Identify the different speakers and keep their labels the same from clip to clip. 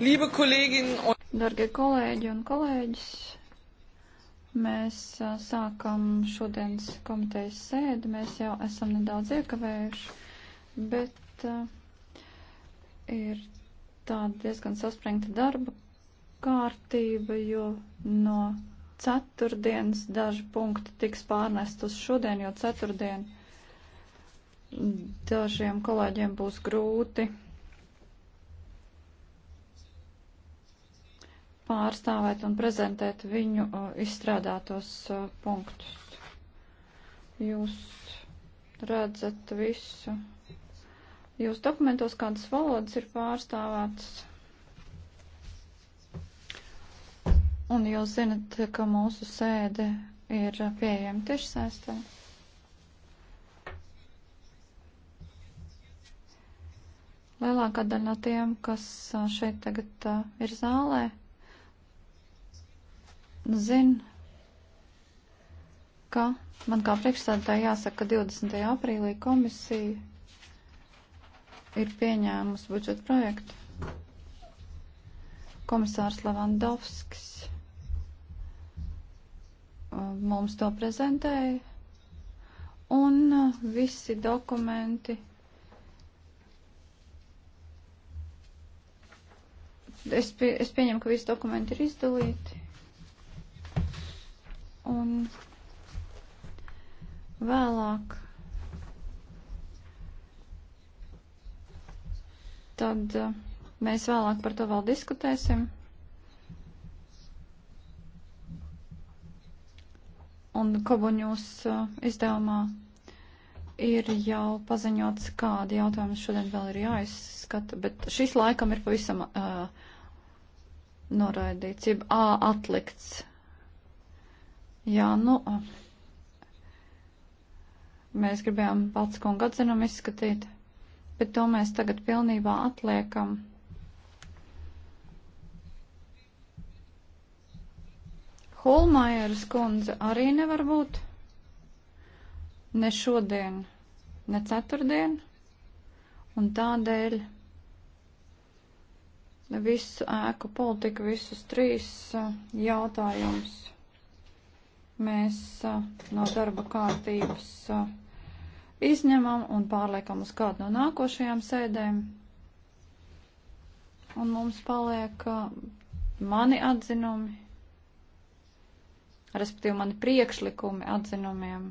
Speaker 1: Liebe Kolleginnen un Darbie kolēģi un kolēģis, mēs a, sākam šodienas komitejas sēdi. Mēs jau esam nedaudz iekavējuši, bet a, ir tāda diezgan saspringta darba kārtība, jo no ceturtdienas daži punkti tiks pārnest uz šodien, jo ceturtdien dažiem kolēģiem būs grūti pārstāvēt un prezentēt viņu uh, izstrādātos uh, punktus. Jūs redzat visu. Jūs dokumentos kādas valodas ir pārstāvētas. Un jūs zinat, ka mūsu sēde ir pieejama tiešsaistē. Lielākā daļa no tiem, kas uh, šeit tagad ir zālē, zina, ka man kā priekšstādātāji jāsaka, ka 20. aprīlī komisija ir pieņēmusi budžeta projektu. Komisārs Levandovskis uh, mums to prezentēja, un uh, visi dokumenti es, pie, es pieņemu, ka visi dokumenti ir izdalīti un vēlāk tad uh, mēs vēlāk par to vēl diskutēsim. Un Kobuņūs uh, izdevumā ir jau paziņots, kādi jautājumi šodien vēl ir jāizskata, bet šis laikam ir pavisam uh, noraidīts, jeb uh, atlikts. Jā, nu, mēs gribējām pats kungu atzinumu izskatīt, bet to mēs tagad pilnībā atliekam. Holmajeras kundze arī nevar būt ne šodien, ne ceturtdien, un tādēļ visu ēku politiku, visus trīs jautājumus mēs no darba kārtības izņemam un pārliekam uz kādu no nākošajām sēdēm. Un mums paliek mani atzinumi, respektīvi mani priekšlikumi atzinumiem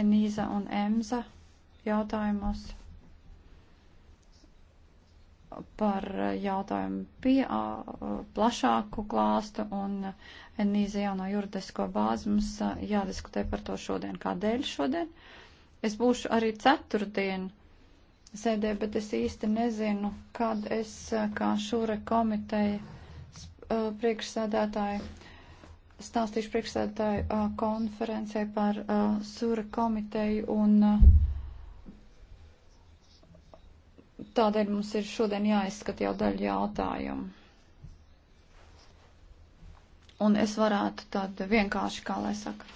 Speaker 1: Enīza un Emza jautājumos par jautājumu pie, plašāku klāstu un enīzi jauno juridisko bāzi mums jādiskutē par to šodien. Kādēļ šodien? Es būšu arī ceturtdien sēdē, bet es īsti nezinu, kad es kā šūre komiteja priekšsēdētāju stāstīšu priekšsēdētāju konferencē par sūra komiteju un Tādēļ mums ir šodien jāizskat jau daļa jautājumu. Un es varētu tad vienkārši, kā lai saka,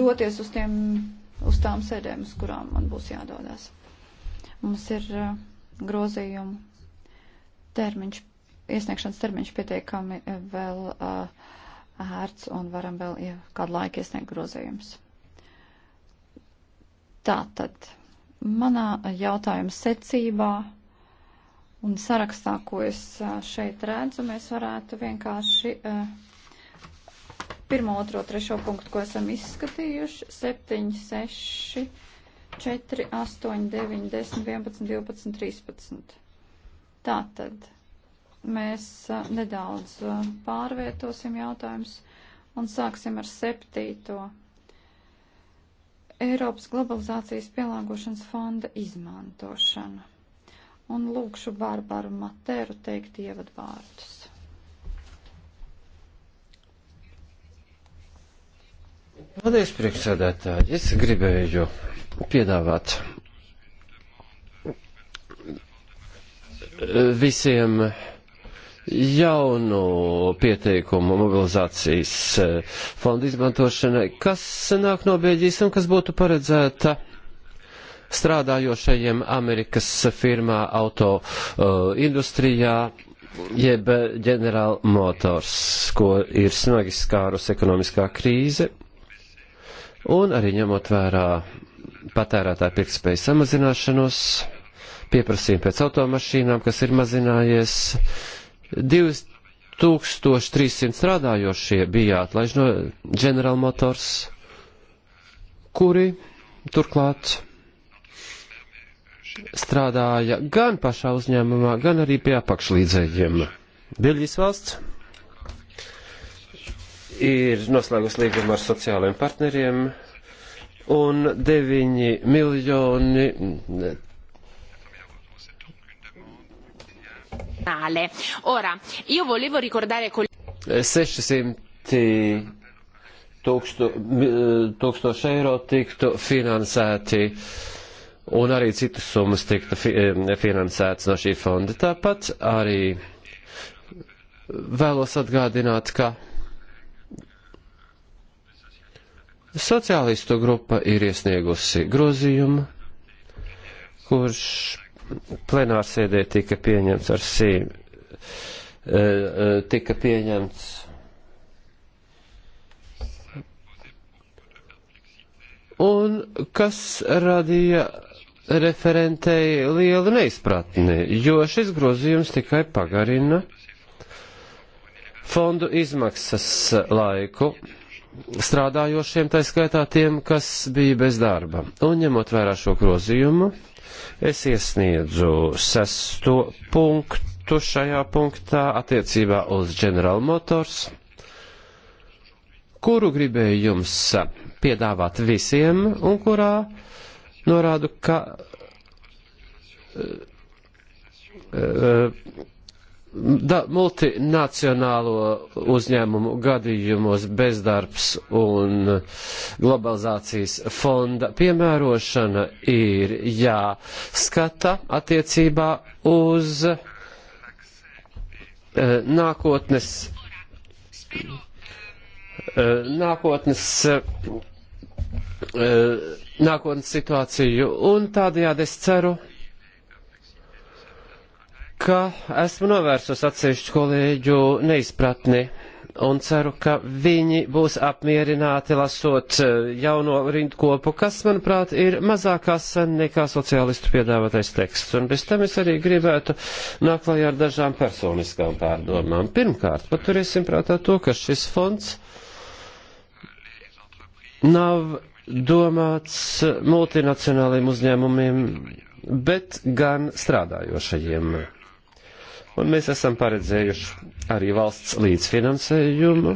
Speaker 1: doties uz, tiem, uz tām sēdēm, uz kurām man būs jādodas. Mums ir uh, grozījumu termiņš, iesniegšanas termiņš pietiekami uh, vēl uh, ērts un varam vēl ja, kādu laiku iesniegt grozījumus. Tā tad. Manā jautājuma secībā un sarakstā, ko es šeit redzu, mēs varētu vienkārši pirmo, otro, trešo punktu, ko esam izskatījuši, 7, 6, 4, 8, 9, 10, 11, 12, 13. Tātad mēs nedaudz pārvietosim jautājumus un sāksim ar septīto. Eiropas globalizācijas pielāgošanas fonda izmantošanu. Un lūkšu Bārbaru Materu teikt ievadvārdus.
Speaker 2: Paldies, priekšsēdētāji. Es gribēju piedāvāt visiem jaunu pieteikumu mobilizācijas eh, fondu izmantošanai, kas nāk no Bēļģijas un kas būtu paredzēta strādājošajiem Amerikas firmā auto uh, industrijā, jeb General Motors, ko ir smagi skārus ekonomiskā krīze, un arī ņemot vērā patērētāju pirktspēju samazināšanos, pieprasījumu pēc automašīnām, kas ir mazinājies, 2300 strādājošie bija jāatlaiž no General Motors, kuri turklāt strādāja gan pašā uzņēmumā, gan arī pie apakšlīdzējiem. Beļģijas valsts ir noslēgus līgumu ar sociālajiem partneriem, un 9 miljoni
Speaker 3: Ora, io volevo ricordare...
Speaker 2: 600 eh, tūksto, eh, tūkstoši eiro tiktu finansēti un arī citas summas tiktu fi, eh, finansētas no šī fonda. Tāpat arī vēlos atgādināt, ka sociālistu grupa ir iesniegusi grozījumu, kurš plenārsēdē tika pieņemts ar sīm, eh, eh, tika pieņemts. Un kas radīja referentei lielu neizpratni, jo šis grozījums tikai pagarina fondu izmaksas laiku strādājošiem, tā skaitā tiem, kas bija bez darba. Un ņemot vērā šo grozījumu, es iesniedzu sesto punktu šajā punktā attiecībā uz General Motors, kuru gribēju jums piedāvāt visiem un kurā norādu, ka. Uh, uh, da, multinacionālo uzņēmumu gadījumos bezdarbs un globalizācijas fonda piemērošana ir jāskata attiecībā uz e, nākotnes, e, nākotnes e, nākotnes situāciju un tādējādi es ceru, ka esmu novērsus atsevišķu kolēģu neizpratni un ceru, ka viņi būs apmierināti lasot eh, jauno rindkopu, kas, manuprāt, ir mazākās nekā sociālistu piedāvātais teksts. Un bez tam es arī gribētu nāklājā ar dažām personiskām pārdomām. Pirmkārt, paturiesim prātā to, ka šis fonds nav domāts multinacionāliem uzņēmumiem, bet gan strādājošajiem Un mēs esam paredzējuši arī valsts līdzfinansējumu.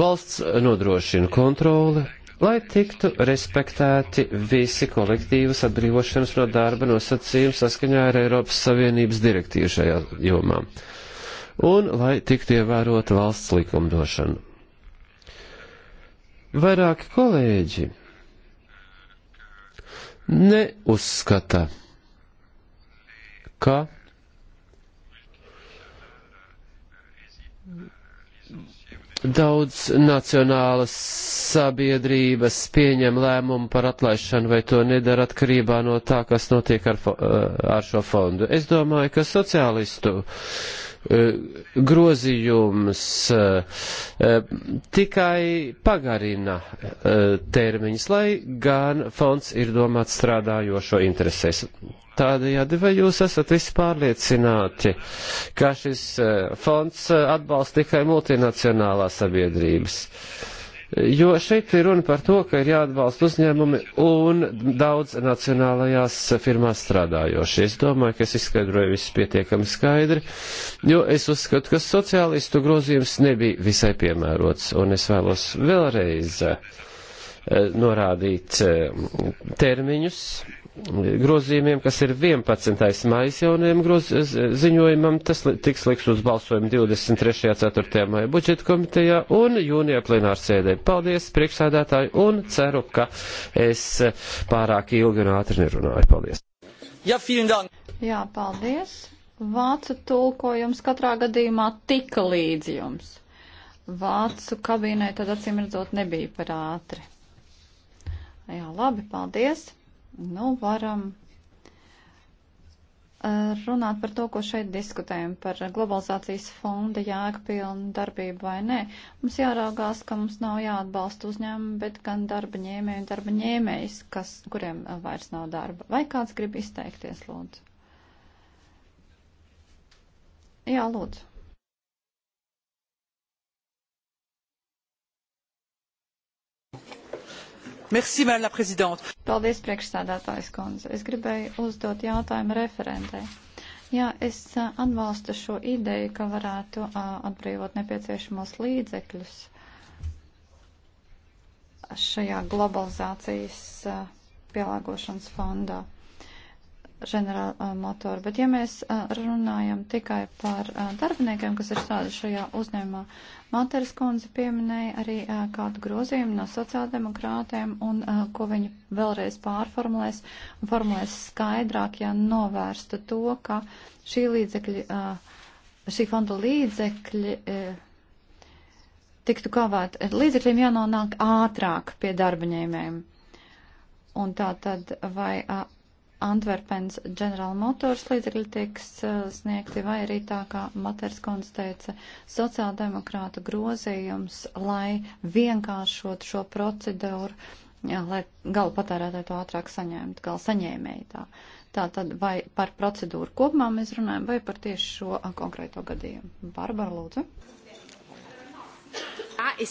Speaker 2: Valsts nodrošina kontroli, lai tiktu respektēti visi kolektīvas atbrīvošanas no darba nosacījumi saskaņā ar Eiropas Savienības direktīvu šajā jomā. Un lai tiktu ievērota valsts likumdošana. Vairāki kolēģi neuzskata, ka daudz nacionālas sabiedrības pieņem lēmumu par atlaišanu vai to nedara atkarībā no tā, kas notiek ar, eh, ar šo fondu. Es domāju, ka sociālistu E, grozījums e, e, tikai pagarina termiņus, lai gan fonds ir domāts strādājošo interesēs. Tādējādi vai jūs esat visi pārliecināti, ka šis fonds atbalsta tikai multinacionālās sabiedrības? Uh, Jo šeit ir runa par to, ka ir jāatbalsta uzņēmumi un daudz nacionālajās firmās strādājošie. Es domāju, ka es izskaidroju visu pietiekami skaidri, jo es uzskatu, ka sociālistu grozījums nebija visai piemērots, un es vēlos vēlreiz eh, norādīt eh, termiņus grozījumiem, kas ir 11. maijas jaunajam groz, ziņojumam, tas li, tiks liks uz balsojumu 23. 4. maija budžeta komitejā un jūnijā plenāra sēdē. Paldies, priekšsādātāji, un ceru, ka es pārāk ilgi un ātri nerunāju. Paldies! Ja,
Speaker 1: Jā, paldies! Vācu tulkojums katrā gadījumā tika līdz jums. Vācu kabīnē tad acīm redzot nebija par ātri. Jā, labi, paldies! nu, varam eh, runāt par to, ko šeit diskutējam, par globalizācijas fonda jēgpilnu darbību vai nē. Mums jāraugās, ka mums nav jāatbalsta uzņēmumi, bet gan darba ņēmēji un darba ņēmējs, kas, kuriem eh, vairs nav darba. Vai kāds grib izteikties, lūdzu? Jā, lūdzu.
Speaker 2: Merci, madame la présidente.
Speaker 1: Paldies, priekšsādātājs kundze. Es gribēju uzdot jautājumu referentē. Jā, es atbalstu šo ideju, ka varētu atbrīvot nepieciešamos līdzekļus šajā globalizācijas pielāgošanas fondā ģenerāla motora. Bet ja mēs runājam tikai par darbiniekiem, kas ir strādājuši šajā uzņēmumā, Materas kundze pieminēja arī kādu grozījumu no sociāldemokrātiem, un ko viņi vēlreiz pārformulēs, formulēs skaidrāk, ja novērstu to, ka šī līdzekļa, šī fonda līdzekļi tiktu kavēt. Līdzekļiem jānonāk ātrāk pie darba ņēmējiem. Un tā tad vai Antverpens General Motors līdzekļi tiks uh, sniegti, vai arī tā kā Maters kundze teica, sociāldemokrāta grozījums, lai vienkāršot šo procedūru, jā, lai gala patērētāji to ātrāk saņemtu, gala saņēmēji tā. Tā tad vai par procedūru kopumā mēs runājam, vai par tieši šo konkrēto gadījumu. Barbara, lūdzu.
Speaker 4: Ah, e es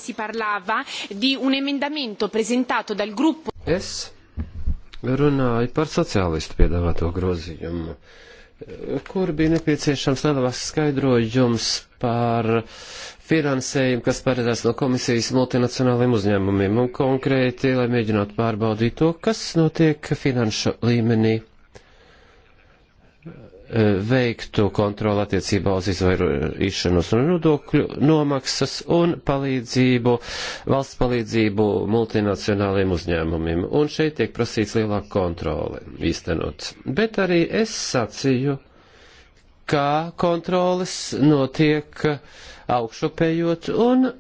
Speaker 2: runāja par sociālistu piedāvāto grozījumu, kur bija nepieciešams lielāks skaidrojums par finansējumu, kas paredzēts no komisijas multinacionāliem uzņēmumiem un konkrēti, lai mēģinātu pārbaudīt to, kas notiek finanšu līmenī veiktu kontroli attiecībā uz izvairošanos un nodokļu nomaksas un palīdzību, valsts palīdzību multinacionāliem uzņēmumiem. Un šeit tiek prasīts lielāka kontrole īstenot. Bet arī es sacīju, kā kontroles notiek augšupējot un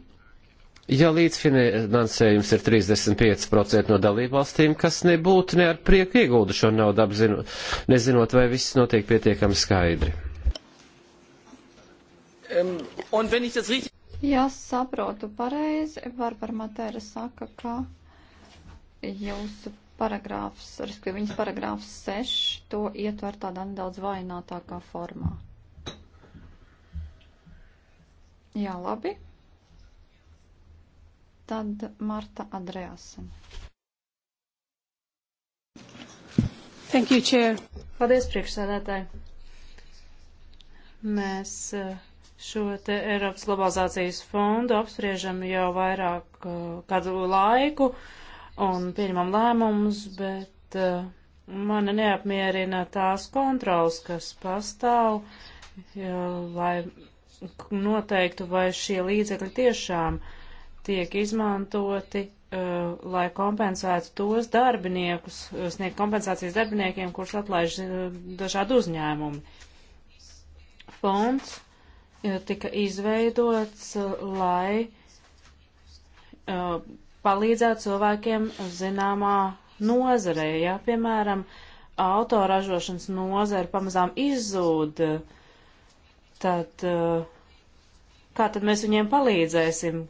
Speaker 2: Ja līdzfinansējums ir 35% no dalībvalstīm, kas nebūtu ne ar prieku iegūdu šo naudu apzinu, nezinot, vai viss notiek pietiekami skaidri.
Speaker 1: Ja saprotu pareizi, Barbara Matēra saka, ka jūsu paragrāfs, respektīvi viņas paragrāfs 6, to ietver tādā nedaudz vainātākā formā. Jā, labi. Tad Marta Andreasen.
Speaker 3: Thank you, Chair. Paldies, priekšsēdētāji. Mēs eh, šo te Eiropas globalizācijas fondu apspriežam jau vairāk kādu eh, laiku un pieņemam lēmumus, bet eh, mani neapmierina tās kontrols, kas pastāv, lai noteiktu, vai šie līdzekļi tiešām uh, tiek izmantoti, uh, lai kompensētu tos darbiniekus, eh, sniegt kompensācijas darbiniekiem, kurus atlaiž uh, eh, dažādi uzņēmumi. Fonds uh, tika izveidots, lai palīdzētu cilvēkiem zināmā nozarē. Ja, piemēram, autoražošanas nozara pamazām izzūd, tad kā tad mēs viņiem palīdzēsim,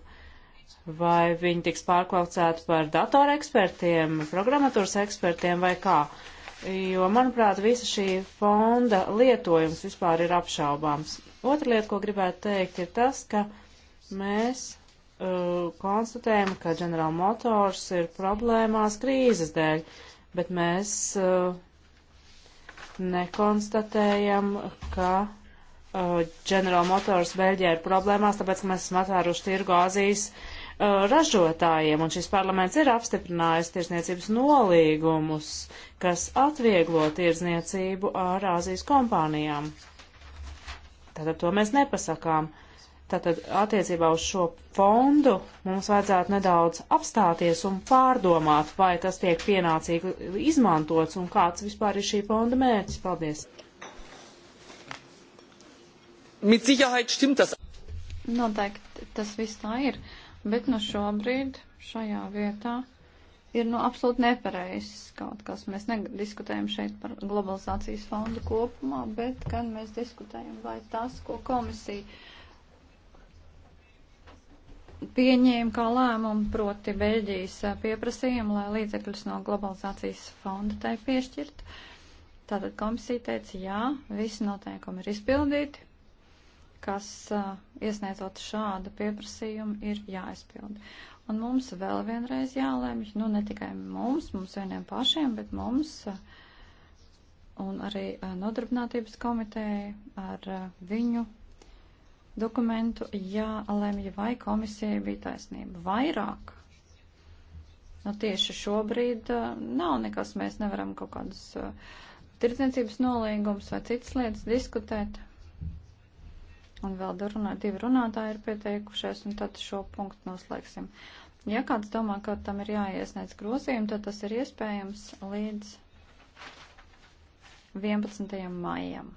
Speaker 3: Vai viņi tiks pārklaucēti par datora ekspertiem, programmatūras ekspertiem vai kā? Jo, manuprāt, visa šī fonda lietojums vispār ir apšaubāms. Otra lieta, ko gribētu teikt, ir tas, ka mēs uh, konstatējam, ka General Motors ir problēmās krīzes dēļ, bet mēs uh, nekonstatējam, ka uh, General Motors Beļģijā ir problēmās, tāpēc, ka mēs esam atvēruši tirgu Azijas uh, Uh, ražotājiem, un šis parlaments ir apstiprinājis tirsniecības nolīgumus, kas atvieglo tirsniecību ar Āzijas kompānijām. Tātad to mēs nepasakām. Tātad attiecībā uz šo fondu mums vajadzētu nedaudz apstāties un pārdomāt, vai tas tiek pienācīgi izmantots un kāds vispār ir šī fonda mērķis. Paldies!
Speaker 2: Mit Sicherheit stimmt das.
Speaker 1: Noteikti tas viss tā ir. Uh, Bet nu šobrīd šajā vietā ir nu absolūti nepareizs kaut kas. Mēs nediskutējam šeit par globalizācijas fondu kopumā, bet gan mēs diskutējam, vai tas, ko komisija pieņēma kā lēmumu, proti Beļģijas pieprasījumu, lai līdzekļus no globalizācijas fonda tai piešķirt. Tātad komisija teica, jā, visi noteikumi ir izpildīti, kas iesniedzot šādu pieprasījumu ir jāizpild. Un mums vēl vienreiz jālēmj, nu ne tikai mums, mums vieniem pašiem, bet mums un arī nodarbinātības komiteja ar viņu dokumentu jālemj, vai komisija bija taisnība. Vairāk. Nu, tieši šobrīd uh, nav nekas, mēs nevaram kaut kādus uh, tirdzniecības nolīgumus vai citas lietas diskutēt. Un vēl runā, divi runātāji ir pieteikušies, un tad šo punktu noslēgsim. Ja kāds domā, ka tam ir jāiesniedz grozījumi, tad tas ir iespējams līdz 11. maijam.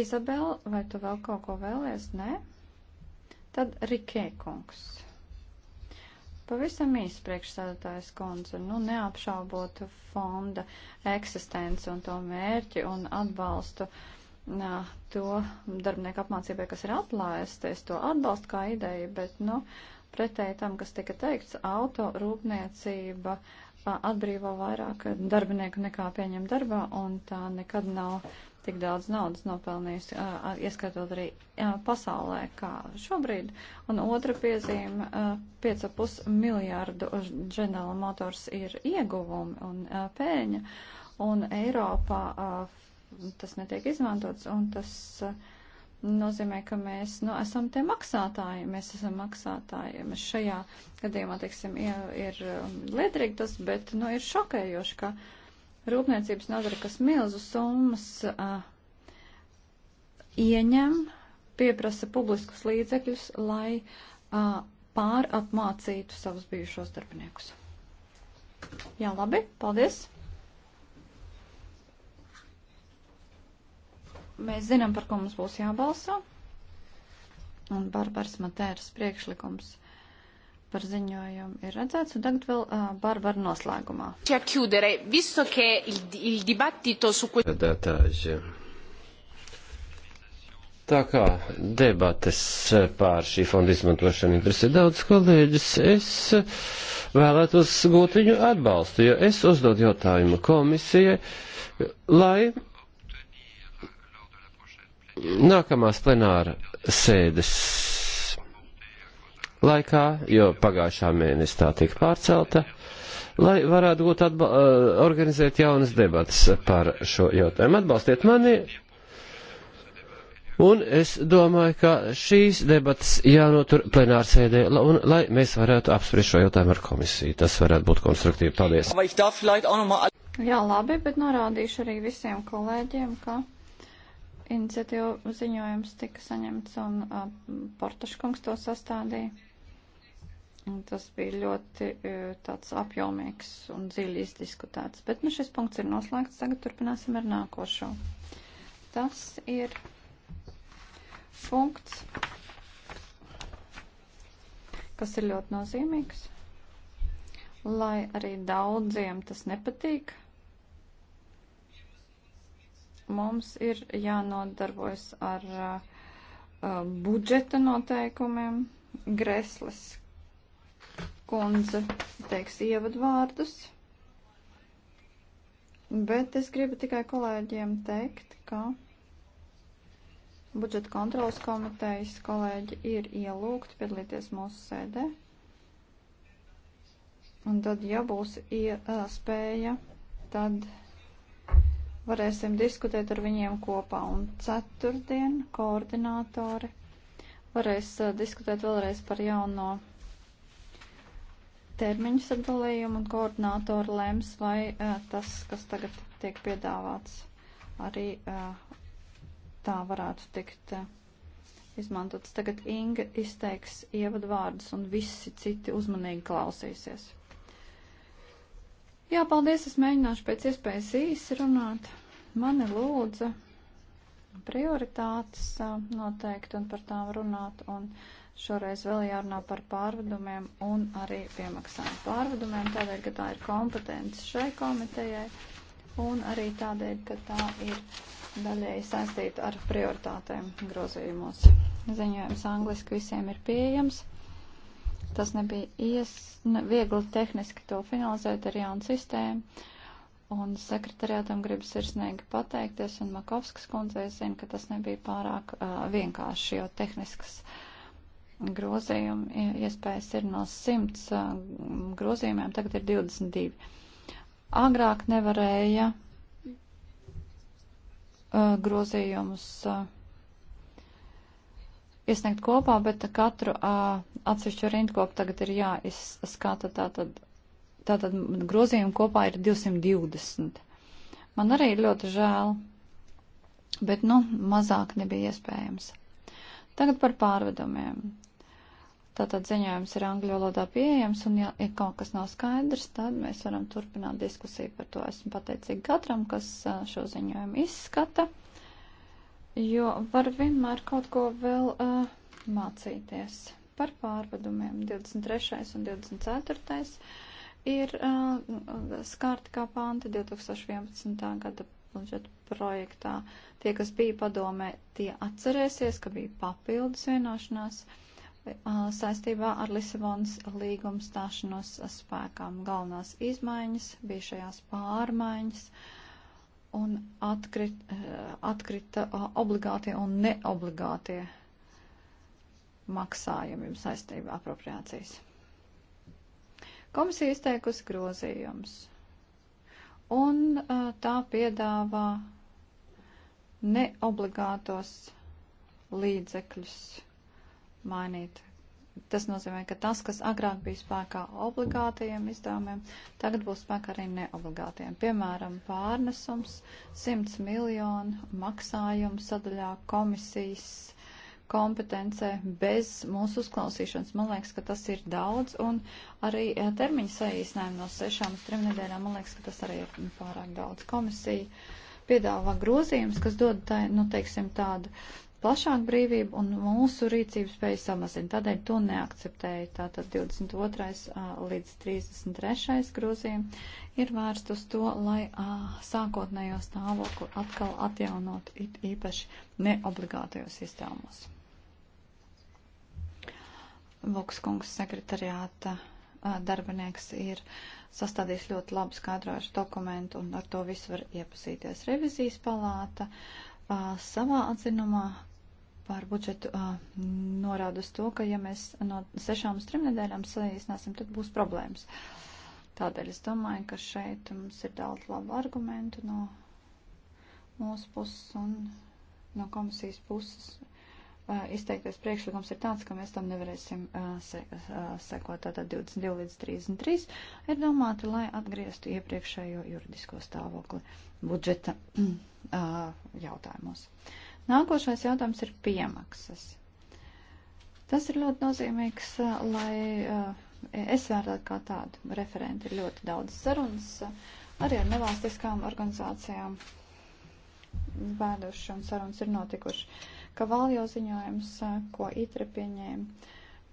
Speaker 1: Izabela, vai tu vēl kaut ko vēlies? Nē? Tad Rikē kungs. Pavisam īsi priekšsēdētājs kundze, nu neapšaubot fonda eksistenci un to mērķi un atbalstu. Uh, nā, to darbinieku apmācībai, kas ir aplaisties, to atbalstu kā ideju, bet, nu, pretēji tam, kas tika teikts, autorūpniecība atbrīvo vairāk darbinieku nekā pieņem darbā, un tā nekad nav tik daudz naudas nopelnījusi, ieskatot arī pasaulē, kā šobrīd. Un otra piezīme - 5,5 miljārdu General Motors ir ieguvumi un pēļņa, un Eiropā tas netiek izmantots, un tas uh, nozīmē, ka mēs nu, esam tie maksātāji. Mēs esam maksātāji. Mēs šajā gadījumā, teiksim, ir um, liederīgi tas, bet nu, ir šokējoši, ka rūpniecības nozara, kas milzu summas uh, ieņem, pieprasa publiskus līdzekļus, lai uh, pārapmācītu savus bijušos darbiniekus. Jā, labi, paldies! Mēs zinām, par ko mums būs jābalso. Un Barbaras Matēras priekšlikums par ziņojumu ir redzēts, un tagad vēl uh, Barbara
Speaker 3: noslēgumā.
Speaker 2: Redētāji, tā kā debates pār šī fonda izmantošanu interesē daudz kolēģis, es vēlētos gūt viņu atbalstu, jo es uzdodu jautājumu komisijai, lai nākamās plenāra sēdes laikā, jo pagājušā mēnesī tā tika pārcelta, lai varētu būt atba organizēt jaunas debatas par šo jautājumu. Atbalstiet mani, un es domāju, ka šīs debatas jānotur plenārsēdē, un lai mēs varētu apspriest šo jautājumu ar komisiju. Tas varētu būt konstruktīvi. Paldies!
Speaker 1: Jā, labi, bet norādīšu arī visiem kolēģiem, ka iniciatīvu ziņojums tika saņemts un uh, Portaškungs to sastādīja. Un tas bija ļoti uh, tāds apjomīgs un dziļi izdiskutēts. Bet nu šis punkts ir noslēgts, tagad turpināsim ar nākošo. Tas ir punkts, kas ir ļoti nozīmīgs, lai arī daudziem tas nepatīk mums ir jānodarbojas ar uh, uh, budžeta noteikumiem. Greslas kundze teiks ievadvārdus. Bet es gribu tikai kolēģiem teikt, ka budžeta kontrolas komitejas kolēģi ir ielūgti piedalīties mūsu sēdē. Un tad, ja būs iespēja, tad varēsim diskutēt ar viņiem kopā. Un ceturtdien koordinātori varēs uh, diskutēt vēlreiz par jauno termiņu sadalījumu un koordinātori lems, vai uh, tas, kas tagad tiek piedāvāts, arī uh, tā varētu tikt uh, izmantots. Tagad Inga izteiks ievadvārdus un visi citi uzmanīgi klausīsies. Jā, paldies, es mēģināšu pēc iespējas īsi runāt. Mani lūdza prioritātes noteikti un par tām runāt, un šoreiz vēl jārunā par pārvadumiem un arī piemaksām pārvadumiem, tādēļ, ka tā ir kompetence šai komitejai, un arī tādēļ, ka tā ir daļēji saistīta ar prioritātēm grozījumos. Ziņojums angliski visiem ir pieejams. Tas nebija ies, ne, viegli tehniski to finalizēt ar jaunu sistēmu Un sekretariātam gribu sirsnīgi pateikties, un Makovskas kundzei zinu, ka tas nebija pārāk uh, vienkārši, jo tehniskas grozījuma iespējas ir no 100 uh, grozījumiem, tagad ir 22. Agrāk nevarēja uh, grozījumus. Uh, iesniegt kopā, bet katru uh, atsevišķu rindkopu tagad ir jāizskata tātad tātad grozījumi kopā ir 220. Man arī ir ļoti žēl, bet, nu, mazāk nebija iespējams. Tagad par pārvedumiem. Tātad ziņojums ir angļu valodā pieejams, un ja, ja kaut kas nav skaidrs, tad mēs varam turpināt diskusiju par to. Esmu pateicīga katram, kas šo ziņojumu izskata, jo var vienmēr kaut ko vēl uh, mācīties par pārvedumiem 23. un 24 ir uh, skārti kā panti 2011. gada budžeta projektā. Tie, kas bija padomē, tie atcerēsies, ka bija papildus vienošanās uh, saistībā ar Lisabonas līgumu stāšanos spēkām. Galvenās izmaiņas bija šajās pārmaiņas un atkrit, uh, atkrita uh, obligātie un neobligātie maksājumi saistībā apropriācijas. Komisija izteikusi grozījums, un tā piedāvā neobligātos līdzekļus mainīt. Tas nozīmē, ka tas, kas agrāk bija spēkā obligātajiem izdevumiem, tagad būs spēkā arī neobligātajiem. Piemēram, pārnesums 100 miljonu maksājumu sadaļā komisijas kompetencē bez mūsu uzklausīšanas. Man liekas, ka tas ir daudz, un arī eh, termiņa saīsinājumi no sešām uz trim nedēļām, man liekas, ka tas arī ir pārāk daudz. Komisija piedāvā grozījums, kas dod, tā, nu, teiksim, tādu plašāku brīvību un mūsu rīcības spēju samazina. Tādēļ to neakceptēju. Tātad 22. līdz 33. grozījumi ir vērst uz to, lai sākotnējo stāvokli atkal atjaunot it īpaši neobligātajos izdevumos. Vokskungs sekretariāta darbinieks ir sastādījis ļoti labu skaidrojušu dokumentu un ar to visu var iepazīties. Revizijas palāta savā atzinumā par budžetu norāda uz to, ka ja mēs no sešām uz trim nedēļām salīdzināsim, tad būs problēmas. Tādēļ es domāju, ka šeit mums ir daudz labu argumentu no mūsu puses un no komisijas puses. Uh, izteiktais priekšlikums ir tāds, ka mēs tam nevarēsim se, sekot. Tātad 22 līdz 33 ir domāti, lai atgrieztu iepriekšējo juridisko stāvokli budžeta jautājumos. Nākošais jautājums ir piemaksas. Tas ir ļoti nozīmīgs, lai es vērtētu kā tādu referenti ir ļoti daudz sarunas arī ar nevalstiskām organizācijām. Vēduši un sarunas ir notikuši. Uh, Kavaljo ziņojums, eh, ko ITRE pieņēma,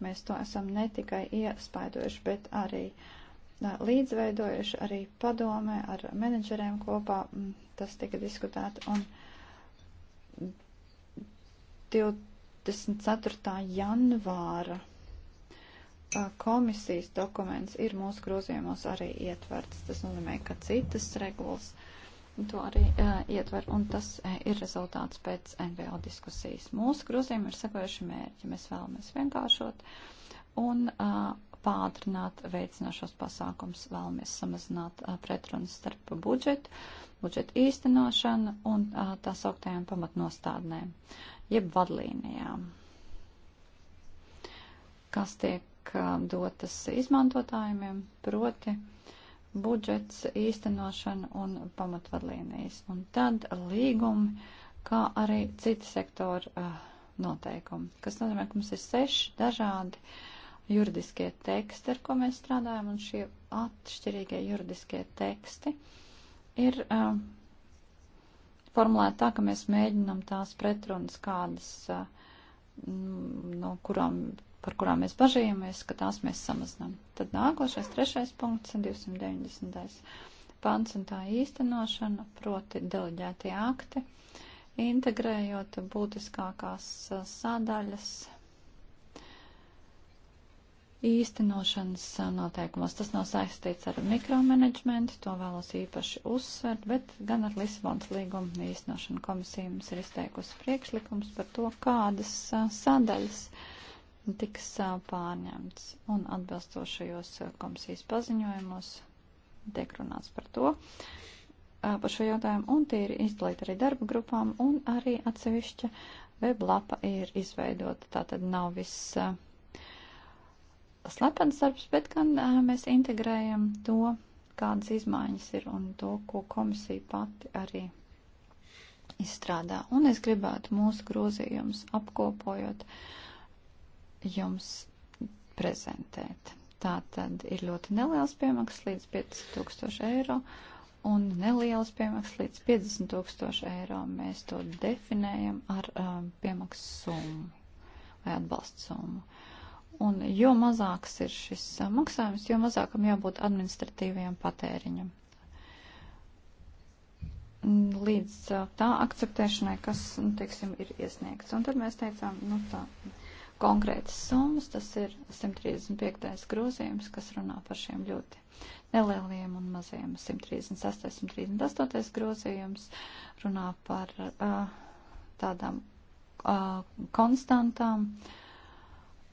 Speaker 1: mēs to esam ne tikai iespaidojuši, bet arī eh, līdzveidojuši arī padome ar menedžeriem kopā. Mm, tas tika diskutēts un 24. janvāra eh, komisijas dokuments ir mūsu grozījumos arī ietverts. Tas nozīmē, ka citas regulas uh, to arī uh, ietver, un tas uh, ir rezultāts pēc NVO diskusijas. Mūsu grozījumi ir sekojuši mērķi. Mēs vēlamies vienkāršot un uh, pātrināt veicinošos pasākums, vēlamies samazināt uh, pretrunas starp budžetu, budžetu īstenošanu un uh, tā sauktajām pamatnostādnēm, jeb vadlīnijām, kas tiek uh, dotas izmantotājiem, proti. Uh, budžets, īstenošana un pamatvadlīnijas. Un tad līgumi, kā arī citi sektori uh, noteikumi, kas nozīmē, ka mums ir seši dažādi juridiskie teksti, ar ko mēs strādājam, un šie atšķirīgie juridiskie teksti ir uh, formulēti tā, ka mēs mēģinam tās pretrunas kādas. Uh, no kurām par kurām mēs bažījāmies, ka tās mēs samazinām. Tad nākošais, trešais punkts, 290. pants un tā īstenošana, proti deleģētie akti, integrējot būtiskākās sadaļas īstenošanas noteikumos. Tas nav saistīts ar mikromanagementu, to vēlos īpaši uzsvert, bet gan ar Lisabonas līgumu īstenošanu komisija mums ir izteikusi priekšlikums par to, kādas sadaļas uh, tiks pārņemts. Un atbilstošajos komisijas paziņojumos tiek runāts par to, par šo jautājumu, un tie ir izdalīti arī darba grupām, un arī atsevišķa weblapa ir izveidota. Tā tad nav viss slepens darbs, bet gan mēs integrējam to, kādas izmaiņas ir un to, ko komisija pati arī izstrādā. Un es gribētu mūsu grozījumus apkopojot. Uh, jums prezentēt. Tā tad ir ļoti neliels piemaksas līdz 5000 eiro un nelielas piemaksas līdz 50 tūkstoši eiro. Mēs to definējam ar um, piemaksas summu vai atbalsta summu. Un jo mazāks ir šis uh, maksājums, jo mazākam jābūt administratīvajam patēriņam. Līdz uh, tā akceptēšanai, kas, nu, teiksim, ir iesniegts. Un tad mēs teicām, nu tā, uh, konkrētas summas. Tas ir 135. grozījums, kas runā par šiem ļoti nelieliem un maziem. 136. un 138. grozījums runā par uh, tādām uh, konstantām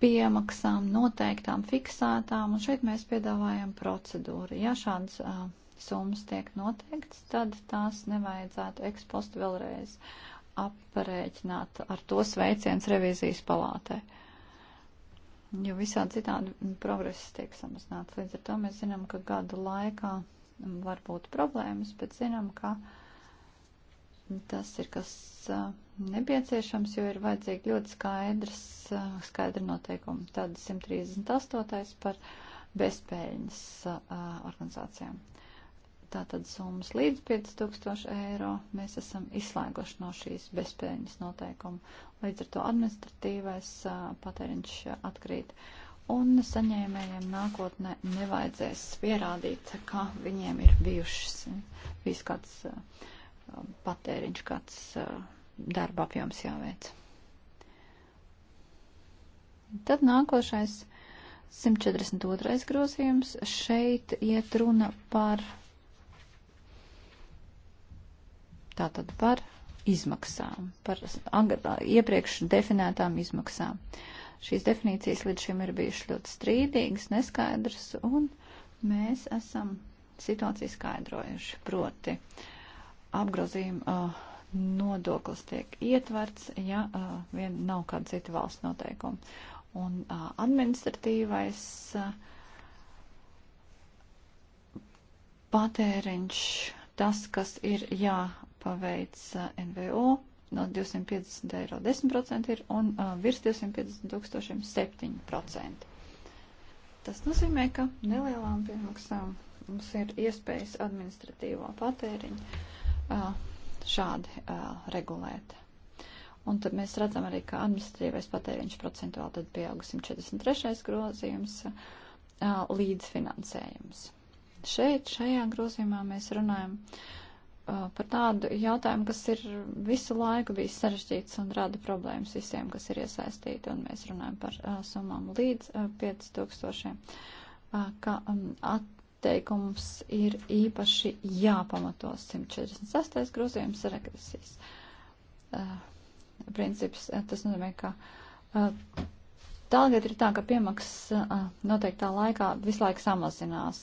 Speaker 1: piemaksām, noteiktām, fiksētām, un šeit mēs piedāvājam procedūru. Ja šādas uh, summas tiek noteikts, tad tās nevajadzētu ekspostu vēlreiz uh, aprēķināt ar tos veiciens revīzijas palātē. Jo visādi citādi progress tiek samazināts. Līdz ar to mēs zinām, ka gadu laikā var būt problēmas, bet zinām, ka tas ir kas nepieciešams, jo ir vajadzīgi ļoti skaidrs, skaidri noteikumi. Tad 138. par bezpēļņas organizācijām tātad summas līdz 5000 eiro mēs esam izslēguši no šīs bezpēļņas noteikuma. Līdz ar to administratīvais patēriņš atkrīt. Un saņēmējiem nākotnē nevajadzēs pierādīt, ka viņiem ir bijušas, bijis kāds patēriņš, kāds darba apjoms jāveic. Tad nākošais. 142. grozījums. Šeit iet runa par Tātad par izmaksām, par iepriekš definētām izmaksām. Šīs definīcijas līdz šim ir bijušas ļoti strīdīgas, neskaidras, un mēs esam situāciju skaidrojuši. Proti, apgrozījuma uh, nodoklis tiek ietverts, ja uh, vien nav kāda cita valsts noteikuma. Un uh, administratīvais uh, patēriņš, tas, kas ir jā paveic eh, NVO no 250 eiro 10% ir un uh, virs 250 tūkstošiem 7%. Tas nozīmē, ka nelielām piemaksām mums ir iespējas administratīvo patēriņu uh, šādi uh, regulēt. Un tad mēs redzam arī, ka administratīvais patēriņš procentuāli tad pieauga 143. grozījums uh, līdzfinansējums. Šeit, šajā grozījumā mēs runājam uh, Uh, par tādu jautājumu, kas ir visu laiku bijis sarežģīts un rada problēmas visiem, kas ir iesaistīti, un mēs runājam par uh, summām līdz uh, 5000, uh, ka um, atteikums ir īpaši jāpamato 146. grozījums regresijas uh, princips. Uh, tas nozīmē, ka. Uh, Tagad ir tā, ka piemaksas uh, noteiktā laikā visu laiku samazinās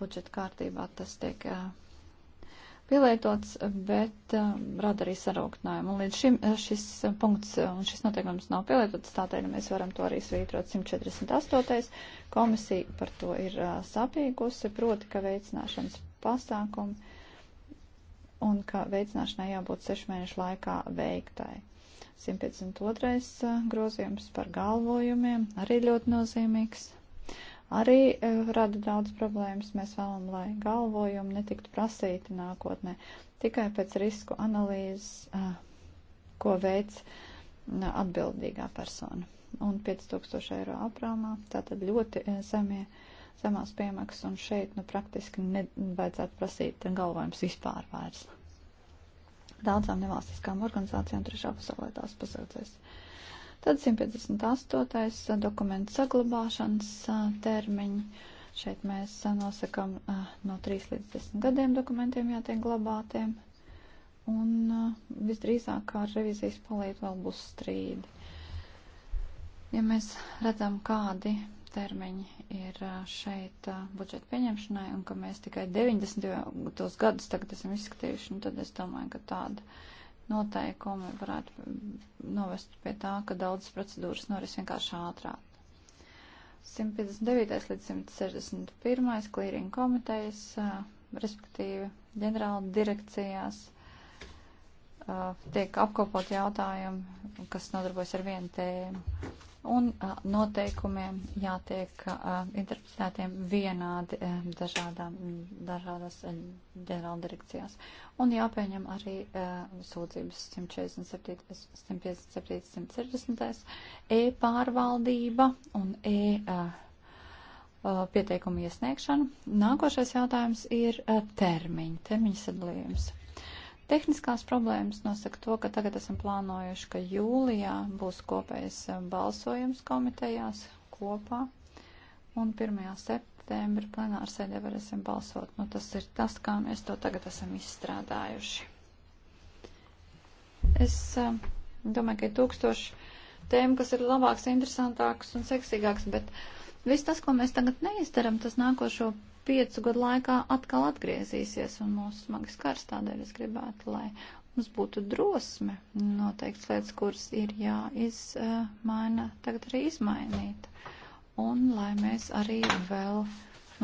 Speaker 1: budžeta kārtībā. Tas tiek uh, pielietots, bet um, rada arī sarūktinājumu. Un līdz šim eh, šis eh, punkts eh, un šis noteikums nav pielietots, tādēļ mēs varam to arī svītrot 148. Komisija par to ir uh, sapīgusi, proti, ka veicināšanas pasākumi un ka veicināšanai jābūt 6 mēnešu laikā veiktai. 152. grozījums par galvojumiem arī ļoti nozīmīgs arī uh, rada daudz problēmas. Mēs vēlam, lai galvojumi netiktu prasīti nākotnē tikai pēc risku analīzes, uh, ko veids uh, atbildīgā persona. Un 5000 eiro aprāmā, tātad ļoti uh, zemie, zemās piemaksas, un šeit nu praktiski nevajadzētu prasīt galvojums vispār vairs. Daudzām nevalstiskām organizācijām trešā pasaulē tās pasaucēs. Uh, Tad 158. dokumentu saglabāšanas termiņi. Šeit mēs nosakam no 3 līdz 10 gadiem dokumentiem jātiek glabātiem. Un visdrīzāk ar revizijas palīdzību vēl būs strīdi. Ja mēs redzam, kādi termiņi ir šeit budžeta pieņemšanai un ka mēs tikai 90. gadus tagad esam izskatījuši, nu tad es domāju, ka tāda noteikumi varētu novest pie tā, ka daudzas procedūras noris vienkārši ātrāk. 159. līdz 161. klīringa komitejas, respektīvi ģenerāla direkcijās tiek apkopot jautājumi, kas nodarbojas ar vienu tēmu. Un noteikumiem jātiek interpretētiem vienādi dažādā, dažādās ģenerāla direkcijās. Un jāpieņem arī sūdzības 147, 157, 160, e-pārvaldība un e pieteikumu iesniegšanu. Nākošais jautājums ir termiņi, termiņa sadalījums. Tehniskās problēmas nosaka to, ka tagad esam plānojuši, ka jūlijā būs kopējs eh, balsojums komitejās kopā, un 1. septembra plenāra sēdē varēsim balsot. Nu, tas ir tas, kā mēs to tagad esam izstrādājuši. Es eh, domāju, ka ir tūkstoši tēmu, kas ir labāks, interesantāks un seksīgāks, bet viss tas, ko mēs tagad neizdaram, tas nākošo piecu gadu laikā atkal atgriezīsies un mūs smagi skars. Tādēļ es gribētu, lai mums būtu drosme noteikts lietas, kuras ir jāizmaina, tagad arī izmainīt. Un lai mēs arī vēl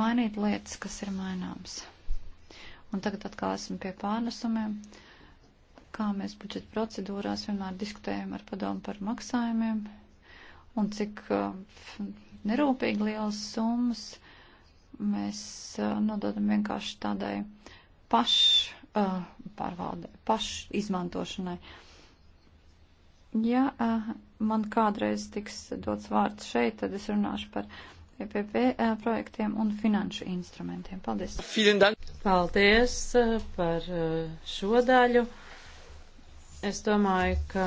Speaker 1: mainītu lietas, kas ir maināms. Un tagad atkal esmu pie pārnesumiem. Kā mēs budžeta procedūrās vienmēr diskutējam ar padomu par maksājumiem un cik uh, nerūpīgi liels summas Mēs uh, nododam vienkārši tādai paš uh, pārvaldē, paš izmantošanai. Ja uh, man kādreiz tiks dots vārds šeit, tad es runāšu par EPP uh, projektiem un finanšu instrumentiem. Paldies!
Speaker 3: Paldies par šo daļu. Es domāju, ka,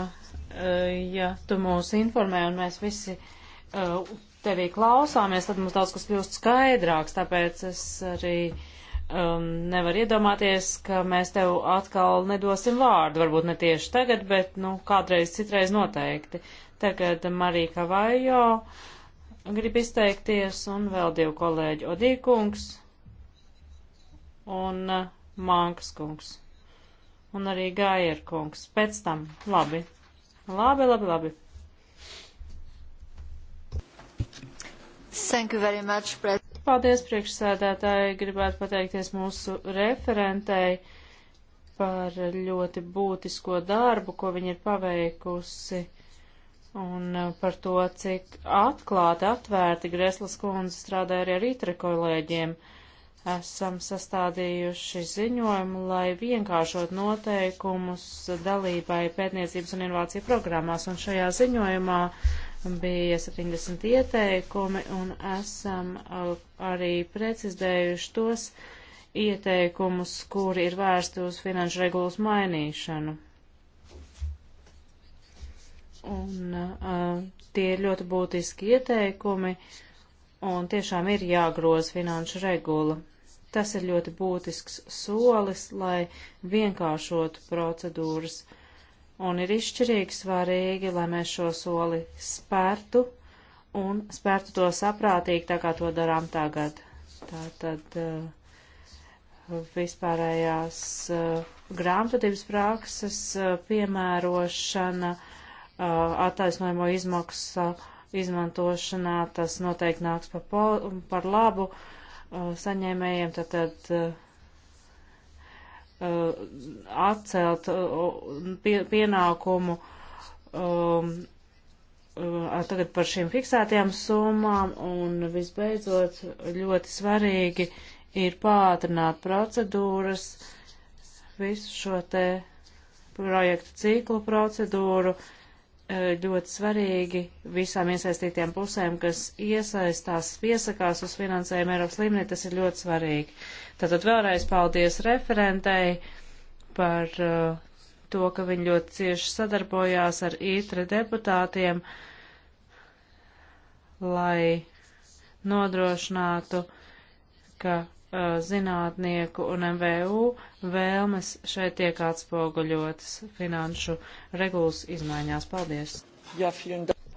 Speaker 3: ja tu mūs informē un mēs visi tevī klausāmies, tad mums daudz kas kļūst skaidrāks, tāpēc es arī um, nevaru iedomāties, ka mēs tev atkal nedosim vārdu, varbūt ne tieši tagad, bet, nu, kādreiz citreiz noteikti. Tagad Marija Kavajo grib izteikties un vēl divu kolēģu Odīkungs un uh, Mankas kungs un arī Gajer kungs. Pēc tam, labi, labi, labi, labi. Much, Paldies, priekšsēdētāji. Gribētu pateikties mūsu referentei par ļoti būtisko darbu, ko viņa ir paveikusi, un par to, cik atklāti, atvērti Greslas kundze strādāja arī ar itre kolēģiem. Esam sastādījuši ziņojumu, lai vienkāršot noteikumus dalībai pētniecības un inovāciju programmās, un šajā ziņojumā uh, bija 70 ieteikumi, un esam uh, arī precizējuši tos ieteikumus, kuri ir vērsti uz finanšu regulas mainīšanu. Un uh, tie ir ļoti būtiski ieteikumi, un tiešām ir jāgroz finanšu regula. Tas ir ļoti būtisks solis, lai vienkāršotu procedūras. Uh, un ir izšķirīgi svarīgi, lai mēs šo soli spērtu un spērtu to saprātīgi, tā kā to darām tagad. Tā tad eh, vispārējās eh, grāmatvedības prakses eh, piemērošana, attaisnojamo izmaksu izmantošanā, tas noteikti nāks par, par labu saņēmējiem, tad, tad Uh, atcelt uh, pie, pienākumu um, uh, tagad par šīm fiksētajām summām un visbeidzot ļoti svarīgi ir pātrināt procedūras, visu šo te projektu ciklu procedūru, uh, Eh, ļoti svarīgi visām iesaistītiem pusēm, kas iesaistās, piesakās uz finansējumu Eiropas līmenī, tas ir ļoti svarīgi. Tātad vēlreiz paldies referentei par uh, to, ka viņi ļoti cieši sadarbojās ar ītre deputātiem, lai nodrošinātu, ka Uh, zinātnieku un MVU vēlmes šeit tiek atspoguļotas finanšu regulas izmaiņās. Paldies! Jā,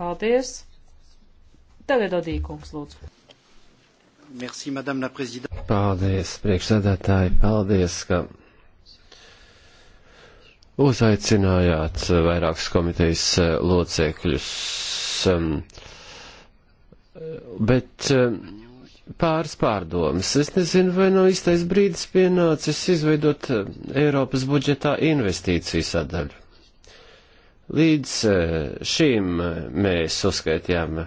Speaker 3: Paldies! Tagad Odīkums, lūdzu.
Speaker 1: Merci, Madame la Présidente.
Speaker 2: Paldies, priekšsēdētāji, paldies, ka uzaicinājāt vairākas komitejas eh, locekļus. Um, bet um, pāris pārdomas. Es nezinu, vai nav īstais brīdis pienācis izveidot eh, Eiropas budžetā investīciju sadaļu. Līdz eh, šīm eh, mēs uzskaitījām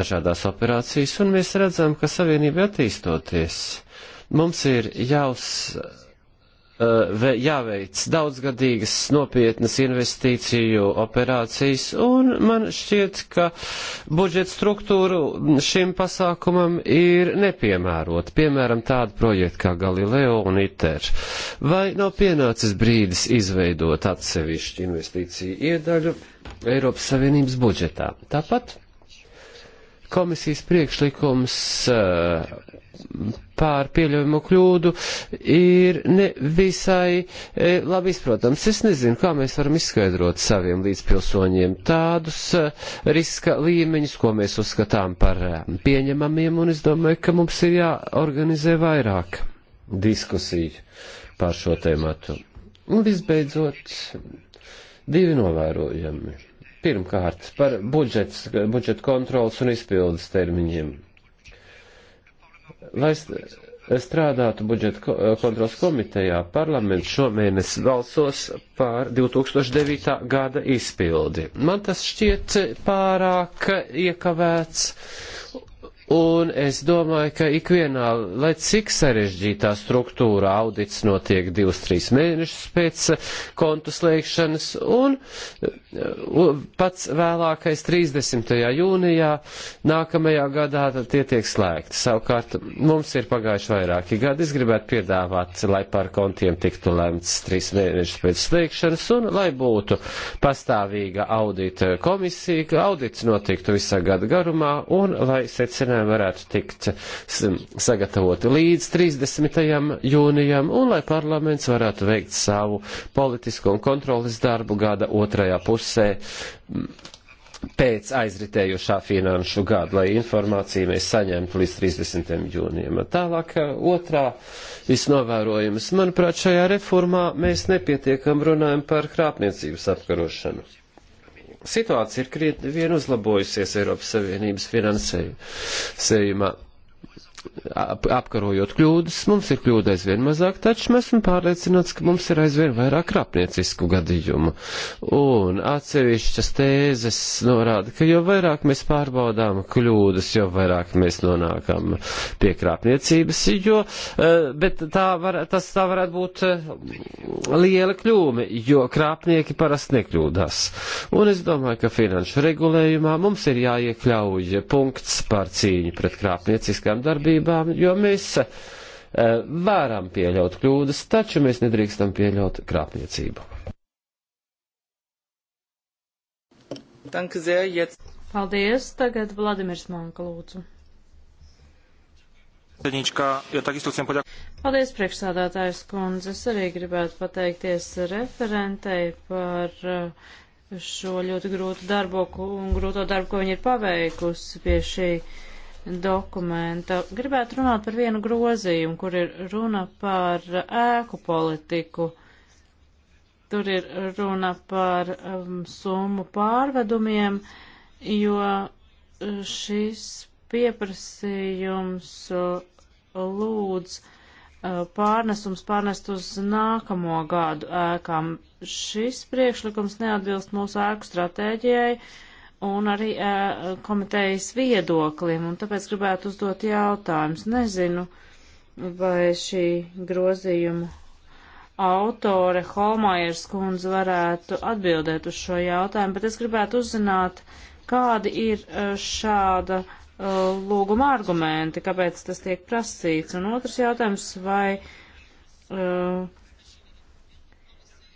Speaker 2: dažādās operācijas, un mēs redzam, ka Savienība attīstoties, mums ir jāuz Eh, jāveic daudzgadīgas nopietnas investīciju operācijas, un man šķiet, ka budžeta struktūru šim pasākumam ir nepiemērot, piemēram, tādu projektu kā Galileo un ITER. Vai nav pienācis brīdis izveidot atsevišķu investīciju iedaļu Eiropas Savienības budžetā? Tāpat Komisijas priekšlikums eh, pār pieļaujumu kļūdu ir nevisai eh, labi izprotams. Es nezinu, kā mēs varam izskaidrot saviem līdzpilsoņiem tādus eh, riska līmeņus, ko mēs uzskatām par pieņemamiem, un es domāju, ka mums ir jāorganizē vairāk diskusiju par šo tēmatu. Un visbeidzot, divi novērojami Pirmkārt, par budžets, budžeta kontrols un izpildes termiņiem. Lai strādātu budžeta kontrols komitejā, parlaments šomēnes balsos pār 2009. gada izpildi. Man tas šķiet pārāk iekavēts Un es domāju, ka ikvienā, lai cik sarežģītā struktūra audits notiek divus, trīs mēnešus pēc eh, kontu slēgšanas, un eh, pats vēlākais 30. jūnijā nākamajā gadā tie tiek slēgti. Savukārt mums ir pagājuši vairāki gadi, es gribētu piedāvāt, lai par kontiem tiktu lemts trīs mēnešus pēc slēgšanas, un lai būtu pastāvīga audita komisija, ka audits notiktu visā gada garumā, un lai secinātu, varētu tikt sagatavoti līdz 30. jūnijam, un lai parlaments varētu veikt savu politisko un kontrolas darbu gada otrajā pusē pēc aizritējušā finanšu gada, lai informāciju mēs saņemtu līdz 30. jūnijam. Tālāk eh, otrā visnovērojums. Manuprāt, šajā reformā mēs nepietiekam runājam par krāpniecības apkarošanu. Situācija ir krietni vien uzlabojusies Eiropas Savienības finansējumā ap, apkarojot kļūdas, mums ir kļūda aizvien mazāk, taču mēs esam pārliecināts, ka mums ir aizvien vairāk krāpniecisku gadījumu. Un atsevišķas tēzes norāda, ka jo vairāk mēs pārbaudām kļūdas, jo vairāk mēs nonākam pie krāpniecības, jo, eh, bet tā var, tas tā varētu būt eh, liela kļūme, jo krāpnieki parasti nekļūdās. Un es domāju, ka finanšu regulējumā mums ir jāiekļauj punkts par cīņu pret krāpnieciskām darbībām kļūdībām, jo mēs eh, varam pieļaut kļūdas, taču mēs nedrīkstam pieļaut krāpniecību.
Speaker 3: Paldies. Tagad Vladimirs Manka lūdzu. Paldies, priekšsādātājs kundze. Es arī gribētu pateikties referentei par eh, šo ļoti grūtu darbu un grūto darbu, ko viņa ir paveikusi pie šī dokumenta. Gribētu runāt par vienu grozījumu, kur ir runa par ēku politiku. Tur ir runa par um, summu pārvedumiem, jo šis pieprasījums uh, lūdz uh, pārnesums pārnest uz nākamo gadu ēkām. Šis priekšlikums neatbilst mūsu ēku stratēģijai. Uh, un arī uh, komitejas viedoklim, un tāpēc gribētu uzdot jautājumus. Nezinu, vai šī grozījuma autore Holmajers kundze varētu atbildēt uz šo jautājumu, bet es gribētu uzzināt, kādi ir eh, šāda uh, lūguma argumenti, kāpēc tas tiek prasīts. Un otrs jautājums, vai uh,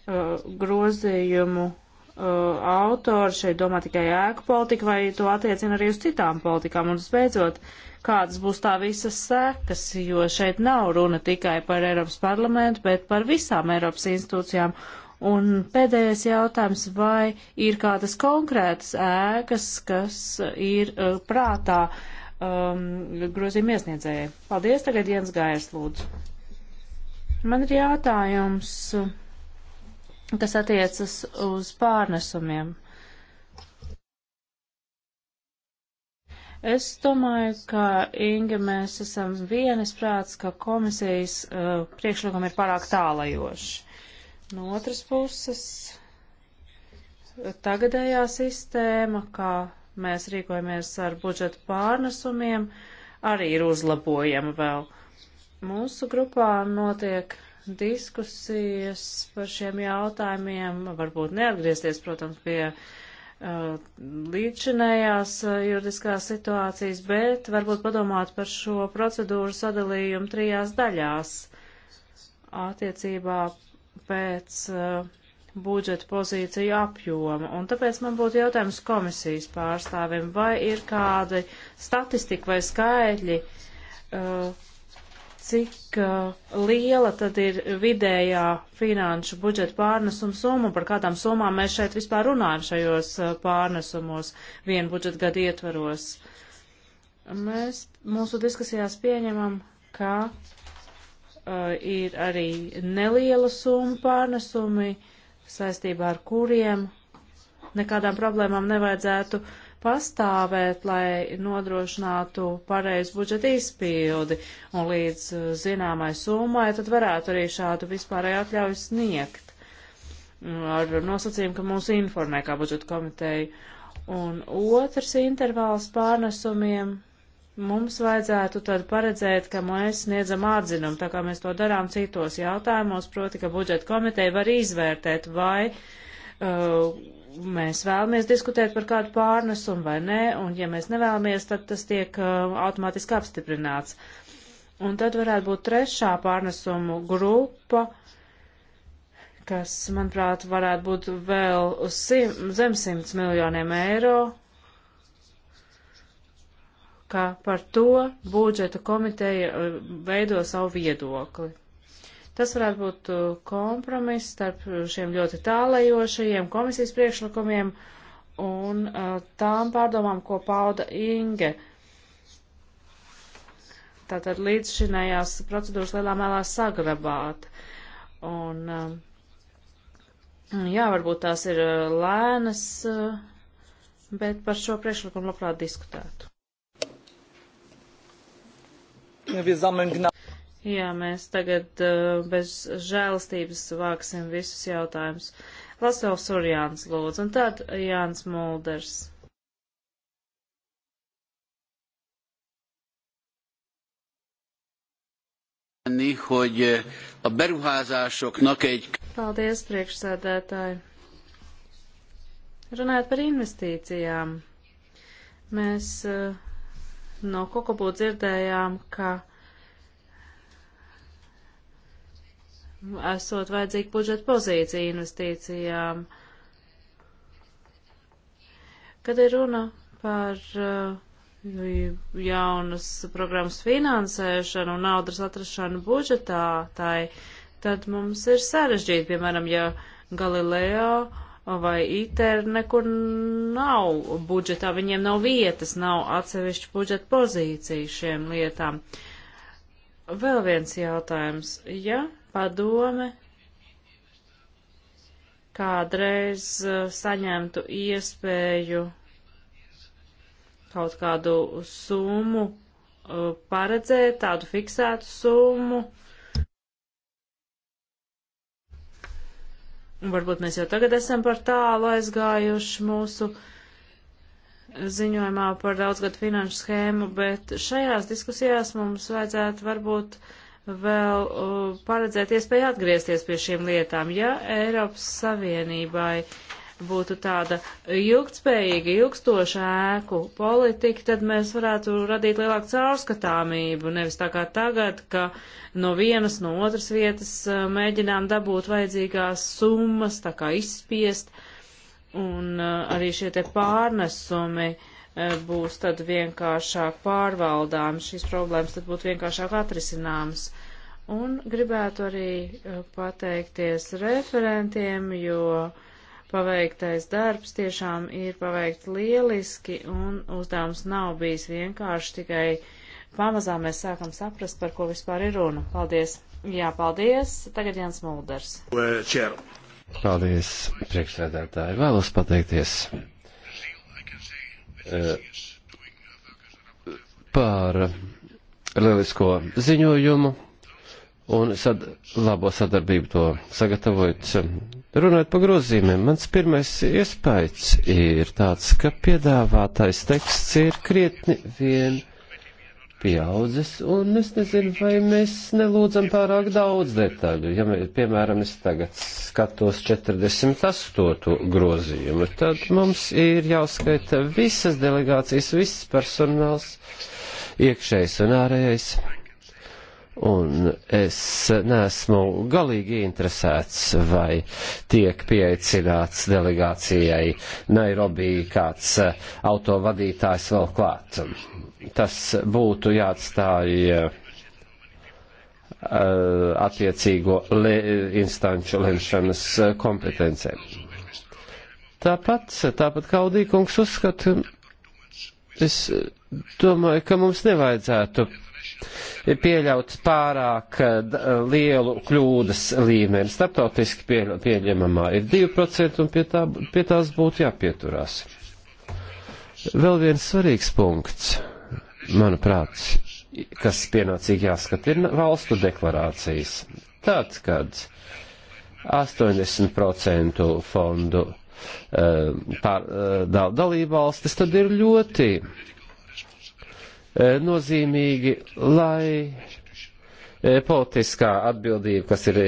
Speaker 3: uh, grozījumu Uh, autori šeit domā tikai ēku politiku vai to attiecina arī uz citām politikām. Un, visbeidzot, kādas būs tā visas sekas, jo šeit nav runa tikai par Eiropas parlamentu, bet par visām Eiropas institūcijām. Un pēdējais jautājums, vai ir kādas konkrētas ēkas, kas ir uh, prātā um, grozījuma iesniedzējai? Paldies, tagad Jens Gairs lūdzu. Man ir jautājums. Uh, kas attiecas uz pārnesumiem. Es domāju, ka Inga mēs esam vienisprāts, ka komisijas uh, priekšlikumi ir pārāk tālajoši. No otras puses, tagadējā sistēma, kā mēs rīkojamies ar budžeta pārnesumiem, arī ir uzlabojama vēl. Mūsu grupā notiek diskusijas par šiem jautājumiem, varbūt neatgriezties, protams, pie uh, līdzinējās uh, juridiskās situācijas, bet varbūt padomāt par šo procedūru sadalījumu trijās daļās attiecībā pēc uh, budžeta pozīciju apjoma. Un tāpēc man būtu jautājums komisijas pārstāvim, vai ir kādi statistika vai skaitļi, uh, cik uh, liela tad ir vidējā finanšu budžeta pārnesuma summa, par kādām summām mēs šeit vispār runājam šajos uh, pārnesumos vienu budžeta gadu ietvaros. Mēs mūsu diskusijās pieņemam, ka uh, ir arī neliela summa pārnesumi, saistībā ar kuriem nekādām problēmām nevajadzētu uh, pastāvēt, lai nodrošinātu pareizu budžeta izpildi, un līdz uh, zināmai summai tad varētu arī šādu vispārēju atļauju sniegt mm, ar nosacījumu, ka mūs informē kā budžeta komiteju. Un otrs intervāls pārnesumiem mums vajadzētu tad paredzēt, ka mēs sniedzam atzinumu, tā kā mēs to darām citos jautājumos, proti, ka budžeta komiteja var izvērtēt, vai uh, mēs vēlamies diskutēt par kādu pārnesumu vai nē, un ja mēs nevēlamies, tad tas tiek uh, automātiski apstiprināts. Un tad varētu būt trešā pārnesumu grupa, kas, manuprāt, varētu būt vēl sim, zem simts miljoniem eiro, ka par to budžeta komiteja uh, veido savu viedokli. Tas varētu būt uh, kompromiss starp šiem ļoti tālajošajiem komisijas priekšlikumiem un uh, tām pārdomām, ko pauda Inge. Tātad līdzšinējās procedūras lielā mēlā saglabāt. Un, uh, jā, varbūt tās ir lēnas, bet par šo priekšlikumu labprāt diskutētu.
Speaker 2: Wir sammeln genau
Speaker 3: Jā, mēs tagad uh, bez žēlastības vāksim visus jautājumus. Lasovs Urjāns lūdzu, un tad Jāns Mulders.
Speaker 4: Eh,
Speaker 3: Paldies, priekšsēdētāji. Runājot par investīcijām, mēs uh, no Kokobu dzirdējām, ka esot vajadzīga budžeta pozīcija investīcijām. Kad ir runa par uh, jaunas programmas finansēšanu un naudas atrašanu budžetā, tai, tad mums ir sarežģīti, piemēram, ja Galileo vai ITER nekur nav budžetā, viņiem nav vietas, nav atsevišķu budžeta pozīciju šiem lietām. Vēl viens jautājums. Ja padome kādreiz eh, saņemtu iespēju kaut kādu summu eh, paredzēt, tādu fiksētu summu. Varbūt mēs jau tagad esam par tālu aizgājuši mūsu ziņojumā par daudzgadu finanšu schēmu, bet šajās diskusijās mums vajadzētu varbūt uh, vēl uh, paredzēt iespēju atgriezties pie šīm lietām. Ja Eiropas Savienībai būtu tāda ilgtspējīga, ilgstoša ēku politika, tad mēs varētu radīt lielāku caurskatāmību, nevis tā kā tagad, ka no vienas, no otras vietas uh, mēģinām dabūt vajadzīgās summas, tā kā izspiest, un uh, arī šie te pārnesumi uh, Eh, būs tad vienkāršāk pārvaldāms, šīs problēmas tad būtu vienkāršāk atrisināmas. Un gribētu arī eh, pateikties referentiem, jo paveiktais darbs tiešām ir paveikts lieliski un uzdevums nav bijis vienkārši, tikai pamazām mēs sākam saprast, par ko vispār ir runa. Paldies! Jā, paldies! Tagad Jans Mulders.
Speaker 2: Paldies, priekšsēdētāji! Vēlos pateikties par lielisko ziņojumu un sad, labo sadarbību to sagatavojot. Runājot par grozījumiem, mans pirmais iespējas ir tāds, ka piedāvātais teksts ir krietni vien pieaudzis, un es nezinu, vai mēs nelūdzam pārāk daudz detaļu. Ja, mē, piemēram, es tagad skatos 48. grozījumu, tad mums ir jāskaita visas delegācijas, viss personāls, iekšējais un ārējais un es neesmu galīgi interesēts, vai tiek pieaicināts delegācijai Nairobi kāds eh, autovadītājs vēl klāt. Tas būtu jāatstāj eh, attiecīgo le, instanču lemšanas eh, kompetencēm. Tāpat, tāpat Kaudīkungs uzskata, es domāju, ka mums nevajadzētu pieļaut pārāk eh, eh, lielu kļūdas līmeni. Startautiski pieņemamā ir 2% un pie, tā, pie tās būtu jāpieturās. Vēl viens svarīgs punkts, manuprāt, kas pienācīgi jāskata, ir valstu deklarācijas. Tad, kad 80% fondu uh, pār, uh, dalība valstis, tad ir ļoti Eh, nozīmīgi, lai eh, politiskā atbildība, kas ir eh,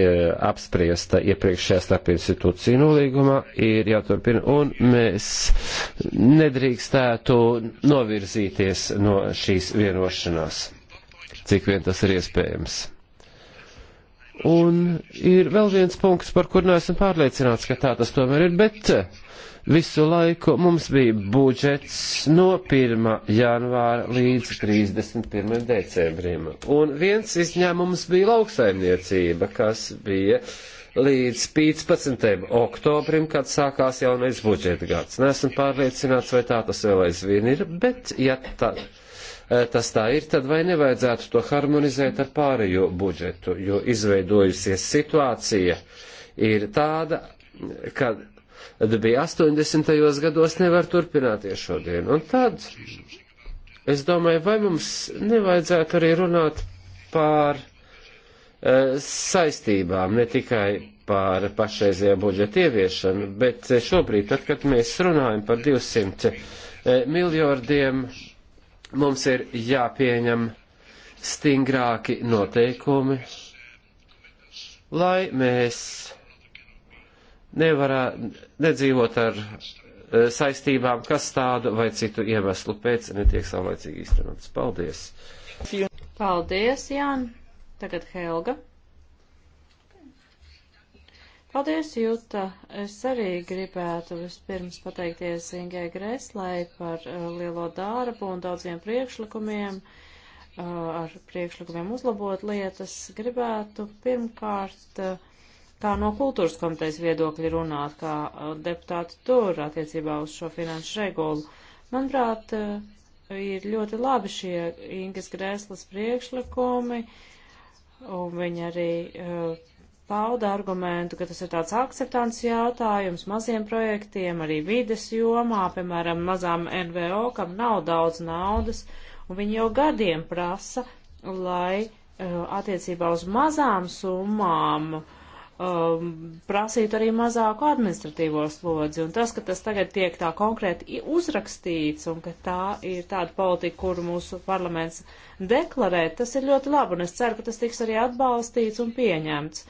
Speaker 2: apspriesta iepriekšējā starp institūciju nolīgumā, ir jāturpina, un mēs nedrīkstētu novirzīties no šīs vienošanās, cik vien tas ir iespējams. Un ir vēl viens punkts, par kur neesam pārliecināts, ka tā tas tomēr ir, bet Visu laiku mums bija budžets no 1. janvāra līdz 31. decembrim. Un viens izņēmums bija lauksaimniecība, kas bija līdz 15. oktobrim, kad sākās jaunais budžeta gads. Nesmu pārliecināts, vai tā tas vēl aizvien ir, bet ja tā, eh, tas tā ir, tad vai nevajadzētu to harmonizēt ar pārējo budžetu, jo izveidojusies situācija ir tāda, kad bija 80. gados, nevar turpināties šodien. Un tad es domāju, vai mums nevajadzētu arī runāt pār uh, eh, saistībām, ne tikai par pašreizējā budžeta ieviešanu, bet eh, šobrīd, tad, kad mēs runājam par 200 eh, miljardiem, mums ir jāpieņem stingrāki noteikumi, lai mēs nevarā nedzīvot ar eh, saistībām, kas tādu vai citu iemeslu pēc netiek saulaicīgi īstenotas. Paldies!
Speaker 3: Paldies, Jāni! Tagad Helga. Paldies, Juta! Es arī gribētu vispirms pateikties Ingai Greslai par uh, lielo darbu un daudziem priekšlikumiem, uh, ar priekšlikumiem uzlabot lietas. Gribētu pirmkārt uh, kā no kultūras komitejas viedokļa runāt, kā uh, deputāti tur attiecībā uz šo finanšu regulu. Manuprāt, uh, ir ļoti labi šie Ingas Grēslas priekšlikumi, un viņi arī uh, pauda argumentu, ka tas ir tāds akceptants jautājums maziem projektiem, arī vides jomā, piemēram, mazām NVO, kam nav daudz naudas, un viņi jau gadiem prasa, lai uh, attiecībā uz mazām summām uh, um, prasītu arī mazāku administratīvo slodzi. Un tas, ka tas tagad tiek tā konkrēti uzrakstīts un ka tā ir tāda politika, kuru mūsu parlaments deklarē, tas ir ļoti labi. Un es ceru, ka tas tiks arī atbalstīts un pieņemts.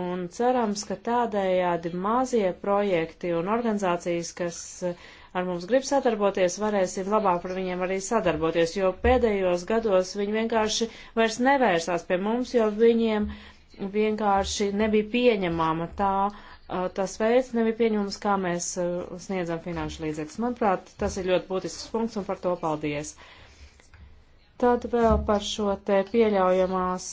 Speaker 3: Un cerams, ka tādējādi mazie projekti un organizācijas, kas uh, ar mums grib sadarboties, varēsim labāk par viņiem arī sadarboties, jo pēdējos gados viņi vienkārši vairs nevērsās pie mums, jo viņiem uh, vienkārši nebija pieņemama tā, tas veids nebija pieņemams, kā mēs sniedzam finanšu līdzekļus. Manuprāt, tas ir ļoti būtisks punkts un par to paldies. Tad vēl par šo te pieļaujamās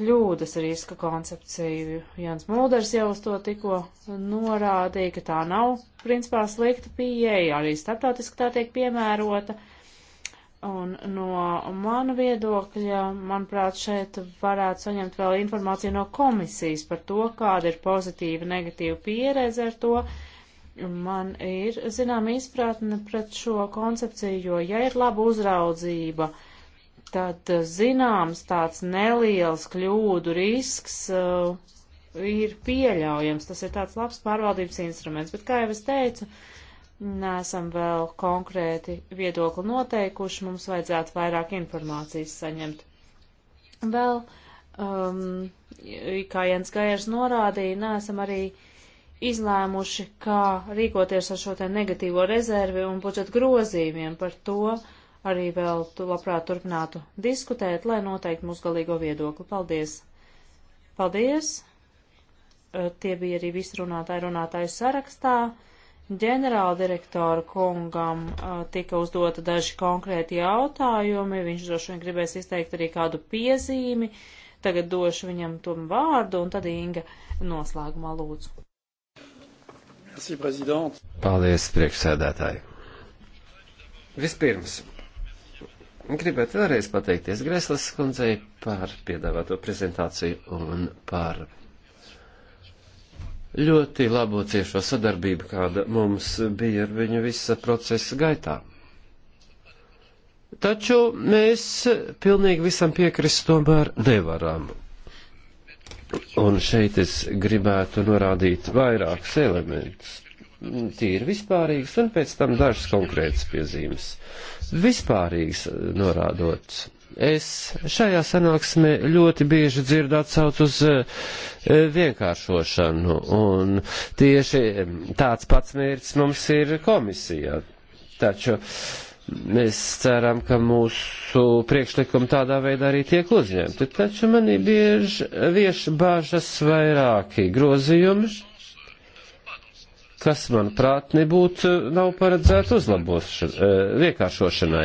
Speaker 3: kļūdas riska koncepciju. Jans Mūders jau uz to tikko norādīja, ka tā nav principā slikta pieeja, arī starptautiski tā tiek piemērota. Uh, Un no mana viedokļa, manuprāt, šeit varētu saņemt vēl informāciju no komisijas par to, kāda ir pozitīva, negatīva pieredze ar to. Man ir, zinām, izpratne pret šo koncepciju, jo, ja ir laba uzraudzība, tad eh, zināms tāds neliels kļūdu risks uh, ir pieļaujams. Tas ir tāds labs pārvaldības instruments. Bet, kā jau es teicu, uh, neesam vēl konkrēti viedokli noteikuši, mums vajadzētu vairāk informācijas saņemt. Vēl, um, kā Jens Gaiers norādīja, neesam arī izlēmuši, kā rīkoties ar šo te negatīvo rezervi un budžeta grozījumiem par to, arī vēl tu labprāt turpinātu diskutēt, lai noteikti mūsu galīgo viedokli. Paldies! Paldies! Tie bija arī visi runātāji runātāju sarakstā ģenerāldirektora kungam tika uzdota daži konkrēti jautājumi. Viņš droši vien gribēs izteikt arī kādu piezīmi. Tagad došu viņam to vārdu un tad Inga noslēgumā lūdzu.
Speaker 2: Merci, prezident. Paldies, priekšsēdētāji. Vispirms, gribētu vēlreiz pateikties Greslas kundzei par piedāvāto prezentāciju un par ļoti labo ciešo sadarbību, kāda mums bija ar viņu visa procesa gaitā. Taču mēs pilnīgi visam piekrist tomēr nevaram. Un šeit es gribētu norādīt vairākus elementus. Tīri vispārīgs un pēc tam dažas konkrētas piezīmes. Vispārīgs norādot Es šajā sanāksmē ļoti bieži dzirdu atsauc uz eh, vienkāršošanu, un tieši eh, tāds pats mērķis mums ir komisijā. Taču mēs ceram, ka mūsu priekšlikumi tādā veidā arī tiek uzņemti. Taču manī bieži vieši bāžas vairāki grozījumi kas, manuprāt, nebūtu eh, nav paredzēts uzlabošanai, eh, vienkāršošanai,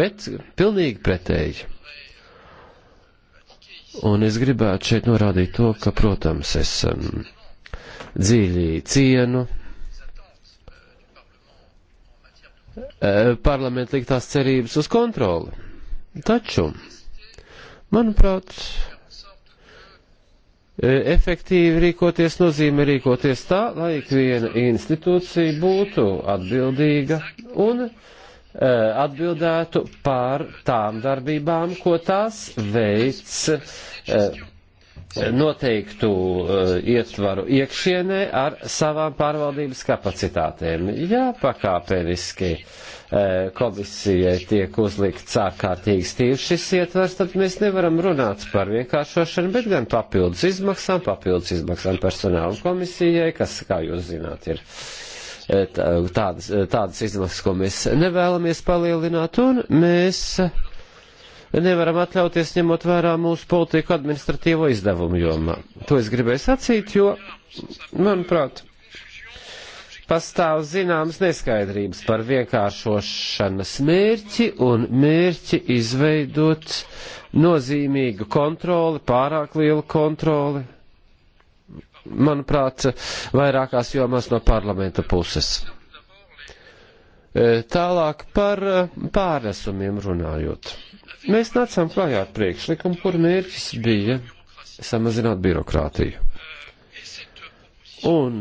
Speaker 2: bet pilnīgi pretēji. Un es gribētu šeit norādīt to, ka, protams, es um, dziļi cienu uh, eh, parlamentu liktās cerības uz kontroli. Taču, manuprāt, E, efektīvi rīkoties nozīmē rīkoties tā, lai ikviena institūcija būtu atbildīga un e, atbildētu par tām darbībām, ko tās veids e, noteiktu eh, ietvaru iekšienē ar savām pārvaldības kapacitātēm. Jā, pakāpeniski eh, komisijai tiek uzlikts ārkārtīgs tīvs šis ietvers, tad mēs nevaram runāt par vienkāršošanu, bet gan papildus izmaksām, papildus izmaksām personāla komisijai, kas, kā jūs zināt, ir eh, tādas, tādas izmaksas, ko mēs nevēlamies palielināt, un mēs nevaram atļauties ņemot vērā mūsu politiku administratīvo izdevumu jomā. To es gribēju sacīt, jo, manuprāt, pastāv zināmas neskaidrības par vienkāršošanas mērķi un mērķi izveidot nozīmīgu kontroli, pārāk lielu kontroli, manuprāt, vairākās jomās no parlamenta puses. E, tālāk par e, pārnesumiem runājot. Mēs nācām klājā ar priekšlikumu, kur mērķis bija samazināt birokrātiju. Un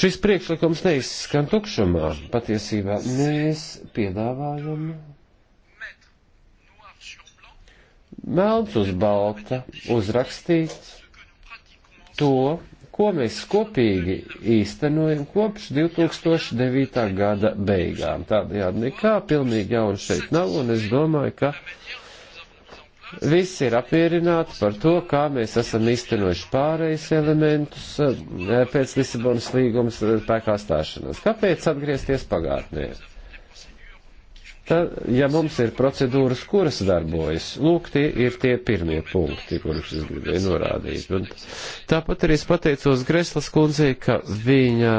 Speaker 2: šis priekšlikums neizskan tukšumā. Patiesībā mēs piedāvājam melns uz balta uzrakstīt to, ko mēs kopīgi īstenojam kopš 2009. gada beigām. Tādējādi nekā pilnīgi jauna šeit nav, un es domāju, ka visi ir apmierināti par to, kā mēs esam īstenojuši pārējais elementus eh, pēc Lisabonas līgums spēkā stāšanās. Kāpēc atgriezties pagātnē? Tad, ja mums ir procedūras, kuras darbojas, lūk, tie ir tie pirmie punkti, kurus es gribēju norādīt. Un tāpat arī es pateicos Greslas kundzei, ka viņa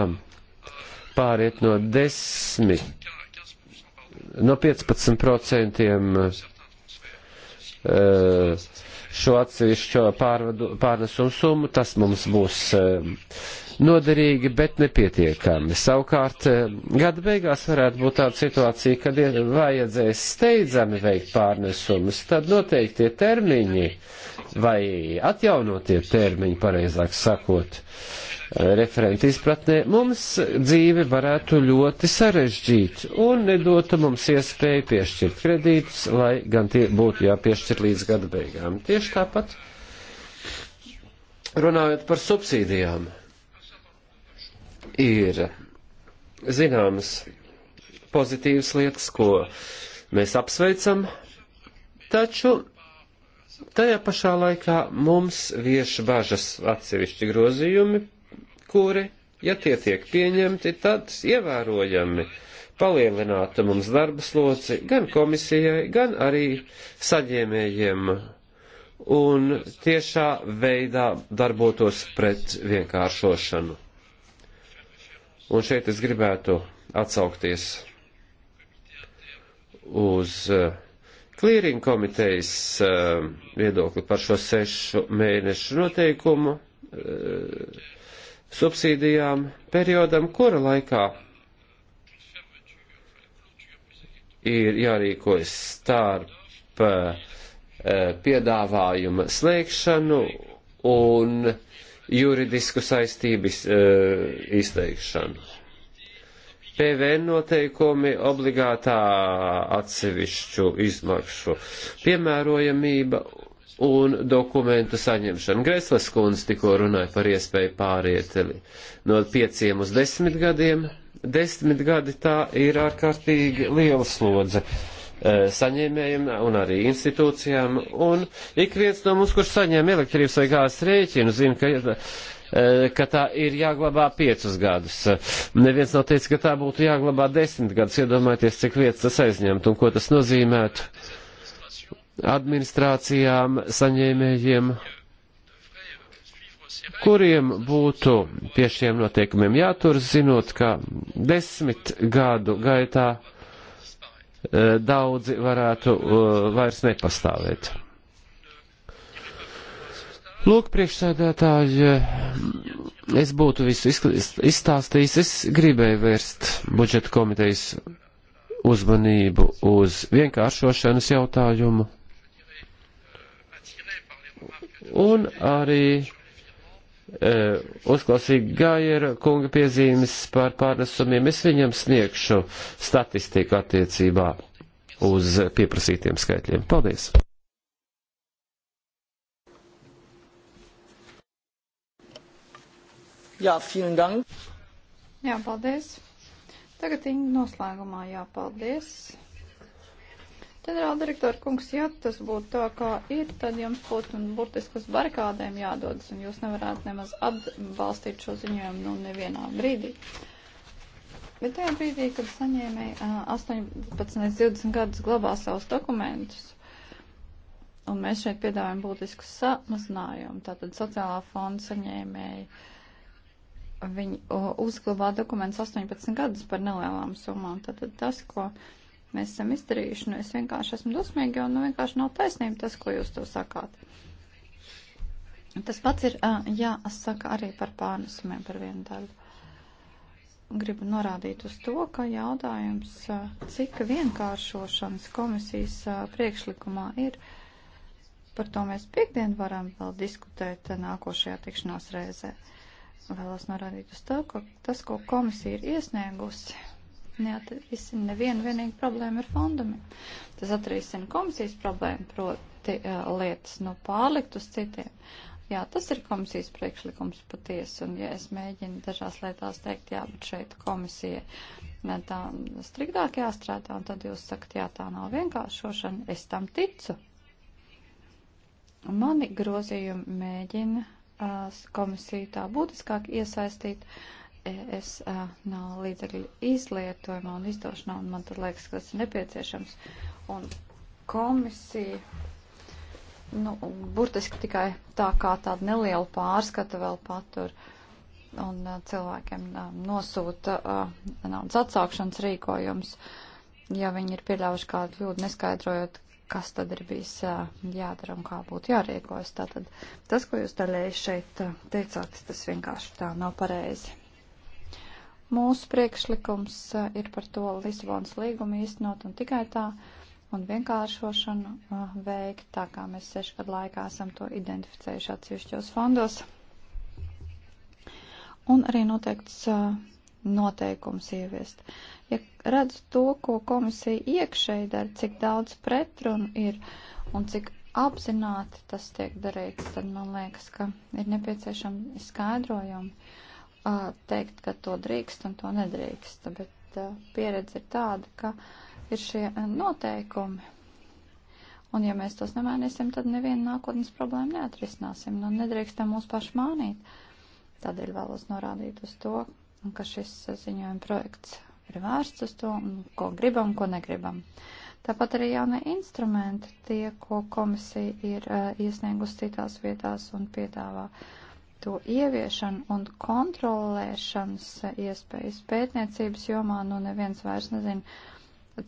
Speaker 2: pāriet no 10, no 15% eh, šo atsevišķo pārnesumu summu, tas mums būs eh, noderīgi, bet nepietiekami. Savukārt, eh, gada beigās varētu būt tāda situācija, kad vajadzēs steidzami veikt pārnesumus, tad noteikti tie termiņi vai atjaunotie termiņi, pareizāk sakot, eh, referenta izpratnē, mums dzīve varētu ļoti sarežģīt un nedotu mums iespēju piešķirt kredītus, lai gan tie būtu jāpiešķir līdz gada beigām. Tieši tāpat runājot par subsīdijām ir zināmas pozitīvas lietas, ko mēs apsveicam, taču tajā pašā laikā mums vieš bažas atsevišķi grozījumi, kuri, ja tie tiek pieņemti, tad ievērojami palielinātu mums darba sloci gan komisijai, gan arī saņēmējiem un tiešā veidā darbotos pret vienkāršošanu. Un šeit es gribētu atsaukties uz klīringa eh, komitejas eh, viedokli par šo sešu mēnešu noteikumu eh, subsīdijām periodam, kura laikā ir jārīkojas starp piedāvājuma slēgšanu un uh, juridisku saistību uh, izteikšanu. PVN noteikumi, obligātā atsevišķu izmaksu piemērojamība un dokumentu saņemšana. Greslas kundze tikko runāja par iespēju pāriet no pieciem uz desmit gadiem. Desmit gadi tā ir ārkārtīgi liela slodze. Uh, Eh, saņēmējiem un arī institūcijām. Un ik viens no mums, kurš saņēma elektrības vai gāzes rēķinu, zina, ka, ir, eh, ka tā ir jāglabā piecus gadus. Neviens nav teicis, ka tā būtu jāglabā desmit gadus. Iedomājieties, cik vietas tas aizņemtu un ko tas nozīmētu administrācijām, saņēmējiem, kuriem būtu pie šiem noteikumiem jāturas, zinot, ka desmit gadu gaitā Eh, daudzi varētu eh, vairs nepastāvēt. Lūk, priekšsēdētāji, eh, es būtu visu izstāstījis. Es gribēju vērst budžeta komitejas uzmanību uz vienkāršošanas jautājumu un arī Eh, uzklausīt Gaiera kunga piezīmes par pārnesumiem. Es viņam sniegšu statistiku attiecībā uz pieprasītiem skaitļiem. Paldies!
Speaker 4: Jā, vielen dank.
Speaker 1: Jā, paldies. Tagad viņa noslēgumā jāpaldies. Ģenerāldirektora kungs, ja tas būtu tā, kā ir, tad jums būtu burtiski uz barikādēm jādodas, un jūs nevarētu nemaz atbalstīt šo ziņojumu nu, nevienā brīdī. Bet tajā brīdī, kad saņēmēji 18 līdz 20 gadus glabā savus dokumentus, un mēs šeit piedāvājam būtisku samazinājumu, tātad sociālā fonda saņēmēji, viņi uzglabā dokumentus 18 gadus par nelielām summām. Tātad tas, ko mēs esam izdarījuši. Nu, es vienkārši esmu dusmīga, jo nu, vienkārši nav taisnība tas, ko jūs to sakāt. Tas pats ir jāsaka arī par pārnesumiem par vienu daļu. Gribu norādīt uz to, ka jautājums, cik vienkāršošanas komisijas priekšlikumā ir par to mēs piekdien varam vēl diskutēt nākošajā tikšanās reizē. Vēlos norādīt uz to, ka tas, ko komisija ir iesniegusi, neatrisina nevienu vienīgu problēmu ar fondumi. Tas atrisina komisijas problēmu, proti uh, lietas no nu, pārlikt uz citiem. Jā, tas ir komisijas priekšlikums patiesi, un ja es mēģinu dažās lietās teikt, jā, bet šeit komisija tā striktāk jāstrādā, un tad jūs sakat, jā, tā nav vienkāršošana, es tam ticu. Mani grozījumi mēģina komisiju tā būtiskāk iesaistīt. Uh, ES nav līdzekļu izlietojumā un izdošanā, un man tur liekas, ka tas ir nepieciešams. Un komisija, nu, burtiski tikai tā kā tādu nelielu pārskatu vēl patur, un cilvēkiem nosūta naudas atsākšanas rīkojums, ja viņi ir pieļāvuši kādu kļūdu, neskaidrojot, kas tad ir bijis jādara un kā būtu jārīkojas. Tātad tas, ko jūs daļēji šeit teicāt, tas vienkārši tā nav pareizi. Mūsu priekšlikums eh, ir par to Lisabonas līgumu īstenot un tikai tā un vienkāršošanu uh, veikt, tā kā mēs sešu gadu laikā esam to identificējuši atsevišķos fondos. Un arī noteikts uh, noteikums ieviest. Ja redzu to, ko komisija iekšēji dara, cik daudz pretrunu ir un cik apzināti tas tiek darīts, tad man liekas, ka ir nepieciešami skaidrojumi. Uh, uh, teikt, ka to drīkst un to nedrīkst, bet uh, pieredze ir tāda, ka ir šie noteikumi. Un ja mēs tos nemainīsim, tad nevienu nākotnes problēmu neatrisināsim. Nu, nedrīkstam mūs paši mānīt. Tādēļ vēlos norādīt uz to, ka šis ziņojuma projekts ir vērsts uz to, ko gribam, ko negribam. Tāpat arī jaunie instrumenti, tie, ko komisija ir uh, iesniegusi citās vietās un piedāvā. Uh, to ieviešanu un kontrolēšanas iespējas pētniecības jomā, nu neviens vairs nezina,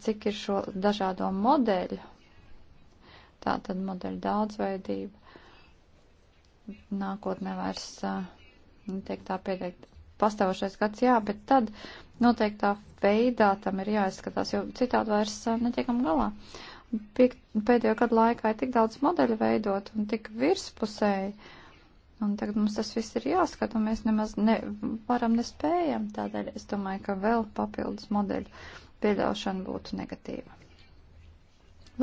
Speaker 1: cik ir šo dažādo modeļu, tā tad modeļu daudzveidība, nākotnē vairs, eh, tiek tā pieteikt, pastāvošais gads, jā, bet tad noteiktā veidā tam ir jāizskatās, jo citādi vairs eh, netiekam galā. Piek, pēdējo gadu laikā ir tik daudz modeļu veidot un tik virspusēji, uh, Un tagad mums tas viss ir jāskata, un mēs nemaz nevaram, nespējam. Tādēļ es domāju, ka vēl papildus modeļu pieļaušana būtu negatīva.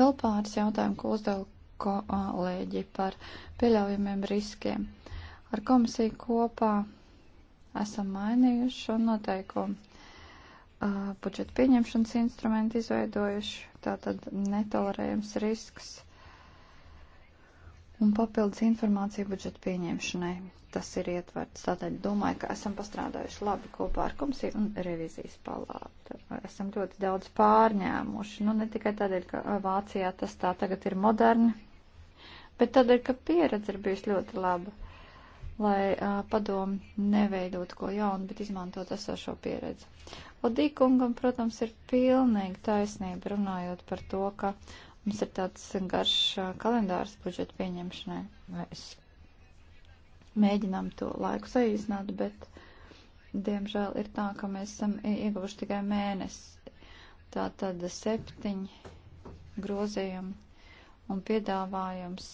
Speaker 1: Vēl pāris jautājumu, ko uzdeva kolēģi par pieļaujamiem riskiem. Ar komisiju kopā esam mainījuši šo noteikumu. Uh, budžeta pieņemšanas instrumentu izveidojuši, tātad netolerējams risks un papildus informācija budžeta pieņemšanai. Tas ir ietverts. Tādēļ domāju, ka esam pastrādājuši labi kopā ar komisiju un revizijas palātu. Esam ļoti daudz pārņēmuši. Nu, ne tikai tādēļ, ka eh, Vācijā tas tā tagad ir moderni, bet tādēļ, ka pieredze ir bijusi ļoti laba, lai uh, padomu neveidot ko jaunu, bet izmantot esošo pieredzi. Odīkungam, protams, ir pilnīgi taisnība runājot par to, ka uh, Mums ir tāds garš kalendārs budžeta pieņemšanai. Mēs mēģinām to laiku saīsināt, bet, diemžēl, ir tā, ka mēs esam ieguvuši tikai mēnesi. Tā tad septiņi grozījumi un piedāvājums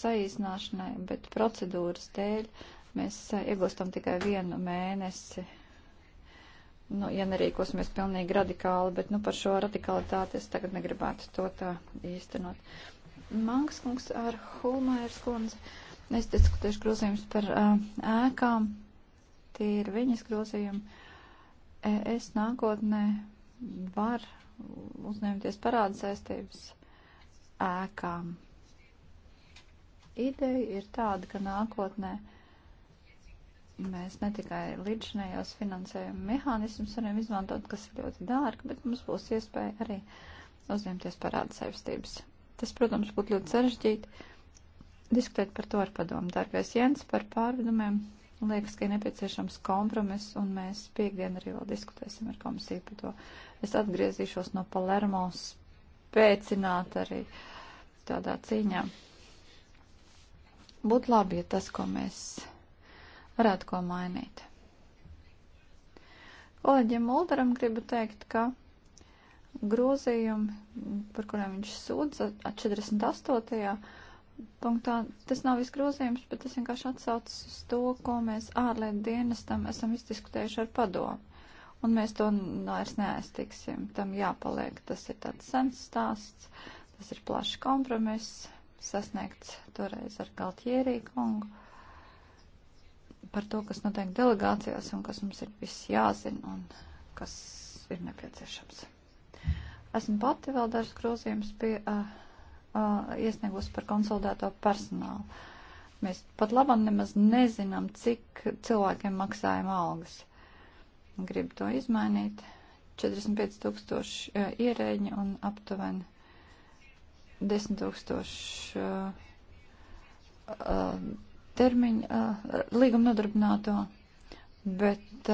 Speaker 1: saīsināšanai, bet procedūras dēļ mēs iegūstam tikai vienu mēnesi nu, ja nerīkosimies pilnīgi radikāli, bet nu, par šo radikalitāti es tagad negribētu to tā īstenot. Mankas kungs ar Hulmairs kundzi. Es diskutēšu grozījumus par uh, ēkām. Tie ir viņas grozījumi. E, es nākotnē var uzņemties parāda saistības ēkām. Ideja ir tāda, ka nākotnē uh, mēs ne tikai līdzinējos finansējuma mehānismus varam izmantot, kas ir ļoti dārgi, bet mums būs iespēja arī uzņemties parāda saistības. Tas, protams, būtu ļoti sarežģīti diskutēt par to ar padomu. Dārgais Jens par pārvedumiem liekas, ka ir nepieciešams kompromiss, un mēs piekdien arī vēl diskutēsim ar komisiju par to. Es atgriezīšos no Palermo spēcināt arī tādā cīņā. Būtu labi, ja tas, ko mēs varētu ko mainīt. Kolēģiem Mulderam gribu teikt, ka grozījumi, par kuriem viņš sūdz 48. punktā, tas nav viss grozījums, bet tas vienkārši atsaucas uz to, ko mēs ārlietu dienestam esam izdiskutējuši ar padomu. Un mēs to vairs neaiztiksim. Tam jāpaliek. Tas ir tāds sens stāsts, tas ir plašs kompromiss, sasniegts toreiz ar Galtjērī kungu par to, kas notiek delegācijās un kas mums ir viss jāzina un kas ir nepieciešams. Esmu pati vēl dažas grozījumus pie uh, uh, iesniegus par konsolidēto personālu. Mēs pat labam nemaz nezinām, cik cilvēkiem maksājam algas. Gribu to izmainīt. 45 tūkstoši uh, ierēģi un aptuveni 10 tūkstoši. Uh, uh, termiņu līguma nodarbināto, bet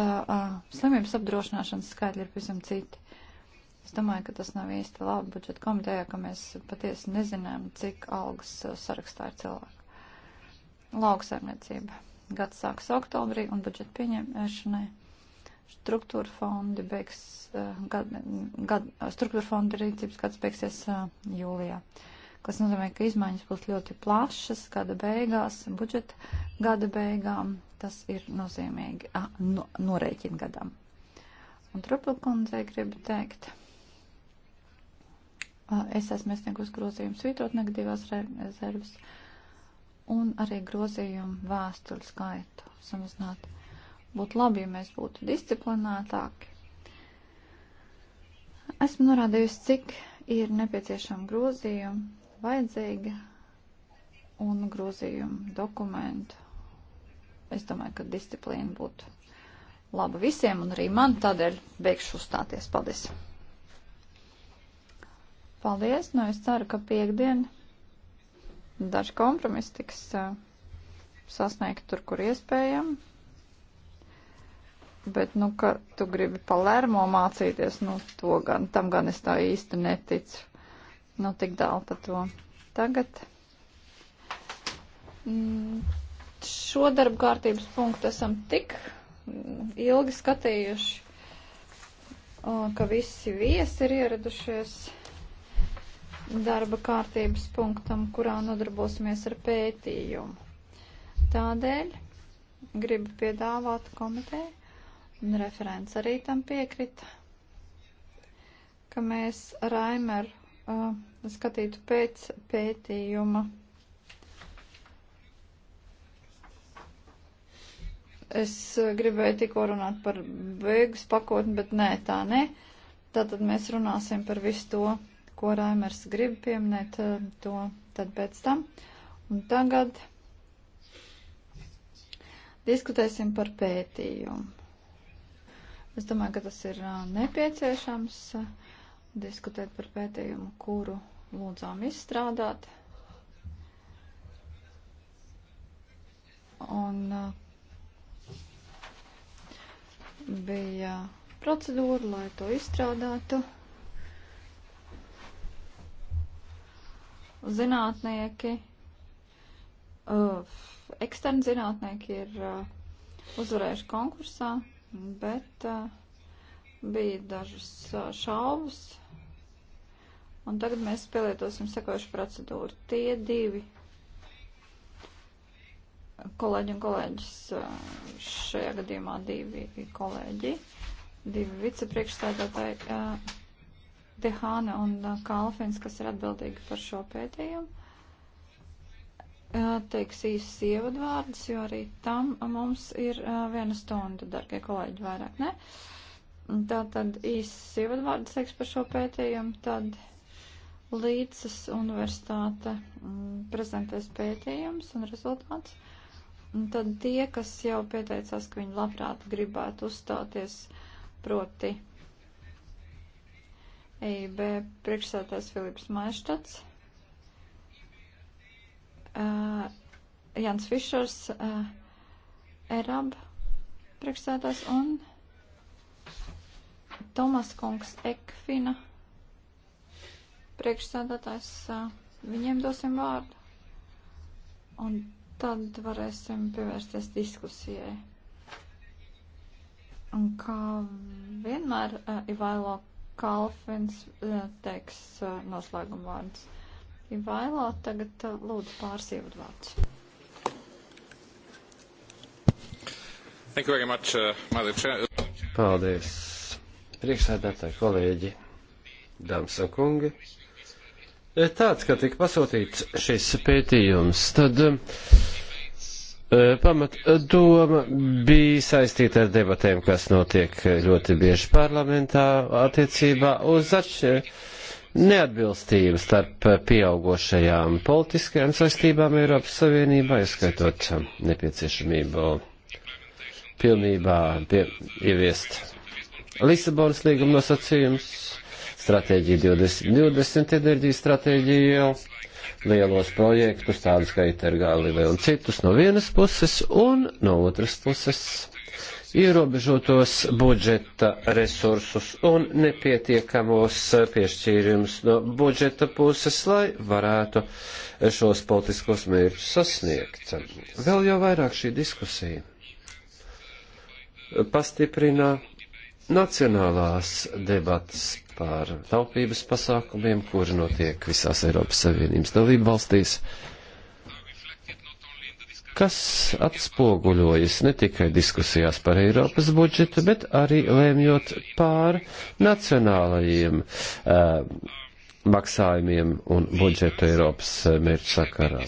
Speaker 1: slimības apdrošināšanas skaidri ir pavisam citi. Es domāju, ka tas nav īsti labi budžeta komitejā, ka mēs patiesi nezinām, cik algas sarakstā ir cilvēku. Lauksaimniecība. Gads sāks oktobrī un budžeta pieņemšanai. Struktūra fondi beigs, gad, gad, struktūra fondi rīcības gads beigsies jūlijā. Uh, kas nozīmē, ka izmaiņas būs ļoti plašas gada beigās, budžeta gada beigām. Tas ir nozīmīgi ah, no, norēķina gadam. Un Trupelkundzei gribu teikt, es esmu iesniegus grozījums svītrot negatīvās rezerves un arī grozījumu vēstuļu skaitu samazināt. Būtu labi, ja mēs būtu disciplinētāki. Esmu norādījusi, cik ir nepieciešama grozījuma, vajadzīga un grozījumu dokumentu. Es domāju, ka disciplīna būtu laba visiem un arī man, tādēļ beigšu uzstāties. Paldies! Paldies! Nu, es ceru, ka piekdien daži kompromisi tiks uh, sasniegt tur, kur iespējami. Bet, nu, ka tu gribi palērmo mācīties, nu, to gan, tam gan es tā īsti neticu. Nu, tik tālu par to. Tagad mm, šo darbu kārtības punktu esam tik ilgi skatījuši, ka visi viesi ir ieradušies darba kārtības punktam, kurā nodarbosimies ar pētījumu. Tādēļ gribu piedāvāt komiteju, un referents arī tam piekrita, ka mēs Raimeru uh, skatītu pēc pētījuma. Es gribēju tikko runāt par beigas pakotni, bet nē, tā nē. Tātad mēs runāsim par visu to, ko Raimers grib pieminēt, uh, to tad pēc tam. Un tagad diskutēsim par pētījumu. Es domāju, ka tas ir uh, nepieciešams. Uh, diskutēt par pētījumu, kuru lūdzām izstrādāt. Un uh, bija procedūra, lai to izstrādātu. Zinātnieki, uh, eksterni zinātnieki ir uh, uzvarējuši konkursā, bet bija dažas šaubas Un tagad mēs pielietosim sekojušu procedūru. Tie divi kolēģi un kolēģis, eh, šajā gadījumā divi kolēģi, divi vicepriekšstādātāji, eh, Dehāna un eh, Kalfins, kas ir atbildīgi par šo pētījumu teiks īsts ievadvārds, jo arī tam mums ir viena stunda, darbie kolēģi, vairāk, ne? Tā tad īsts ievadvārds teiks par šo pētījumu, tad Līdzes universitāte mm, prezentēs pētījums un rezultāts. Un tad tie, kas jau pieteicās, ka viņi labprāt gribētu uzstāties proti EIB priekšsētājs Filips Maištats, uh, Jans Fišers, uh, Erab priekšsētājs un Tomas Kungs Ekfina priekšsēdētājs, viņiem dosim vārdu. Un tad varēsim pievērsties diskusijai. Un kā vienmēr uh, Ivailo Kalfins uh, teiks uh, noslēguma vārdus. Ivailo tagad uh, lūdzu pārsīvot vārdus.
Speaker 2: Thank you very much, uh, Madam Chair. Paldies. Priekšsēdētāji, kolēģi, dāmas un kungi. Tāds, ka tika pasūtīts šis pētījums, tad e, pamat doma bija saistīta ar debatēm, kas notiek ļoti bieži parlamentā attiecībā uz atšķirību neatbilstību starp pieaugošajām politiskajām saistībām Eiropas Savienībā, ieskaitot nepieciešamību pilnībā pie, ieviest Lisabonas līguma nosacījums stratēģija 2020 enerģijas stratēģija, lielos projektus, tādus kā ITER, Galileo un citus no vienas puses, un no otras puses ierobežotos budžeta resursus un nepietiekamos piešķīrums no budžeta puses, lai varētu šos politiskos mērķus sasniegt. Vēl jau vairāk šī diskusija pastiprina nacionālās debatas par taupības pasākumiem, kuri notiek visās Eiropas Savienības dalību valstīs, kas atspoguļojas ne tikai diskusijās par Eiropas budžetu, bet arī lēmjot pār nacionālajiem uh, maksājumiem un budžetu Eiropas eh, mērķu sakarā.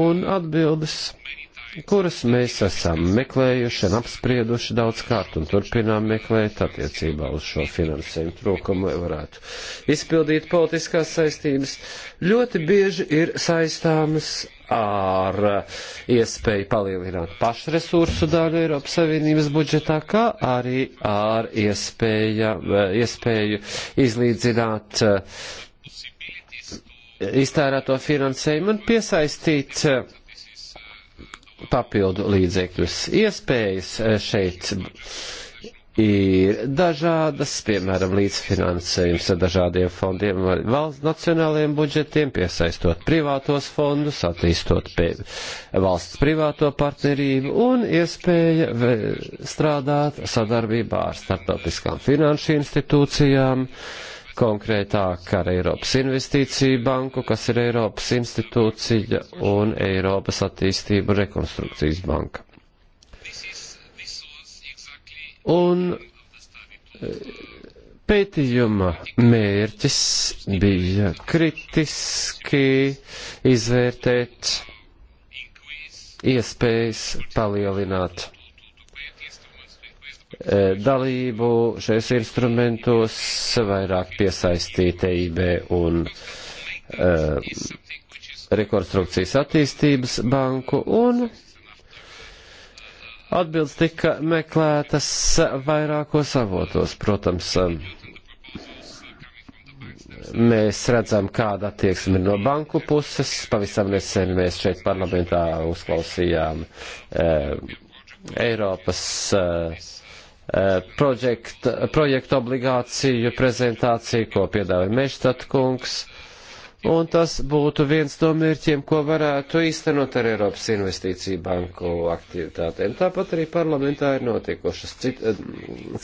Speaker 2: Un atbildes kuras mēs esam meklējuši un apsprieduši daudzkārt un turpinām meklēt attiecībā uz šo finansējumu trūkumu, lai varētu izpildīt politiskās saistības, ļoti bieži ir saistāmas ar iespēju palielināt pašresursu daļu Eiropas Savienības budžetā, kā arī ar iespēja, iespēju izlīdzināt eh, iztērēto finansējumu un piesaistīt eh, papildu līdzekļus. Iespējas eh, šeit ir dažādas, piemēram, līdzfinansējums ar dažādiem fondiem, valsts nacionālajiem budžetiem, piesaistot privātos fondus, attīstot valsts privāto partnerību un iespēja eh, strādāt sadarbībā ar starptautiskām finanšu institūcijām, uh, konkrētāk ar Eiropas investīciju banku, kas ir Eiropas institūcija un Eiropas attīstību rekonstrukcijas banka. Un eh, pētījuma mērķis bija kritiski izvērtēt iespējas palielināt Eh, dalību šajos instrumentos vairāk piesaistīt EIB un uh, rekonstrukcijas attīstības banku un atbildes tika meklētas vairākos avotos. Protams, eh, mēs redzam, kāda attieksme ir no banku puses. Pavisam nesen mēs šeit parlamentā uzklausījām eh, Eiropas eh, Eh, projektu, projektu obligāciju prezentāciju, ko piedāvāja Meštat kungs. Un tas būtu viens no mērķiem, ko varētu īstenot ar Eiropas investīciju banku aktivitātēm. Tāpat arī parlamentā ir notikušas cit, eh,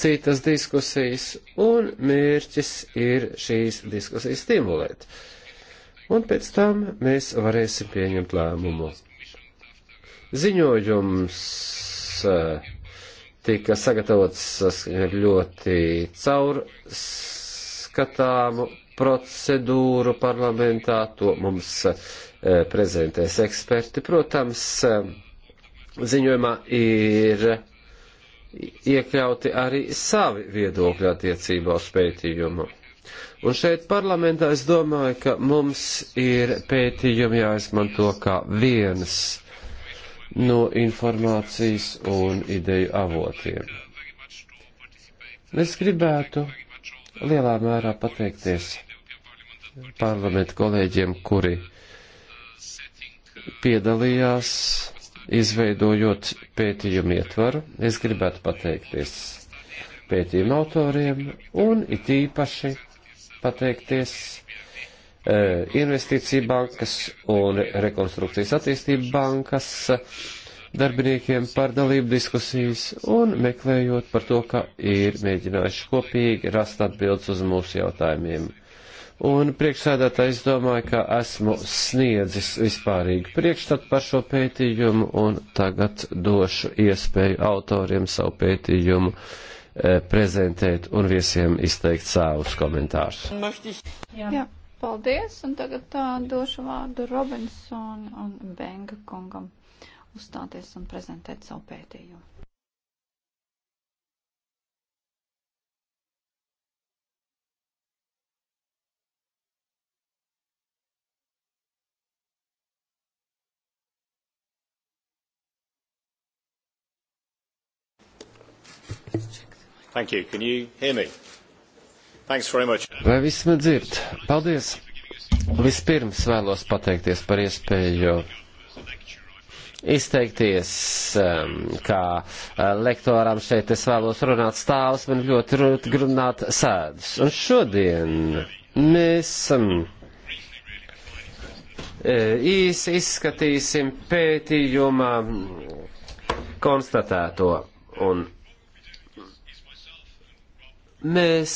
Speaker 2: citas diskusijas, un mērķis ir šīs diskusijas stimulēt. Un pēc tam mēs varēsim pieņemt lēmumu. Ziņojums. Uh, tika sagatavots ļoti caurskatāmu procedūru parlamentā, to mums e, prezentēs eksperti. Protams, e, ziņojumā ir iekļauti arī savi viedokļi attiecībā uz pētījumu. Un šeit parlamentā es domāju, ka mums ir pētījumi jāizmanto kā viens no informācijas un ideju avotiem. Es gribētu lielā mērā pateikties parlamentu kolēģiem, kuri piedalījās izveidojot pētījumu ietvaru. Es gribētu pateikties pētījumu autoriem un it īpaši pateikties Eh, investīcija bankas un rekonstrukcijas attīstība bankas darbiniekiem par dalību diskusijas un meklējot par to, ka ir mēģinājuši kopīgi rast atbildes uz mūsu jautājumiem. Un priekšsēdētājs domāju, ka esmu sniedzis vispārīgu priekšstatu par šo pētījumu un tagad došu iespēju autoriem savu pētījumu e, prezentēt un visiem izteikt savus komentārus.
Speaker 1: Jā. Paldies, un tagad tā, došu vārdu Robinson un Benga kungam uzstāties un
Speaker 4: prezentēt savu pētījumu. Thank you. Can you hear me? Vai
Speaker 2: viss man dzird? Paldies! Vispirms vēlos pateikties par iespēju izteikties, um, kā uh, lektoram šeit es vēlos runāt stāvus, man ļoti grūti runāt sēdus. Un šodien mēs um, uh, īsi izskatīsim pētījumā konstatēto. Un mēs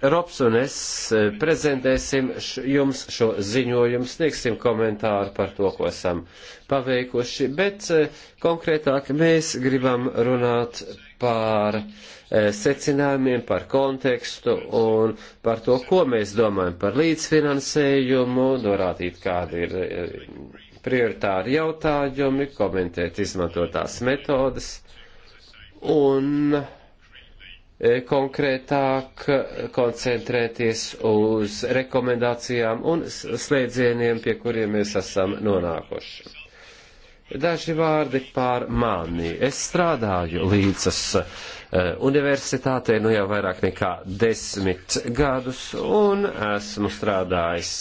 Speaker 2: Robs un es eh, prezentēsim š, jums šo ziņojumu, sniegsim komentāru par to, ko esam paveikuši, bet eh, konkrētāk mēs gribam runāt par eh, secinājumiem, par kontekstu un par to, ko mēs domājam par līdzfinansējumu, norādīt, kāda ir prioritāri jautājumi, komentēt izmantotās metodas un uh, E, konkrētāk koncentrēties uz rekomendācijām un slēdzieniem, pie kuriem mēs esam nonākuši. Daži vārdi par mani. Es strādāju līdzas e, universitātē nu jau vairāk nekā desmit gadus un esmu strādājis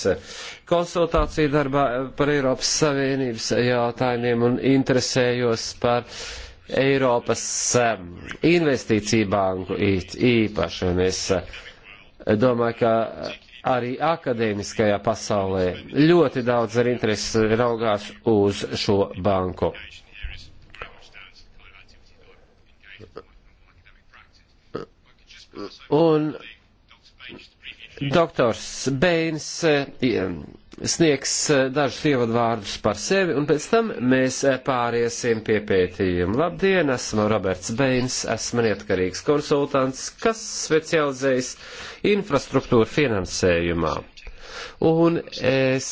Speaker 2: konsultāciju darbā par Eiropas Savienības jautājumiem un interesējos par uh, Eiropas um, investīciju banku īpaši, un es uh, domāju, ka arī akadēmiskajā pasaulē ļoti daudz ar interesi raugās uz šo banku. Un doktors Bēns uh, sniegs eh, dažus ievadvārdus par sevi, un pēc tam mēs eh, pāriesim pie pētījuma. Labdien, esmu Roberts Beins, esmu neatkarīgs konsultants, kas specializējas infrastruktūra finansējumā. Un es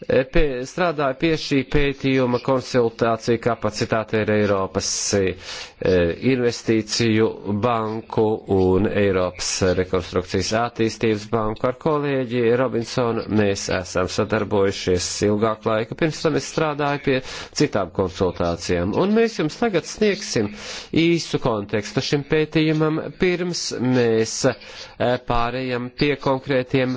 Speaker 2: Eh, pie, strādāju pie šī pētījuma konsultāciju kapacitāte ar Eiropas eh, investīciju banku un Eiropas rekonstrukcijas attīstības banku. Ar kolēģi Robinsonu mēs esam sadarbojušies ilgāk laika. Pirms tam es strādāju pie citām konsultācijām. Un mēs jums tagad sniegsim īsu kontekstu šim pētījumam, pirms mēs eh, pārējam pie konkrētiem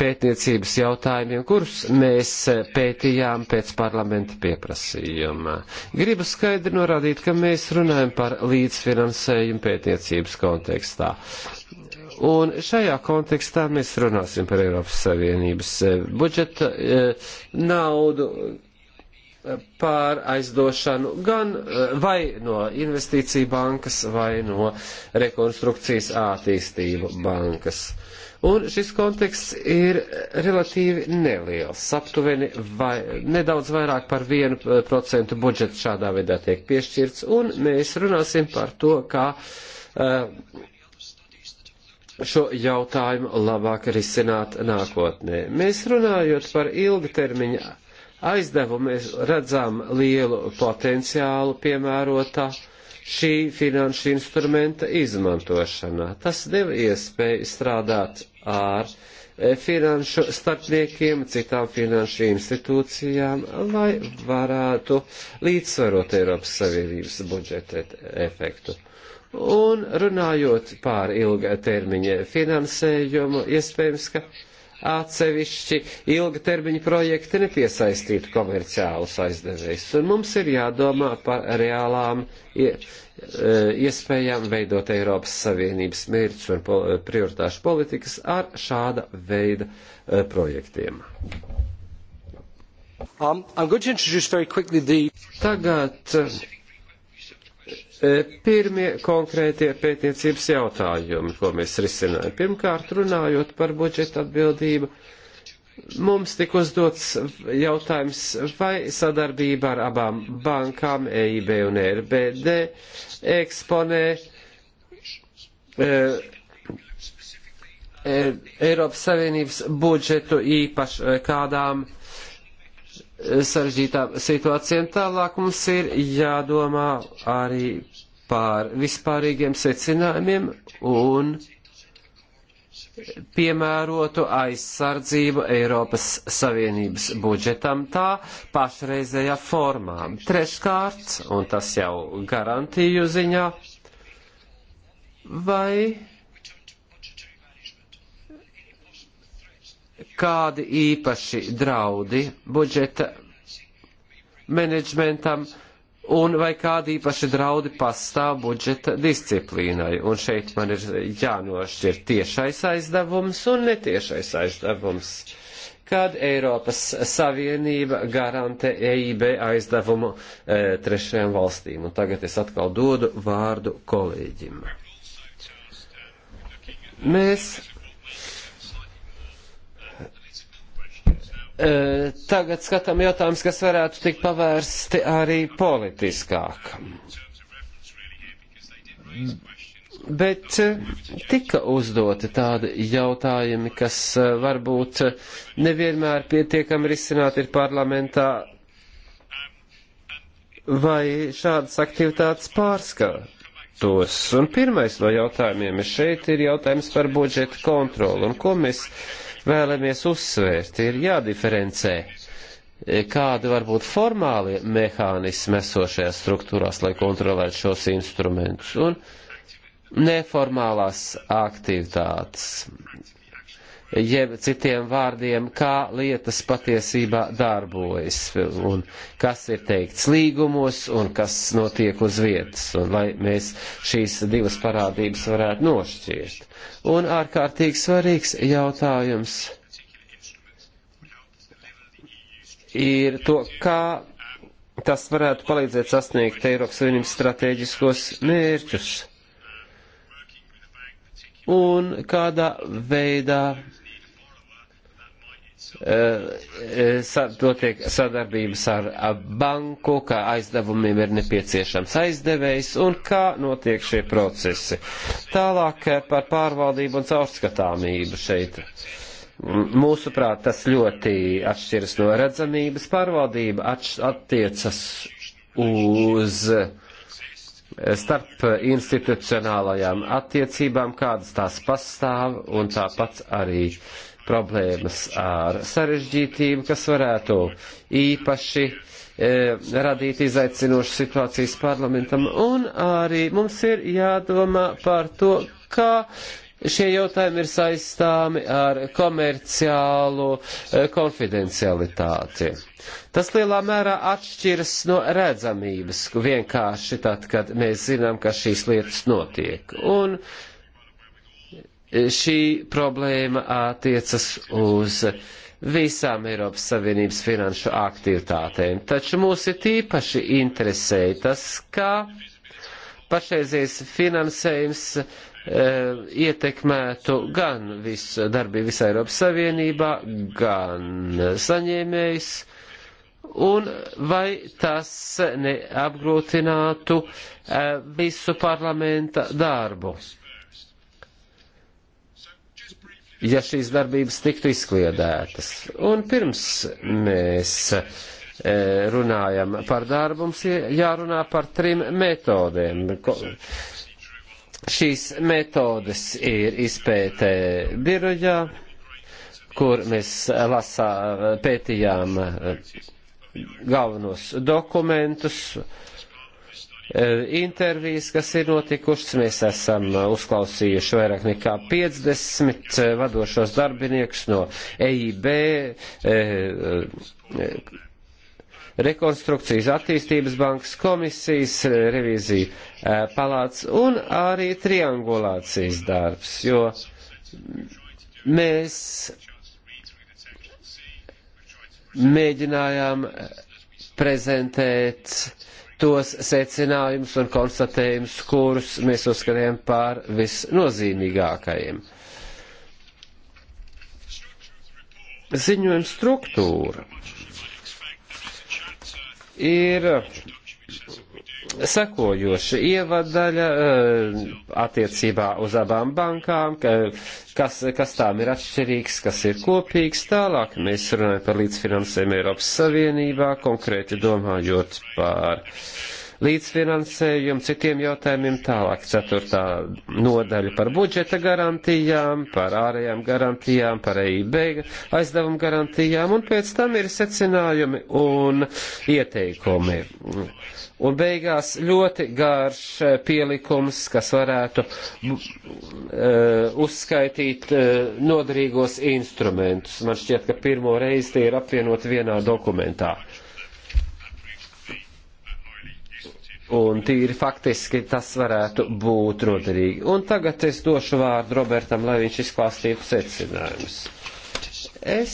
Speaker 2: pētniecības jautājumiem, kurus mēs pētījām pēc parlamenta pieprasījuma. Gribu skaidri norādīt, ka mēs runājam par līdzfinansējumu pētniecības kontekstā. Un šajā kontekstā mēs runāsim par Eiropas Savienības eh, budžeta eh, naudu eh, pār aizdošanu gan vai no investīciju bankas, vai no rekonstrukcijas attīstību bankas. Un šis konteksts ir relatīvi neliels, aptuveni vai, nedaudz vairāk par 1% eh, budžeta šādā veidā tiek piešķirts, un mēs runāsim par to, kā eh, šo jautājumu labāk risināt nākotnē. Mēs runājot par ilgtermiņa aizdevumu, mēs redzam lielu potenciālu piemērotā šī finanšu instrumenta izmantošanā. Tas deva iespēju strādāt ar e, finanšu starpniekiem, citām finanšu institūcijām, lai varētu līdzsvarot Eiropas Savienības budžeta efektu. Un runājot pār ilga termiņa finansējumu, iespējams, ka atsevišķi ilgtermiņa projekti nepiesaistītu komerciālus aizdevējus. Un mums ir jādomā par reālām e, iespējām veidot Eiropas Savienības mērķus un e, prioritāšu politikas ar šāda veida e, projektiem. Um, the... Tagad E, pirmie konkrētie pētniecības jautājumi, ko mēs risinājam. Pirmkārt, runājot par budžeta atbildību, mums tika uzdots jautājums, vai sadarbība ar abām bankām, EIB un ERBD, eksponē e, e, Eiropas Savienības budžetu īpaši e, kādām sarežģītā situācija, un tālāk mums ir jādomā arī par vispārīgiem secinājumiem un piemērotu aizsardzību Eiropas Savienības budžetam tā pašreizējā formā. Treškārt, un tas jau garantīju ziņā, vai kādi īpaši draudi budžeta menedžmentam un vai kādi īpaši draudi pastāv budžeta disciplīnai. Un šeit man ir jānošķir tiešais aizdevums un netiešais aizdevums, kad Eiropas Savienība garantē EIB aizdevumu e, trešajām valstīm. Un tagad es atkal dodu vārdu kolēģim. Mēs E, tagad skatām jautājumus, kas varētu tikt pavērsti arī politiskāk. Bet e, tika uzdoti tādi jautājumi, kas e, varbūt nevienmēr pietiekami risināti ir parlamentā, vai šādas aktivitātes pārskata tos. Un pirmais no jautājumiem ir šeit ir jautājums par budžeta kontroli un ko mēs vēlamies uzsvērt, ir jādiferencē, kādi var būt formāli mehānismi esošajās struktūrās, lai kontrolētu šos instrumentus, un neformālās aktivitātes jeb citiem vārdiem, kā lietas patiesībā darbojas un kas ir teikts līgumos un kas notiek uz vietas, un lai mēs šīs divas parādības varētu nošķirt. Un ārkārtīgi svarīgs jautājums ir to, kā tas varētu palīdzēt sasniegt Eiropas Savienības stratēģiskos mērķus un kādā veidā Eh, eh, notiek sadarbības ar banku, kā aizdevumiem ir nepieciešams aizdevējs un kā notiek šie procesi. Tālāk eh, par pārvaldību un caurskatāmību šeit. Mūsuprāt, tas ļoti atšķiras no redzamības. Pārvaldība attiecas uz starp institucionālajām attiecībām, kādas tās pastāv, un tāpat arī uh, problēmas ar sarežģītību, kas varētu īpaši e, radīt izaicinošu situācijas parlamentam. Un arī mums ir jādomā par to, kā šie jautājumi ir saistāmi ar komerciālu e, konfidencialitāti. Tas lielā mērā atšķiras no redzamības vienkārši tad, kad mēs zinām, ka šīs lietas notiek. Un šī problēma attiecas uz visām Eiropas Savienības finanšu aktivitātēm. Taču mūs ir tīpaši interesēja tas, kā pašreizies finansējums e, ietekmētu gan visu darbību visā Eiropas Savienībā, gan saņēmējs, un vai tas neapgrūtinātu e, visu parlamenta darbu ja šīs darbības tiktu izkliedētas. Un pirms mēs e, runājam par darbu, mums jārunā par trim metodēm. Šīs metodes ir izpētē birojā, kur mēs lasā, pētījām e, galvenos dokumentus, uh, E, intervijas, kas ir notikušas. Mēs esam e, uzklausījuši vairāk nekā 50 e, vadošos darbiniekus no EIB, rekonstrukcijas attīstības bankas komisijas, revīzija palāts un arī triangulācijas darbs, jo mēs mēģinājām prezentēt tos secinājumus un konstatējumus, kurus mēs uzskatījām par visnozīmīgākajiem. Ziņojuma struktūra ir sekojoša ievadaļa eh, attiecībā uz abām bankām, kas, kas tām ir atšķirīgs, kas ir kopīgs. Tālāk mēs runājam par līdzfinansēm Eiropas Savienībā, konkrēti domājot par uh, līdzfinansējumu, citiem jautājumiem tālāk. Ceturtā nodaļa par budžeta garantijām, par ārējām garantijām, par EIB aizdevumu garantijām, un pēc tam ir secinājumi un ieteikumi. Un beigās ļoti garš pielikums, kas varētu uh, uzskaitīt uh, noderīgos instrumentus. Man šķiet, ka pirmo reizi tie ir apvienot vienā dokumentā. Uh, Un tīri faktiski tas varētu būt noderīgi. Un tagad es došu vārdu Robertam, lai viņš izklāstītu secinājumus. Es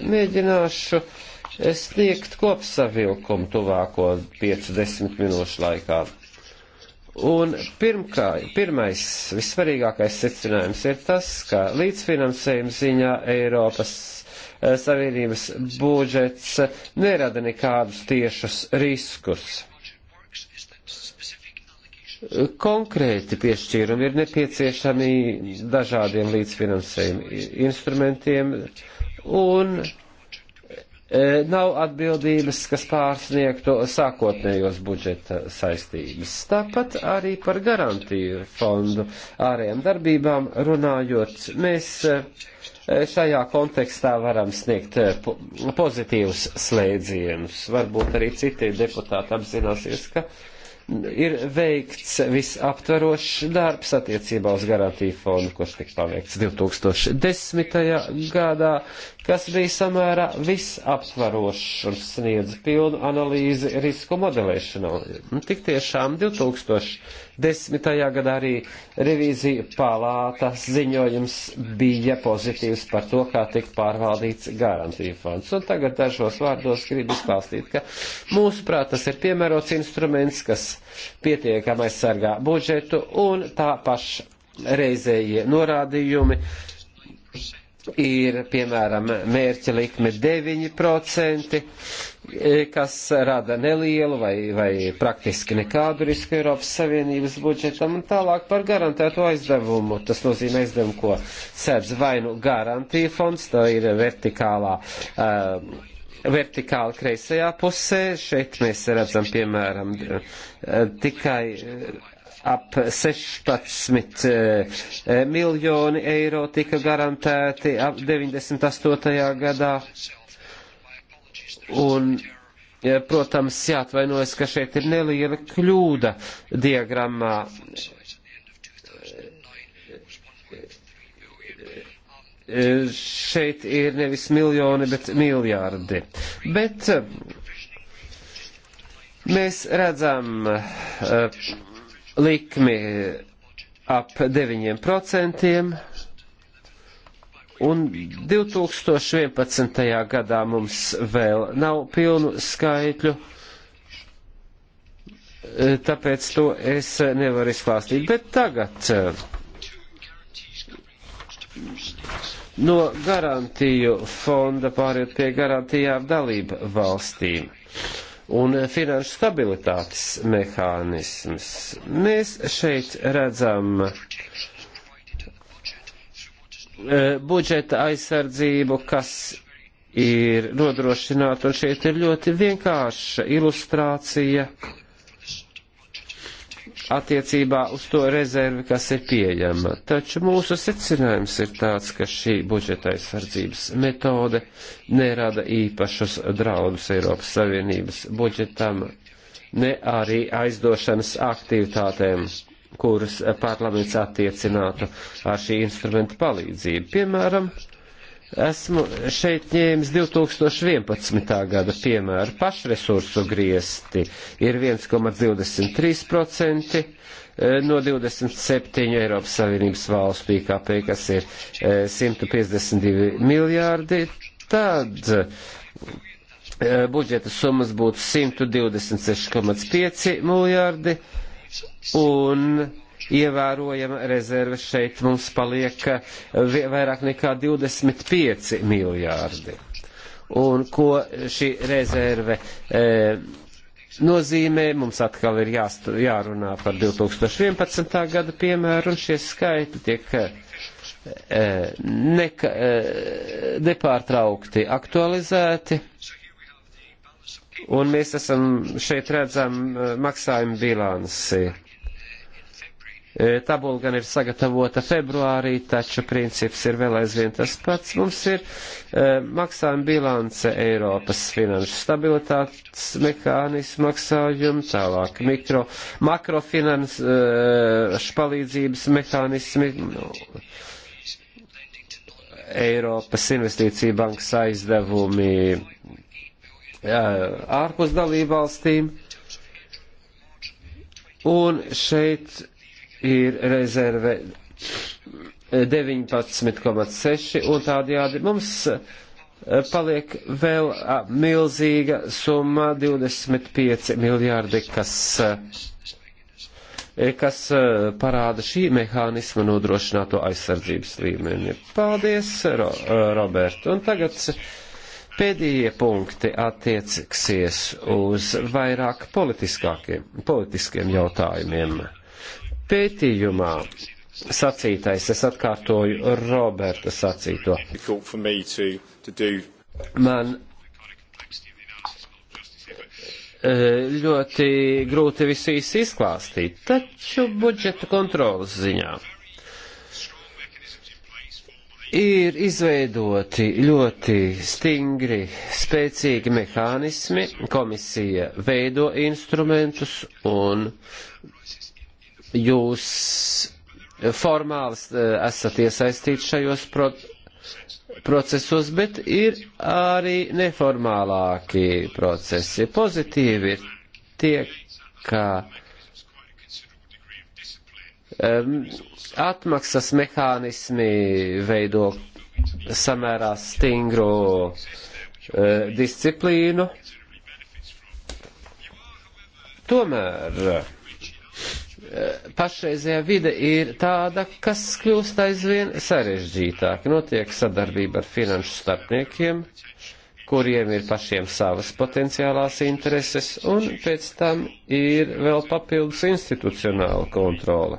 Speaker 2: mēģināšu sniegt kopsavilkumu tuvāko 5-10 minūšu laikā. Un pirmkā, pirmais, vissvarīgākais secinājums ir tas, ka līdzfinansējuma ziņā Eiropas eh, Savienības budžets nerada nekādus tiešus riskus Konkrēti piešķīrumi ir nepieciešami dažādiem līdzfinansējuma instrumentiem un e, nav atbildības, kas pārsniegtu sākotnējos budžeta saistības. Tāpat arī par garantiju fondu ārējām darbībām runājot, mēs e, šajā kontekstā varam sniegt e, pozitīvus slēdzienus. Varbūt arī citi deputāti apzināsies, ka ir veikts visaptverošs darbs attiecībā uz garantiju fondu, kurš tika paveikts 2010. gadā, kas bija samērā visaptvarošs un sniedz pilnu analīzi risku modelēšanā. Tik tiešām 2010. gadā arī revīzija palātas ziņojums bija pozitīvs par to, kā tikt pārvaldīts garantija fonds. Un tagad dažos vārdos gribu izklāstīt, ka mūsuprāt tas ir piemērots instruments, kas pietiekami aizsargā budžetu un tā paša reizējie norādījumi ir piemēram mērķa likme 9%, e, kas rada nelielu vai, vai praktiski nekādu risku Eiropas Savienības budžetam un tālāk par garantēto aizdevumu. Tas nozīmē aizdevumu, ko sēdz vai nu garantija fonds, tā ir vertikālā. Uh, e, Vertikāli kreisajā pusē, šeit mēs redzam, piemēram, e, tikai ap 16 eh, eh, miljoni eiro tika garantēti 98. gadā. Un, eh, protams, jāatvainojas, ka šeit ir neliela kļūda diagrammā. šeit ir nevis miljoni, bet miljārdi. Bet mēs redzam likmi ap 9%, un 2011. gadā mums vēl nav pilnu skaitļu, tāpēc to es nevaru izklāstīt. Bet tagad no garantiju fonda pāriet pie garantijām dalību valstīm un eh, finanšu stabilitātes mehānisms. Mēs šeit redzam eh, budžeta aizsardzību, kas ir nodrošināta, un šeit ir ļoti vienkārša ilustrācija attiecībā uz to rezervi, kas ir pieejama. Taču mūsu secinājums ir tāds, ka šī budžeta aizsardzības metode nerada īpašus draudus Eiropas Savienības budžetam, ne arī aizdošanas aktivitātēm, kuras parlaments attiecinātu ar šī instrumenta palīdzību. Piemēram, Esmu šeit ņēmis 2011. gada piemēru. Pašresursu griesti ir 1,23% eh, no 27 Eiropas Savienības valstu IKP, kas ir 152 eh, miljārdi. Tad eh, budžeta summas būtu 126,5 miljārdi un ievērojama rezerve šeit mums paliek eh, vairāk nekā 25 miljārdi. Un ko šī rezerve e, nozīmē, mums atkal ir jāstu, jārunā par 2011. gada piemēru, un šie skaitļi tiek e, neka, e, nepārtraukti aktualizēti. Un mēs esam šeit redzam maksājumu bilansi E, tabula gan ir sagatavota februārī, taču princips ir vēl aizvien tas pats. Mums ir e, maksājuma bilance Eiropas finanšu stabilitātes mehānismu maksājumi, tālāk mikro, makrofinanšu e, palīdzības mehānismi. Eiropas investīcija bankas aizdevumi e, ārpus dalību valstīm. Un šeit ir rezerve 19,6 un tādējādi mums eh, paliek vēl ah, milzīga summa 25 miljārdi, kas, eh, kas eh, parāda šī mehānisma nodrošināto aizsardzības līmeni. Paldies, Ro Robert. Un tagad pēdējie punkti attieksies uz vairāk politiskiem jautājumiem. Pētījumā sacītais, es atkārtoju Roberta sacīto. Man eh, ļoti grūti visu izklāstīt, taču budžeta kontrolas ziņā ir izveidoti ļoti stingri, spēcīgi mehānismi, komisija veido instrumentus un jūs formāls eh, esat iesaistīts šajos pro procesos, bet ir arī neformālāki procesi. Pozitīvi ir tie, ka um, atmaksas mehānismi veido samērā stingru uh, disciplīnu. Tomēr Eh, pašreizējā vide ir tāda, kas kļūst aizvien sarežģītāk. Notiek sadarbība ar finanšu starpniekiem, kuriem ir pašiem savas potenciālās intereses, un pēc tam ir vēl papildus institucionāla kontrola.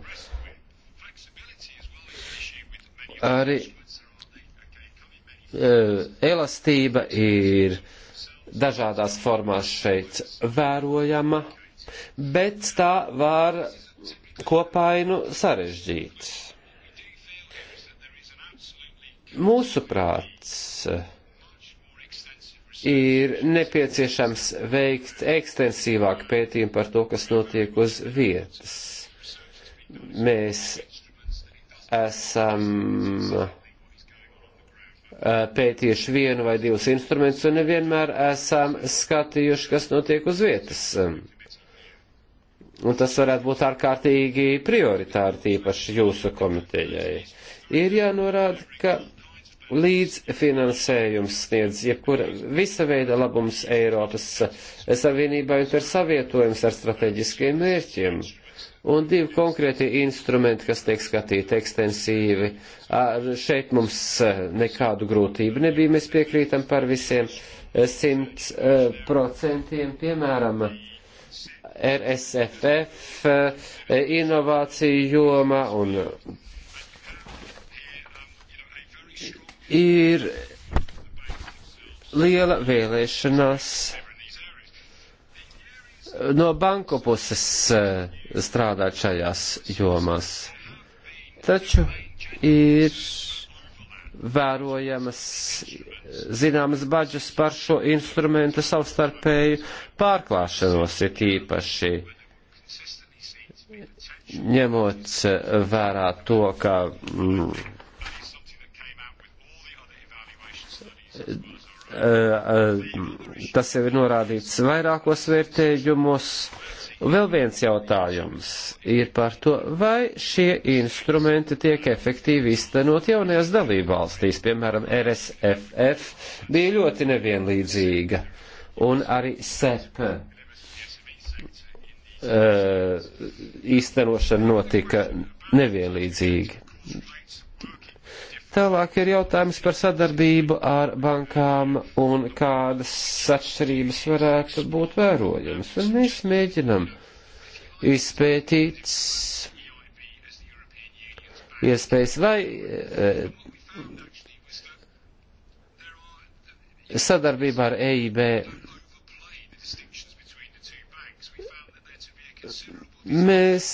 Speaker 2: Arī eh, elastība ir dažādās formās šeit vērojama, bet tā var kopainu sarežģīts. Mūsu prāts ir nepieciešams veikt ekstensīvāku pētījumu par to, kas notiek uz vietas. Mēs esam pētījuši vienu vai divus instrumentus un nevienmēr esam skatījuši, kas notiek uz vietas. Um, Un tas varētu būt ārkārtīgi prioritāri tīpaši jūsu komitejai. Ir jānorāda, ka līdzfinansējums sniedz jebkura visa veida labums Eiropas Savienībai un ir savietojums ar strateģiskiem mērķiem. Un divi konkrēti instrumenti, kas tiek skatīti ekstensīvi, šeit mums nekādu grūtību nebija, mēs piekrītam par visiem simt procentiem, piemēram, uh, RSFF eh, inovāciju jomā un ir liela vēlēšanās no banku puses eh, strādāt šajās jomās. Taču ir vērojamas zināmas bažas par šo instrumentu savstarpēju pārklāšanos, ir īpaši ņemot vērā to, ka mm, eh, eh, tas jau ir norādīts vairākos vērtējumos, uh, Vēl viens jautājums ir par to, vai šie instrumenti tiek efektīvi iztenot jaunajās dalībvalstīs, piemēram, RSFF bija ļoti nevienlīdzīga, un arī SEP uh, eh, īstenošana notika nevienlīdzīgi. Tālāk ir jautājums par sadarbību ar bankām un kādas atšķirības varētu būt vērojamas. Un mēs mēģinam izpētīt iespējas vai eh, e, sadarbībā ar EIB mēs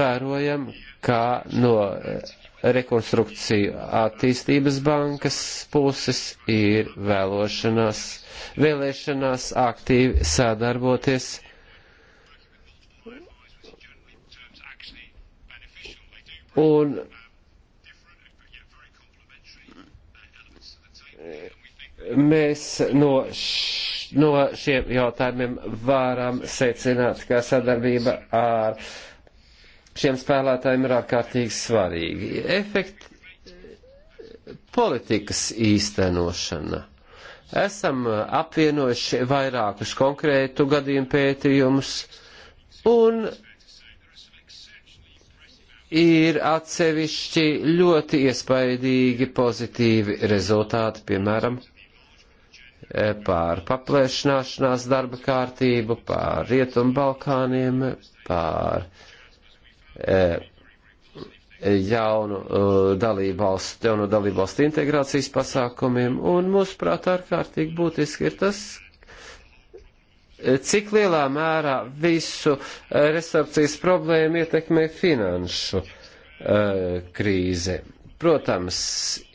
Speaker 2: vērojam, kā no eh, rekonstrukciju attīstības bankas puses ir vēlošanās, vēlēšanās aktīvi sadarboties. Un mēs no, š, no šiem jautājumiem varam secināt, ka sadarbība ar uh, šiem spēlētājiem ir ārkārtīgi svarīgi. Efekt politikas īstenošana. Esam uh, apvienojuši vairākus konkrētu gadījumu pētījumus un ir atsevišķi ļoti iespaidīgi pozitīvi rezultāti, piemēram, eh, pār paplēšanāšanās darba kārtību, pār Rietumbalkāniem, pār uh, Eh, jaunu eh, dalībvalstu, jaunu dalībvalstu integrācijas pasākumiem, un mūsuprāt ārkārtīgi būtiski ir tas, cik lielā mērā visu eh, resorpcijas problēmu ietekmē finanšu krīze. Protams,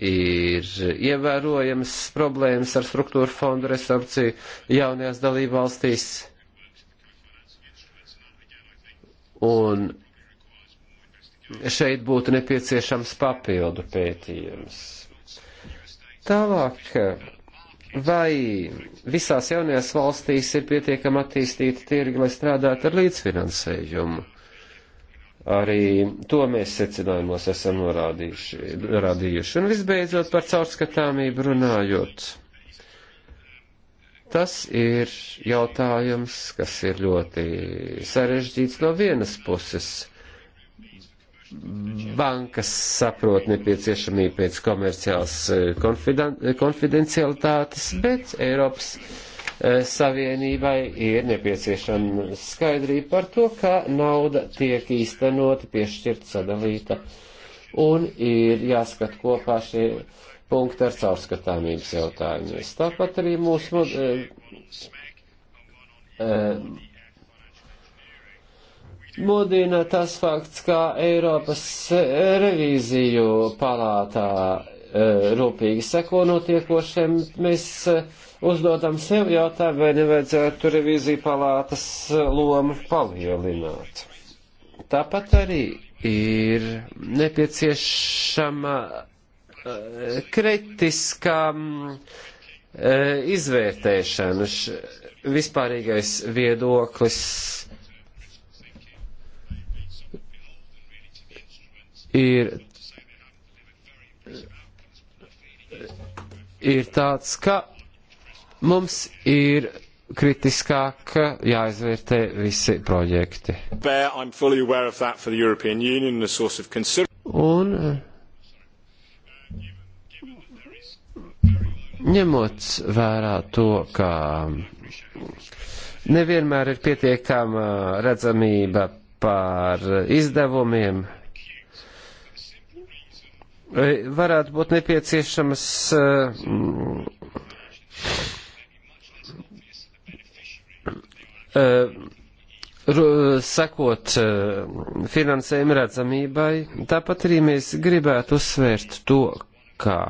Speaker 2: ir ievērojams problēmas ar struktūra fondu resorpciju jaunajās dalībvalstīs. Un šeit būtu nepieciešams papildu pētījums. Tālāk, vai visās jaunajās valstīs ir pietiekami attīstīta tirgi, lai strādātu ar līdzfinansējumu? Arī to mēs secinājumos esam norādījuši. Un visbeidzot par caurskatāmību runājot. Tas ir jautājums, kas ir ļoti sarežģīts no vienas puses bankas saprot nepieciešamību pēc komerciālas e, e, konfidencialitātes, bet Eiropas e, Savienībai ir nepieciešama skaidrība par to, kā nauda tiek īstenota, piešķirta, sadalīta, un ir jāskat kopā šie punkti ar caurskatāmības jautājumiem. Tāpat arī mūsu. Uh, uh, modina tas fakts, ka Eiropas revīziju palātā e, rūpīgi seko notiekošiem. Mēs e, uzdodam sev jautājumu, vai nevajadzētu revīziju palātas e, lomu palielināt. Tāpat arī ir nepieciešama kritiskām izvērtēšana, vispārīgais viedoklis ir, ir tāds, ka mums ir kritiskāk jāizvērtē visi projekti. Un ņemot vērā to, ka nevienmēr ir pietiekama redzamība par izdevumiem, varētu būt nepieciešamas eh, eh, sekot eh, finansējuma redzamībai. Tāpat arī mēs gribētu uzsvērt to, kā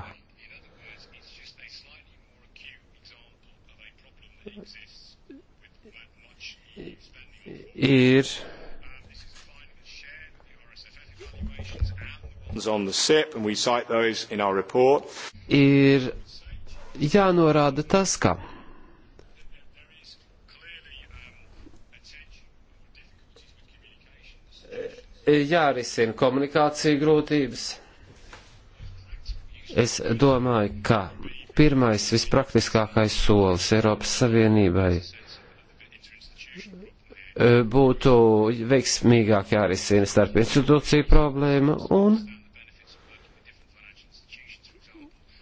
Speaker 4: ir Ir
Speaker 2: jānorāda tas, ka e, jārisina komunikācija grūtības. Es domāju, ka pirmais vispraktiskākais solis Eiropas Savienībai e, būtu veiksmīgāk jārisina starp institūciju problēma un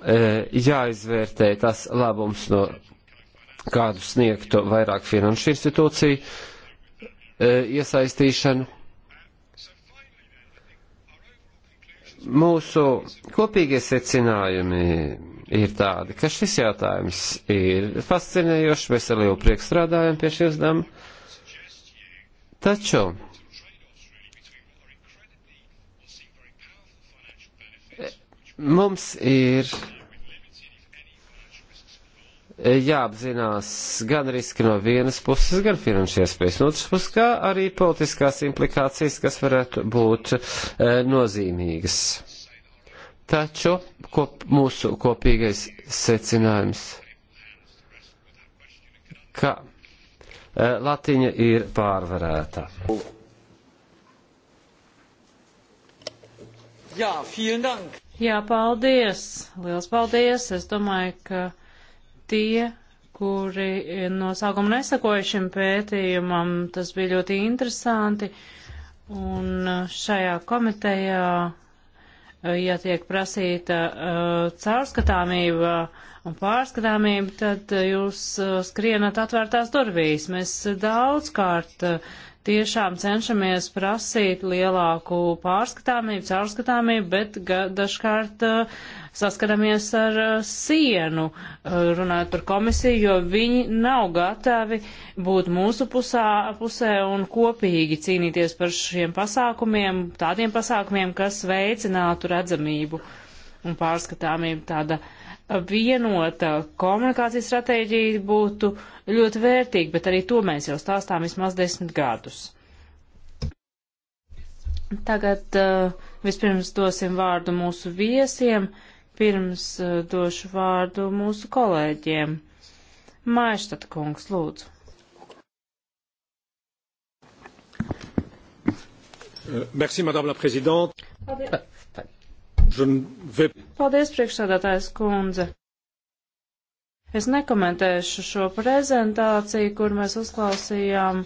Speaker 2: E, jāizvērtē tas labums no kādu sniegtu vairāk finanšu institūciju e, iesaistīšanu. Mūsu kopīgie secinājumi ir tādi, ka šis jautājums ir fascinējošs, mēs ar lielu prieku strādājam pie šī uzdevuma. Taču Mums ir jāapzinās gan riski no vienas puses, gan finanšu iespējas no otras puses, kā arī politiskās implikācijas, kas varētu būt e, nozīmīgas. Taču kop, mūsu kopīgais secinājums, ka e, Latiņa ir pārvarēta.
Speaker 4: Jā, vielen dank!
Speaker 3: Jā, paldies! Liels paldies! Es domāju, ka tie, kuri no sākuma nesakoja šim pētījumam, tas bija ļoti interesanti. Un šajā komitejā, ja tiek prasīta uh, caurskatāmība un pārskatāmība, tad uh, jūs uh, skrienat atvērtās durvīs. Mēs uh, daudzkārt uh, tiešām cenšamies prasīt lielāku pārskatāmību, caurskatāmību, bet dažkārt uh, saskaramies ar uh, sienu, uh, runājot par komisiju, jo viņi nav gatavi būt mūsu pusā, pusē un kopīgi cīnīties par šiem pasākumiem, tādiem pasākumiem, kas veicinātu redzamību un pārskatāmību tāda. Uh, vienota komunikācijas stratēģija būtu ļoti vērtīga, bet arī to mēs jau stāstām vismaz desmit gadus. Tagad uh, vispirms dosim vārdu mūsu viesiem, pirms uh, došu vārdu mūsu kolēģiem. Maištat kungs, lūdzu. Merci, madame la présidente. Paldies.
Speaker 4: Paldies,
Speaker 3: priekšsādātājs kundze. Es nekomentēšu šo prezentāciju, kur mēs uzklausījām.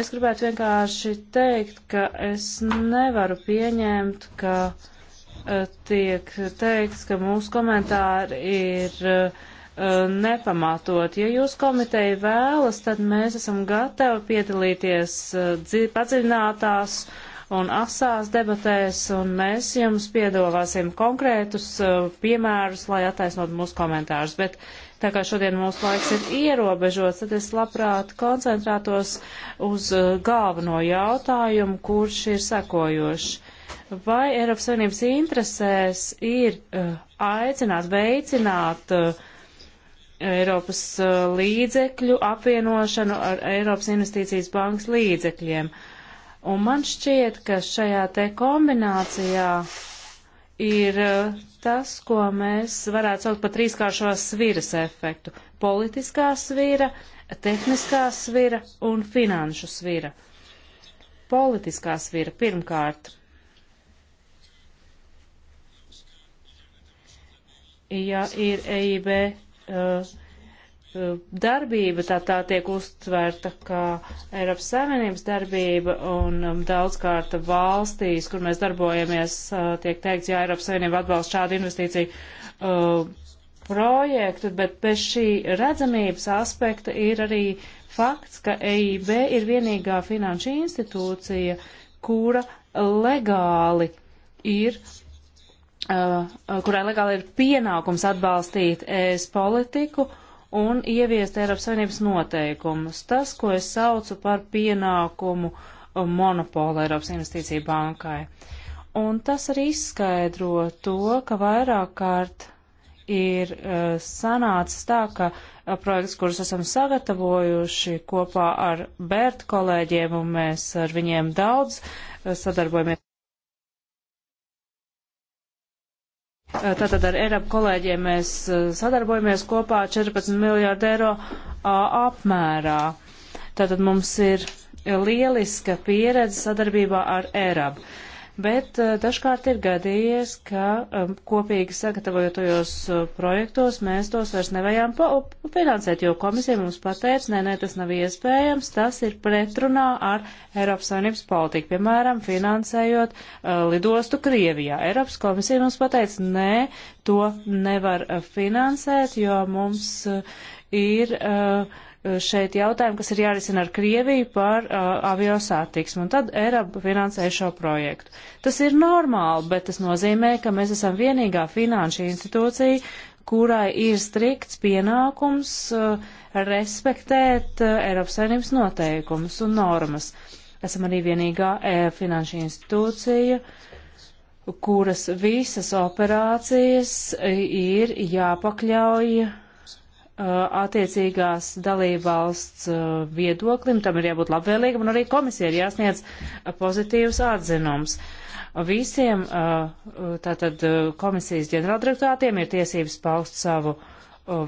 Speaker 3: Es gribētu vienkārši teikt, ka es nevaru pieņemt, ka e, tiek teikts, ka mūsu komentāri ir uh, nepamatot. Ja jūs komiteja vēlas, tad mēs esam gatavi piedalīties uh, padziļinātās un asās debatēs, un mēs jums piedāvāsim konkrētus uh, piemērus, lai attaisnot mūsu komentārus. Bet tā kā šodien mūsu laiks ir ierobežots, tad es labprāt koncentrētos uz uh, galveno jautājumu, kurš ir sekojošs. Vai Eiropas Savienības interesēs ir uh, aicināt, veicināt uh, Eiropas uh, līdzekļu apvienošanu ar Eiropas investīcijas bankas līdzekļiem. Un man šķiet, ka šajā te kombinācijā ir e, tas, ko mēs varētu saukt par trīskāršās sviras efektu - politiskā svira, tehniskā svira un finanšu svira. Politiskā svira pirmkārt. Ja ir EIB uh, e, Eh, darbība, tā tā tiek uztvērta kā Eiropas Savienības darbība un um, daudzkārt valstīs, kur mēs darbojamies, eh, tiek teikts, jā, Eiropas Savienība atbalsta šādu investīciju eh, projektu, bet bez šī redzamības aspekta ir arī fakts, ka EIB ir vienīgā finanšu institūcija, kura legāli ir kurai legāli ir pienākums atbalstīt ES politiku, uh, un ieviest Eiropas Savienības noteikumus. Tas, ko es saucu par pienākumu um, monopolu Eiropas Investīcija bankai. Un tas arī izskaidro to, ka vairāk kārt ir uh, sanācis tā, ka uh, projekts, kurus esam sagatavojuši kopā ar Bērt kolēģiem, un mēs ar viņiem daudz uh, sadarbojamies. Tātad ar Eiropu kolēģiem mēs sadarbojamies kopā 14 miljārdu eiro apmērā. Tātad mums ir lieliska pieredze sadarbībā ar Eiropu bet eh, dažkārt ir gadījies, ka eh, kopīgi sagatavojotajos eh, projektos mēs tos vairs nevajām finansēt, jo komisija mums pateica, nē, nē, tas nav iespējams, tas ir pretrunā ar Eiropas Savienības politiku, piemēram, finansējot uh, lidostu Krievijā. Eiropas komisija mums pateica, nē, to nevar finansēt, jo mums ir. Uh, šeit jautājumi, kas ir jārisina ar Krieviju par uh, aviosātiksmu, un tad Eiropa finansēja šo projektu. Tas ir normāli, bet tas nozīmē, ka mēs esam vienīgā finanšu institūcija, kurai ir strikts pienākums uh, respektēt uh, Eiropas saimnības noteikumus un normas. Esam arī vienīgā uh, finanšu institūcija, kuras visas operācijas ir jāpakļauj uh, Uh, attiecīgās dalībvalsts uh, viedoklim, tam ir jābūt labvēlīgam, un arī komisija ir jāsniedz uh, pozitīvs atzinums. Visiem tātad komisijas ģenerāldirektātiem ir tiesības paust savu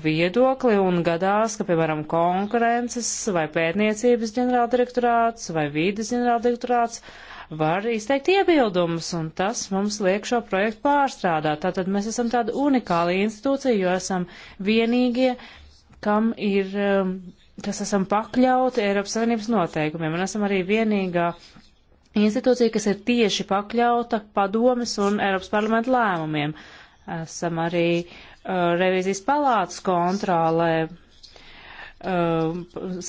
Speaker 3: viedokli un gadās, ka, piemēram, konkurences vai pētniecības ģenerāldirektorāts vai vīdes ģenerāldirektorāts var izteikt iebildumus, un tas mums liek šo projektu pārstrādāt. Tātad mēs esam tāda unikāla institūcija, jo esam vienīgie, kam ir, um, kas esam pakļauti Eiropas Savienības noteikumiem, un esam arī vienīgā institūcija, kas ir tieši pakļauta padomes un Eiropas parlamenta lēmumiem. Esam arī uh, revizijas palātas kontrolē uh,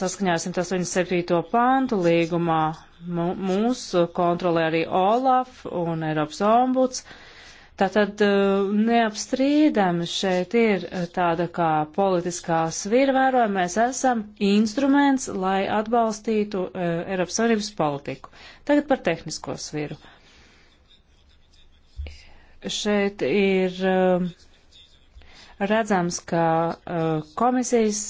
Speaker 3: saskaņā ar 187. pāntu līgumā. Mūsu kontrolē arī OLAF un Eiropas ombuds. Uh, Tātad eh, neapstrīdami šeit ir eh, tāda kā politiskā svīra vērojama, mēs esam instruments, lai atbalstītu eh, Eiropas Savienības politiku. Tagad par tehnisko svīru. Šeit ir redzams, ka komisijas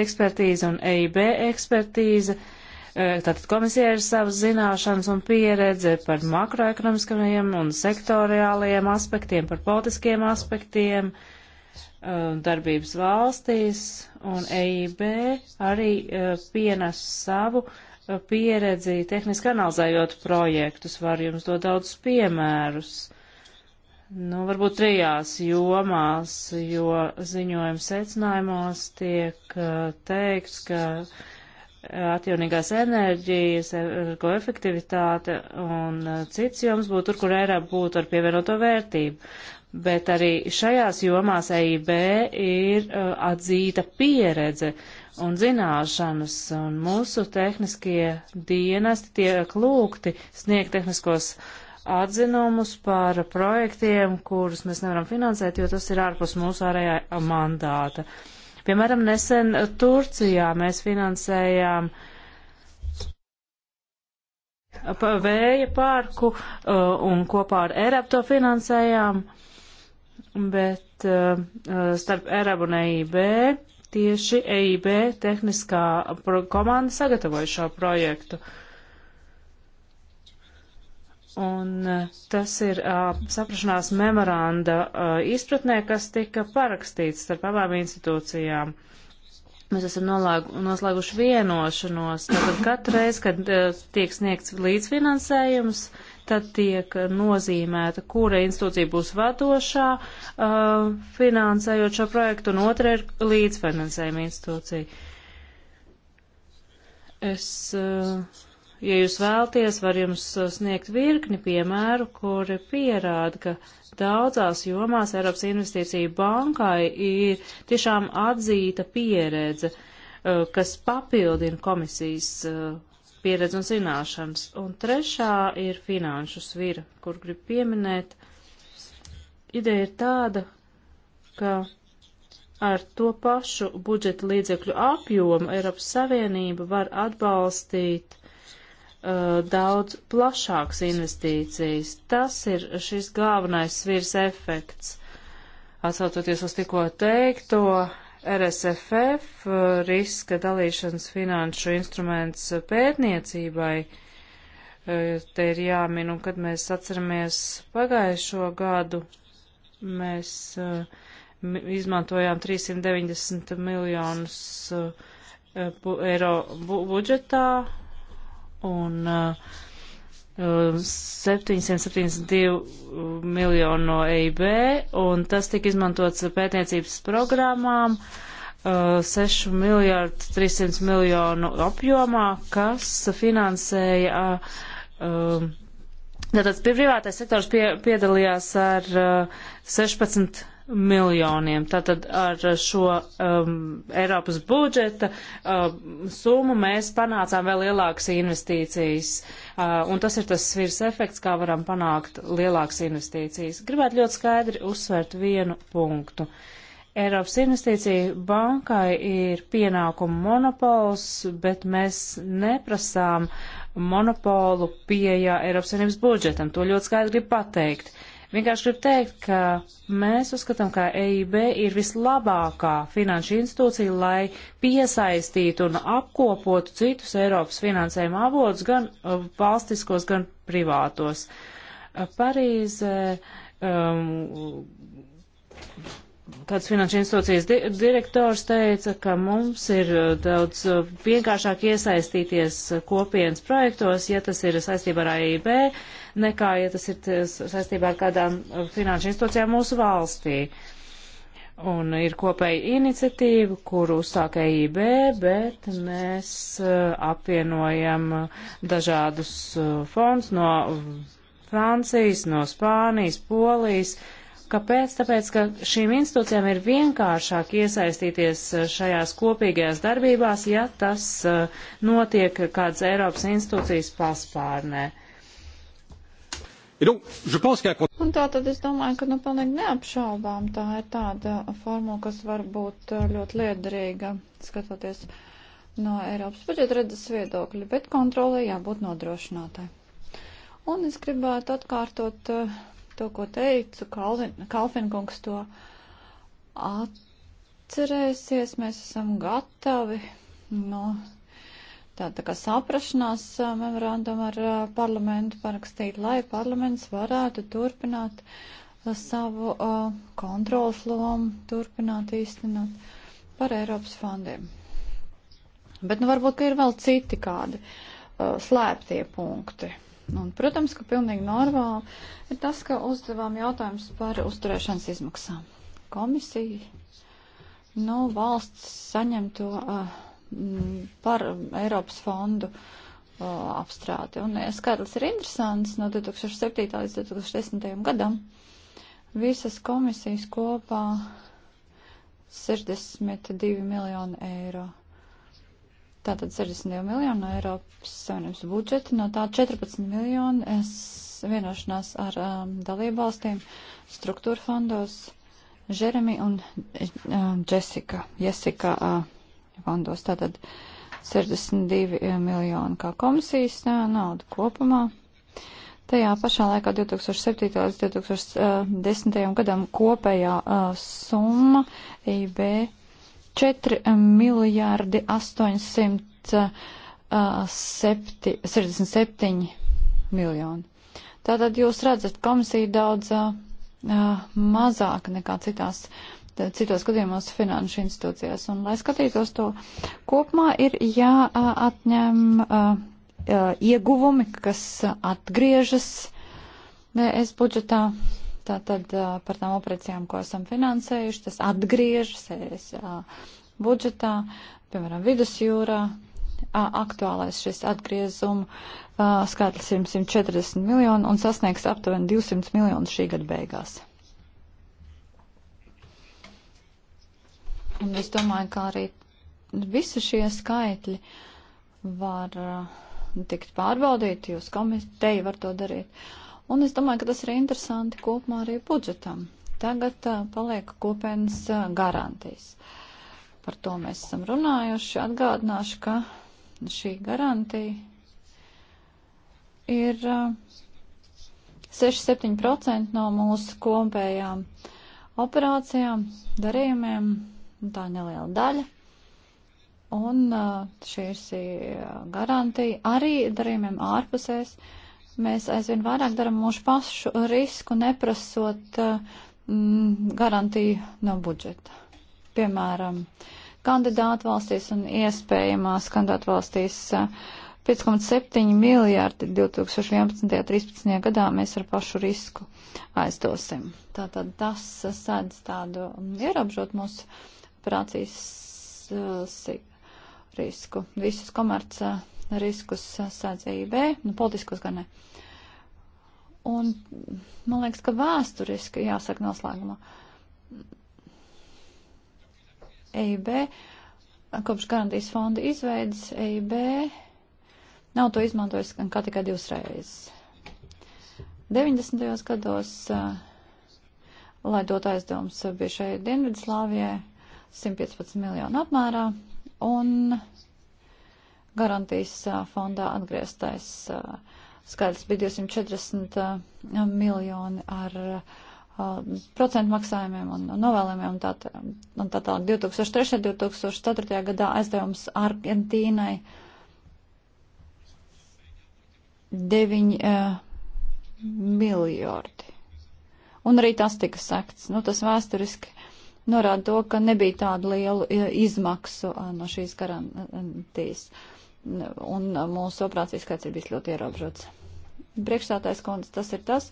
Speaker 3: ekspertīze un EIB ekspertīze uh, Tātad komisija ir savas zināšanas un pieredze par makroekonomiskajiem un sektoriālajiem aspektiem, par politiskiem aspektiem, um, darbības valstīs, un EIB arī uh, pienes savu uh, pieredzi tehniski analizējot projektus. Var jums dot daudz piemērus. Nu, varbūt trijās jomās, jo ziņojuma secinājumos tiek uh, teikts, ka atjaunīgās enerģijas, energoefektivitāte un e, cits joms būtu tur, kur Eiropa būtu ar pievienoto vērtību. Bet arī šajās jomās EIB ir e, atzīta pieredze un zināšanas, un mūsu tehniskie dienesti tiek lūgti sniegt tehniskos atzinumus par projektiem, kurus mēs nevaram finansēt, jo tas ir ārpus mūsu ārējā mandāta. Uh, Piemēram, nesen Turcijā mēs finansējām uh, vēja pārku uh, un kopā ar Erabu to finansējām, bet uh, starp Erabu un EIB tieši EIB tehniskā komanda sagatavoja šo projektu. Uh, Un e, tas ir uh, saprašanās memoranda uh, izpratnē, kas tika parakstīts starp abām institūcijām. Mēs esam nolāgu, noslēguši vienošanos, tad katreiz, kad uh, tiek sniegts līdzfinansējums, tad tiek nozīmēta, kura institūcija būs vadošā, uh, finansējot šo projektu, un otra ir līdzfinansējuma institūcija. Es uh, ja jūs vēlties, var jums uh, sniegt virkni piemēru, kuri pierāda, ka daudzās jomās Eiropas investīcija bankai ir tiešām atzīta pieredze, uh, kas papildina komisijas uh, pieredzi un zināšanas. Un trešā ir finanšu svira, kur grib pieminēt. Ideja ir tāda, ka ar to pašu budžeta līdzekļu apjomu Eiropas Savienība var atbalstīt Uh, daudz plašākas investīcijas. Tas ir šis galvenais svirs efekts. Atsaucoties uz tikko teikto, RSFF uh, riska dalīšanas finanšu instruments pētniecībai. Uh, te ir jāmin, un kad mēs atceramies pagājušo gadu, mēs izmantojām 390 miljonus eiro budžetā un uh, 772 uh, miljonu no EIB, un tas tika izmantots pētniecības programmām uh, 6 miljārdu 300 miljonu apjomā, kas finansēja. Uh, tātad privātais sektors pie, piedalījās ar uh, 16 miljoniem. Tātad ar šo um, Eiropas budžeta um, summu mēs panācām vēl lielākas investīcijas. Uh, un tas ir tas svirs efekts, kā varam panākt lielākas investīcijas. Gribētu ļoti skaidri uzsvērt vienu punktu. Eiropas investīcija bankai ir pienākumu monopols, bet mēs neprasām monopolu pieejā Eiropas Savienības budžetam. To ļoti skaidri grib pateikt. Uh, Vienkārši gribu teikt, ka mēs uzskatām, ka EIB ir vislabākā finanšu institūcija, lai piesaistītu un apkopotu citus Eiropas finansējuma avotus, gan uh, valstiskos, gan privātos. Uh, Parīze. Um, kāds finanšu institūcijas di direktors teica, ka mums ir uh, daudz vienkāršāk iesaistīties kopienas projektos, ja tas ir saistībā ar AIB, nekā, ja tas ir saistībā ar kādām uh, finanšu institūcijām mūsu valstī. Un ir kopēja iniciatīva, kuru uzsāk EIB, bet mēs uh, apvienojam uh, dažādus fondus no Francijas, no Spānijas, Polijas. Kāpēc? Tāpēc, ka šīm institūcijām ir vienkāršāk iesaistīties šajās kopīgajās darbībās, ja tas notiek kādas Eiropas institūcijas paspārnē. Uh,
Speaker 4: Un
Speaker 3: tātad es domāju, ka
Speaker 1: nu pilnīgi neapšaubām tā ir tāda formula, kas var būt uh, ļoti liederīga, skatoties no Eiropas budžeta redzes viedokļa, bet kontrolē jābūt nodrošinātai. Un es gribētu atkārtot uh, to, ko teicu, Kalvin, Kalfinkungs to atcerēsies, mēs esam gatavi no tāda tā kā saprašanās memorandum ar parlamentu parakstīt, lai parlaments varētu turpināt savu kontrolas lomu, turpināt īstenot par Eiropas fondiem. Bet nu varbūt, ka ir vēl citi kādi slēptie punkti. Un, protams, ka pilnīgi normāli ir tas, ka uzdevām jautājumus par uzturēšanas izmaksām. Komisija, nu, valsts saņem to uh, Mm, par mm, Eiropas fondu uh, apstrāti. Un ja skaitlis ir interesants. No 2007. līdz 2010. gadam visas komisijas kopā 62 miljoni eiro. Tātad 62 miljoni Eiropas Savienības budžeta, no tā 14 miljoni es vienošanās ar um, dalībvalstīm struktūra fondos Jeremy un uh, Jessica. Jessica uh, fondos. Tātad 62 eh, miljoni kā komisijas eh, nauda kopumā. Tajā pašā laikā 2007. līdz 2010. gadam kopējā eh, summa IB 4 miljārdi 867 miljoni. Tātad jūs redzat, komisija daudz uh, mazāk nekā citās uh, Eh, citos gadījumos finanšu institūcijās. Un, lai skatītos to kopumā, ir jāatņem uh, ieguvumi, kas atgriežas es budžetā. Tātad uh, par tām operācijām, ko esam finansējuši, tas atgriežas es, uh, budžetā, piemēram, vidusjūrā. Aktuālais šis atgriezuma skaitlis ir 140 miljoni un sasniegs aptuveni 200 miljonus šī gada beigās. Un es domāju, ka arī visi šie skaitļi var uh, tikt pārbaudīti, jūs komiteja var to darīt. Un es domāju, ka tas ir interesanti kopumā arī budžetam. Tagad uh, paliek kopienas uh, garantijas. Par to mēs esam runājuši. Atgādināšu, ka šī garantija ir uh, 6-7% no mūsu kopējām operācijām, darījumiem, un tā ir neliela daļa. Un šīs garantija arī darījumiem ārpusēs. Mēs aizvien vairāk daram mūsu pašu risku, neprasot mm, garantiju no budžeta. Piemēram, kandidātu valstīs un iespējamās kandidātu valstīs 5,7 miljārdi 2011. un 2013. gadā mēs ar pašu risku aizdosim. Tātad tas sēdz tādu ierobežot mūsu operācijas uh, risku. Visus komerc uh, riskus sēdz EIB, nu, politiskos gan ne. Un man liekas, ka vēsturiski jāsaka noslēgumā. EIB, kopš garantijas fonda izveidas, EIB nav to izmantojis kā tikai divas reizes. 90. gados, eh, lai dot aizdomus, bija šeit Dienvidslāvijai 115 miljonu apmērā un garantijas fondā atgrieztais skaidrs bija 240 miljoni ar procentu maksājumiem un novēlējumiem un tā, un tā tālāk. 2003. 2004. gadā aizdevums Argentīnai 9 uh, miljardi. Un arī tas tika sekts. Nu, tas vēsturiski norāda to, ka nebija tādu lielu e, izmaksu e, no šīs garantijas. Un mūsu operācijas skaits ir bijis ļoti ierobežots. Priekšstātais kundze, tas ir tas,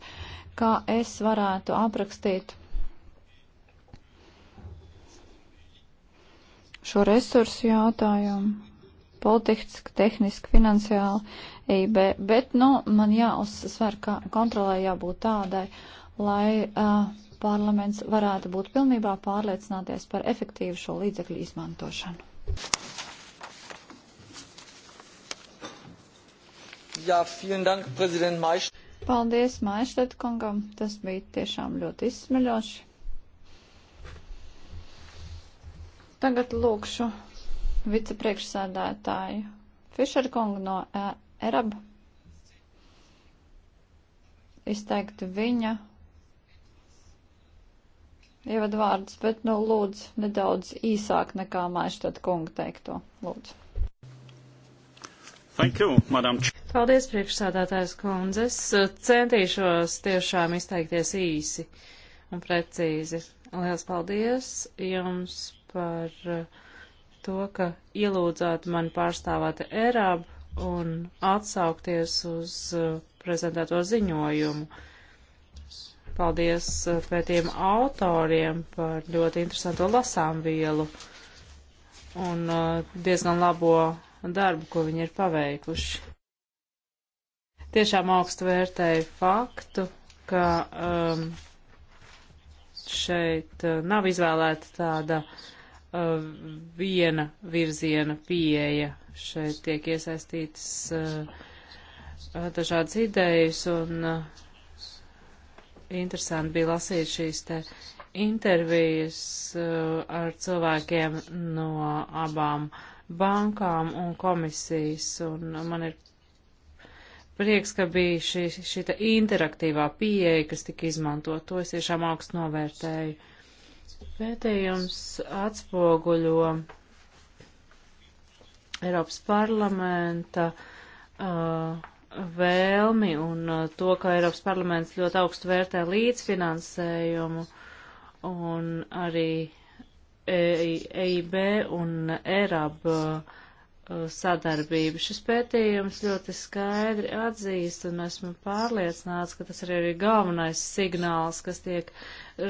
Speaker 1: kā es varētu aprakstīt šo resursu jautājumu politiski, tehniski, finansiāli, EIB, bet, nu, man jāuzsver, ka kontrolē jābūt tādai, lai uh, parlaments varētu būt pilnībā pārliecināties par efektīvu šo līdzekļu izmantošanu.
Speaker 4: Jā, ja, dank, prezident Maiš.
Speaker 1: Paldies Maišlet kungam, tas bija tiešām ļoti izsmeļoši. Tagad lūkšu vicepriekšsēdētāju Fišer kungu no uh, Eraba izteikt viņa ievadu vārdus, bet, nu, lūdzu, nedaudz īsāk nekā Maištad
Speaker 3: kunga teikto. Lūdzu.
Speaker 1: Thank you, madam.
Speaker 3: Paldies, priekšsādātājs kundze. Es uh, centīšos tiešām izteikties īsi un precīzi. Liels paldies jums par uh, to, ka ielūdzāt mani pārstāvāt ERAB un atsaukties uz uh, prezentēto ziņojumu. Paldies eh, pētījuma autoriem par ļoti interesanto lasāmvielu un eh, diezgan labo darbu, ko viņi ir paveikuši. Tiešām augstu vērtēju faktu, ka um, šeit eh, nav izvēlēta tāda uh, viena virziena pieeja. Šeit tiek iesaistītas uh, dažādas idejas un uh, interesanti bija lasīt šīs te intervijas uh, ar cilvēkiem no abām bankām un komisijas, un man ir prieks, ka bija šī, šī interaktīvā pieeja, kas tika izmantot. To es tiešām augstu novērtēju. Pētījums atspoguļo Eiropas parlamenta uh, vēlmi un uh, to, ka Eiropas parlaments ļoti augstu vērtē līdzfinansējumu un arī EIB e un ERAB uh, sadarbību. Šis pētījums ļoti skaidri atzīst un esmu pārliecināts, ka tas arī ir galvenais signāls, kas tiek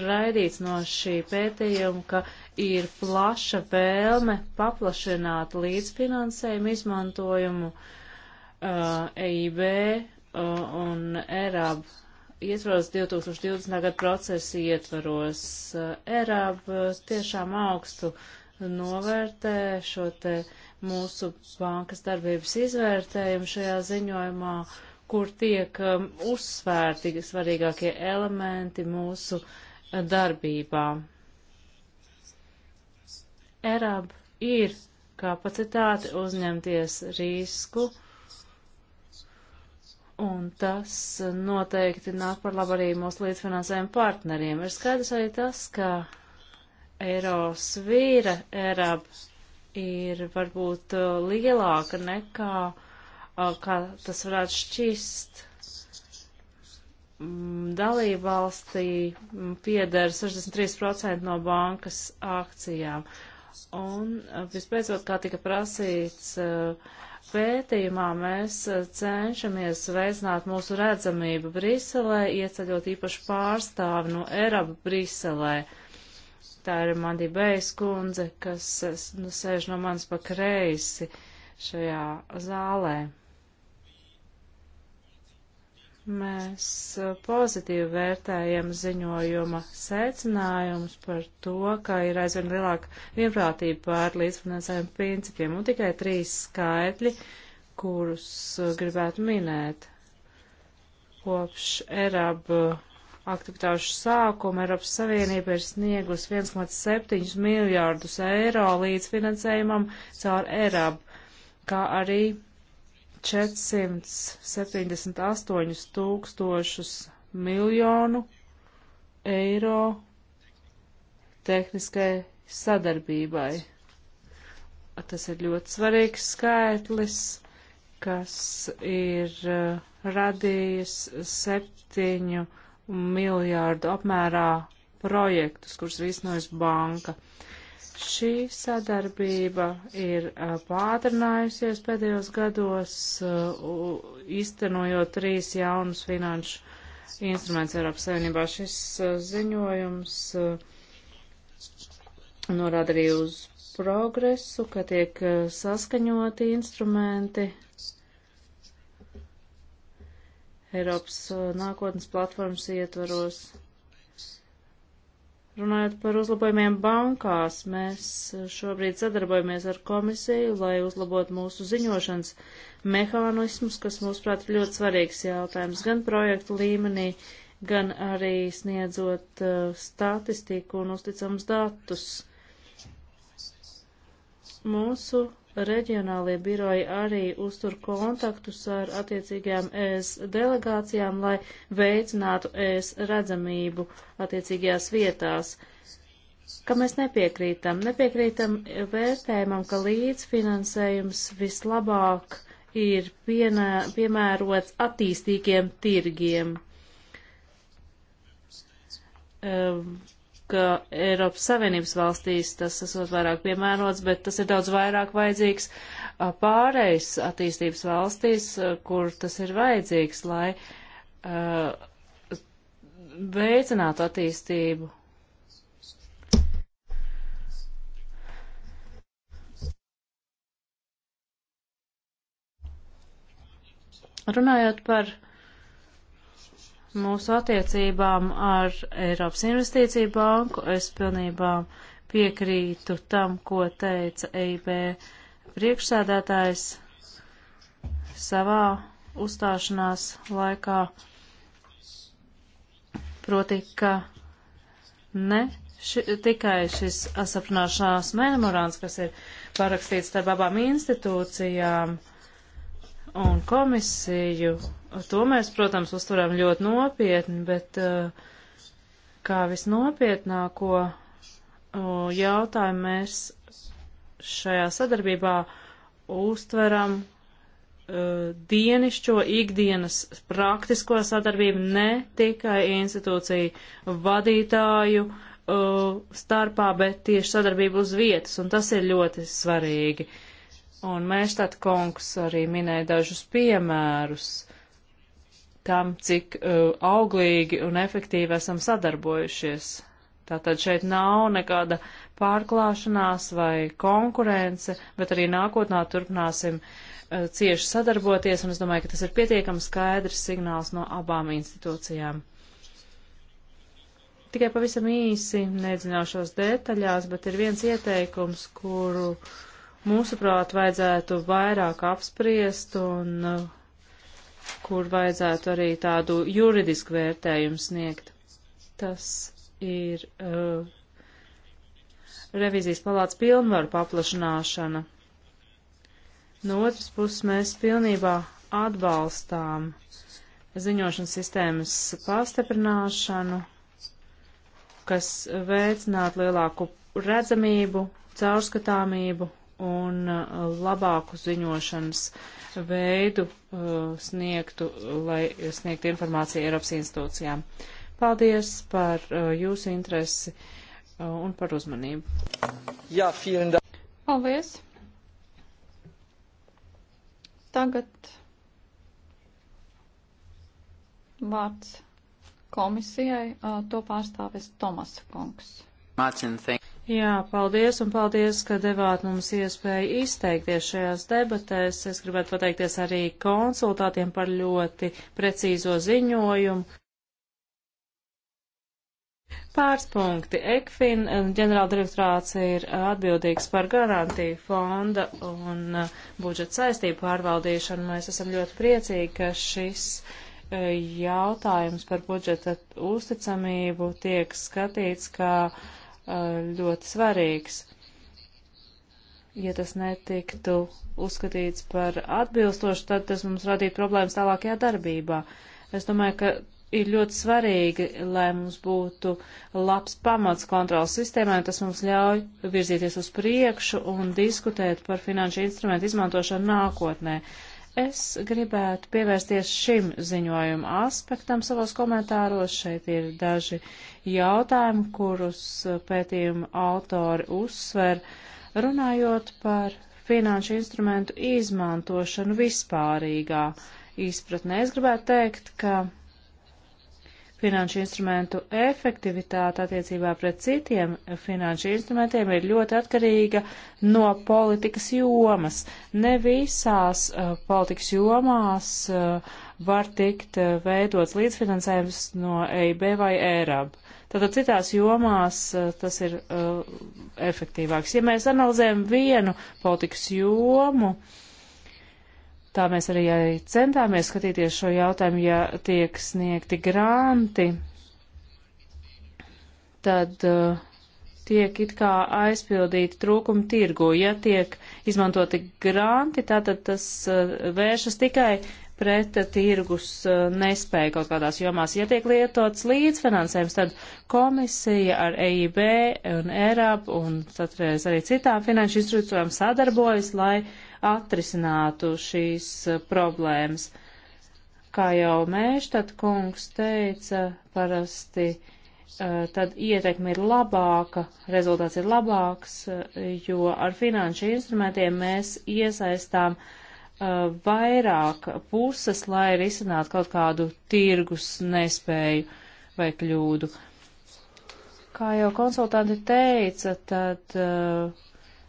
Speaker 3: raidīts no šī pētījuma, ka ir plaša vēlme paplašināt līdzfinansējumu izmantojumu uh, Uh, EIB uh, un ERAB ietvaros 2020. gada procesa ietvaros. Uh, ERAB tiešām augstu novērtē šo te mūsu bankas darbības izvērtējumu šajā ziņojumā, kur tiek um, uzsvērti svarīgākie elementi mūsu darbībā. ERAB ir kapacitāte uzņemties risku Un tas noteikti nāk par labu arī mūsu līdzfinansējumu partneriem. Ir skaidrs arī tas, ka eiro svīra erab ir varbūt uh, lielāka nekā uh, kā tas varētu šķist. Mm, dalībvalstī mm, pieder 63% no bankas akcijām. Un uh, vispēcot, kā tika prasīts, uh, pētījumā mēs eh, cenšamies veicināt mūsu redzamību Briselē, ieceļot īpašu pārstāvi no Eraba Briselē. Tā ir Mandi Bejs kundze, kas eh, nu, sēž no manis pa kreisi šajā zālē. Mēs uh, pozitīvi vērtējam ziņojuma secinājumus par to, ka ir aizvien lielāka vienprātība pār līdzfinansējumu principiem un tikai trīs skaitļi, kurus uh, gribētu minēt. Kopš ERAB uh, aktivitāšu sākuma Eiropas Savienība ir sniegus 1,7 miljārdus eiro līdzfinansējumam caur ERAB, kā arī 478 tūkstošus miljonu eiro tehniskai sadarbībai. Tas ir ļoti svarīgs skaitlis, kas ir uh, radījis septiņu miljārdu apmērā projektus, kurus ir iznojis banka. Uh, Šī sadarbība ir pātrinājusies pēdējos gados, iztenojot trīs jaunus finanšu instruments Eiropas Savienībā. Šis ziņojums norāda arī uz progresu, ka tiek saskaņoti instrumenti. Eiropas nākotnes platformas ietvaros. Runājot par uzlabojumiem bankās, mēs šobrīd sadarbojamies ar komisiju, lai uzlabotu mūsu ziņošanas mehānismus, kas, mūsuprāt, ir ļoti svarīgs jautājums gan projektu līmenī, gan arī sniedzot uh, statistiku un uzticams datus. Mūsu reģionālie biroji arī uztur kontaktus ar attiecīgajām ES delegācijām, lai veicinātu ES redzamību attiecīgajās vietās. Ka mēs nepiekrītam, nepiekrītam vērtējumam, ka līdzfinansējums vislabāk ir pienā, piemērots attīstīgiem tirgiem. Um, ka Eiropas Savienības valstīs tas esot vairāk piemērots, bet tas ir daudz vairāk vajadzīgs pārējais attīstības valstīs, kur tas ir vajadzīgs, lai uh, veicinātu attīstību. Runājot par mūsu attiecībām ar Eiropas Investīciju banku. Es pilnībā piekrītu tam, ko teica EIB priekšsēdētājs savā uzstāšanās laikā. Proti, ka ne ši, tikai šis saprināšanās memorāns, kas ir parakstīts starp abām institūcijām, uh, un komisiju, to mēs, protams, uztveram ļoti nopietni, bet eh, kā visnopietnāko eh, jautājumu mēs šajā sadarbībā uztveram eh, dienišķo ikdienas praktisko sadarbību ne tikai institūciju vadītāju uh, starpā, bet tieši sadarbību uz vietas, un tas ir ļoti svarīgi. Uh, Un Mēštāt kungs arī minēja dažus piemērus tam, cik uh, auglīgi un efektīvi esam sadarbojušies. Tātad šeit nav nekāda pārklāšanās vai konkurence, bet arī nākotnā turpināsim uh, cieši sadarboties, un es domāju, ka tas ir pietiekami skaidrs signāls no abām institūcijām. Tikai pavisam īsi, nedzināšos detaļās, bet ir viens ieteikums, kuru uh, mūsuprāt, vajadzētu vairāk apspriest un uh, kur vajadzētu arī tādu juridisku vērtējumu sniegt. Tas ir uh, revizijas palāts pilnvaru paplašināšana. No otras puses mēs pilnībā atbalstām ziņošanas sistēmas pastiprināšanu, kas veicinātu lielāku redzamību, caurskatāmību un uh, labāku ziņošanas veidu uh, sniegtu, lai sniegtu informāciju Eiropas institūcijām. Paldies par uh, jūsu interesi un par uzmanību. Jā, vielen dank. Paldies.
Speaker 1: Tagad vārds komisijai, to pārstāvis Tomas Kungs.
Speaker 2: Martin, thank you.
Speaker 3: Jā, paldies un paldies, ka devāt mums iespēju izteikties šajās debatēs. Es gribētu pateikties arī konsultātiem par ļoti precīzo ziņojumu. Pāris punkti. ECFIN eh, ģenerāldirektorāts ir eh, atbildīgs par garantiju fonda un eh, budžeta saistību pārvaldīšanu. Mēs esam ļoti priecīgi, ka šis jautājums par budžeta uzticamību tiek skatīts kā uh, Eh, ļoti svarīgs. Ja tas netiktu uzskatīts par atbilstošu, tad tas mums radītu problēmas tālākajā darbībā. Es domāju, ka ir ļoti svarīgi, lai mums būtu labs pamats kontrolas sistēmai, tas mums ļauj virzīties uz priekšu un diskutēt par finanšu instrumentu izmantošanu nākotnē. Uh, Es gribētu pievērsties šim ziņojuma aspektam savos komentāros. Šeit ir daži jautājumi, kurus eh, pētījuma autori uzsver, runājot par finanšu instrumentu izmantošanu vispārīgā izpratnē. Es gribētu teikt, ka finanšu instrumentu efektivitāte attiecībā pret citiem finanšu instrumentiem ir ļoti atkarīga no politikas jomas. Ne visās uh, politikas jomās uh, var tikt uh, veidots līdzfinansējums no EIB vai ERAB. Tātad citās jomās uh, tas ir uh, efektīvāks. Ja mēs analizējam vienu politikas jomu, uh, Tā mēs arī, arī centāmies skatīties šo jautājumu, ja tiek sniegti granti, tad uh, tiek it kā aizpildīti trūkumi tirgu. Ja tiek izmantoti granti, tātad tas uh, vēršas tikai pret tirgus uh, nespēju kaut kādās jomās. Ja tiek lietots līdzfinansējums, tad komisija ar EIB un ERAB un citreiz eh, arī citām finanšu institūcijām sadarbojas, lai uh, atrisinātu šīs eh, problēmas. Kā jau Mēštad kungs teica, parasti eh, tad ietekme ir labāka, rezultāts ir labāks, eh, jo ar finanšu instrumentiem mēs iesaistām vairāk puses, lai risinātu kaut kādu tirgus nespēju vai kļūdu. Kā jau konsultanti teica, tad uh,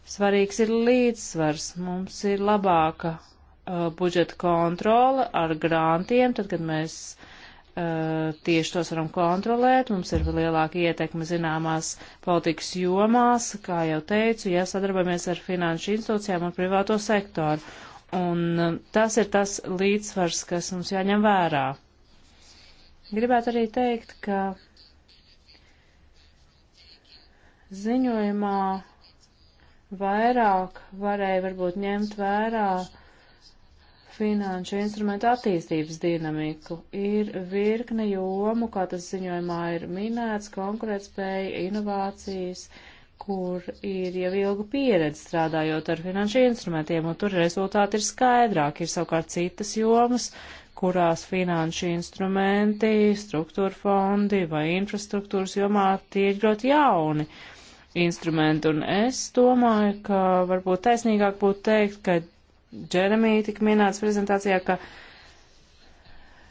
Speaker 3: Svarīgs ir līdzsvars. Mums ir labāka uh, budžeta kontrole ar grāntiem, tad, kad mēs uh, tieši tos varam kontrolēt, mums ir lielāka ietekme zināmās politikas jomās, kā jau teicu, ja sadarbojamies ar finanšu institūcijām un privāto sektoru. Un uh, tas ir tas līdzsvars, kas mums jāņem vērā. Gribētu arī teikt, ka ziņojumā vairāk varēja varbūt ņemt vērā finanšu instrumentu attīstības dinamiku. Ir virkne jomu, kā tas ziņojumā ir minēts, konkurētspēja, inovācijas, kur ir jau ilgu pieredzi strādājot ar finanšu instrumentiem, un tur rezultāti ir skaidrāk. Ir savukārt citas jomas, kurās finanšu instrumenti, struktūra fondi vai infrastruktūras jomā tie ir ļoti jauni instrumentu. Un es domāju, ka varbūt taisnīgāk būtu teikt, ka Džeremija tik minēts prezentācijā, ka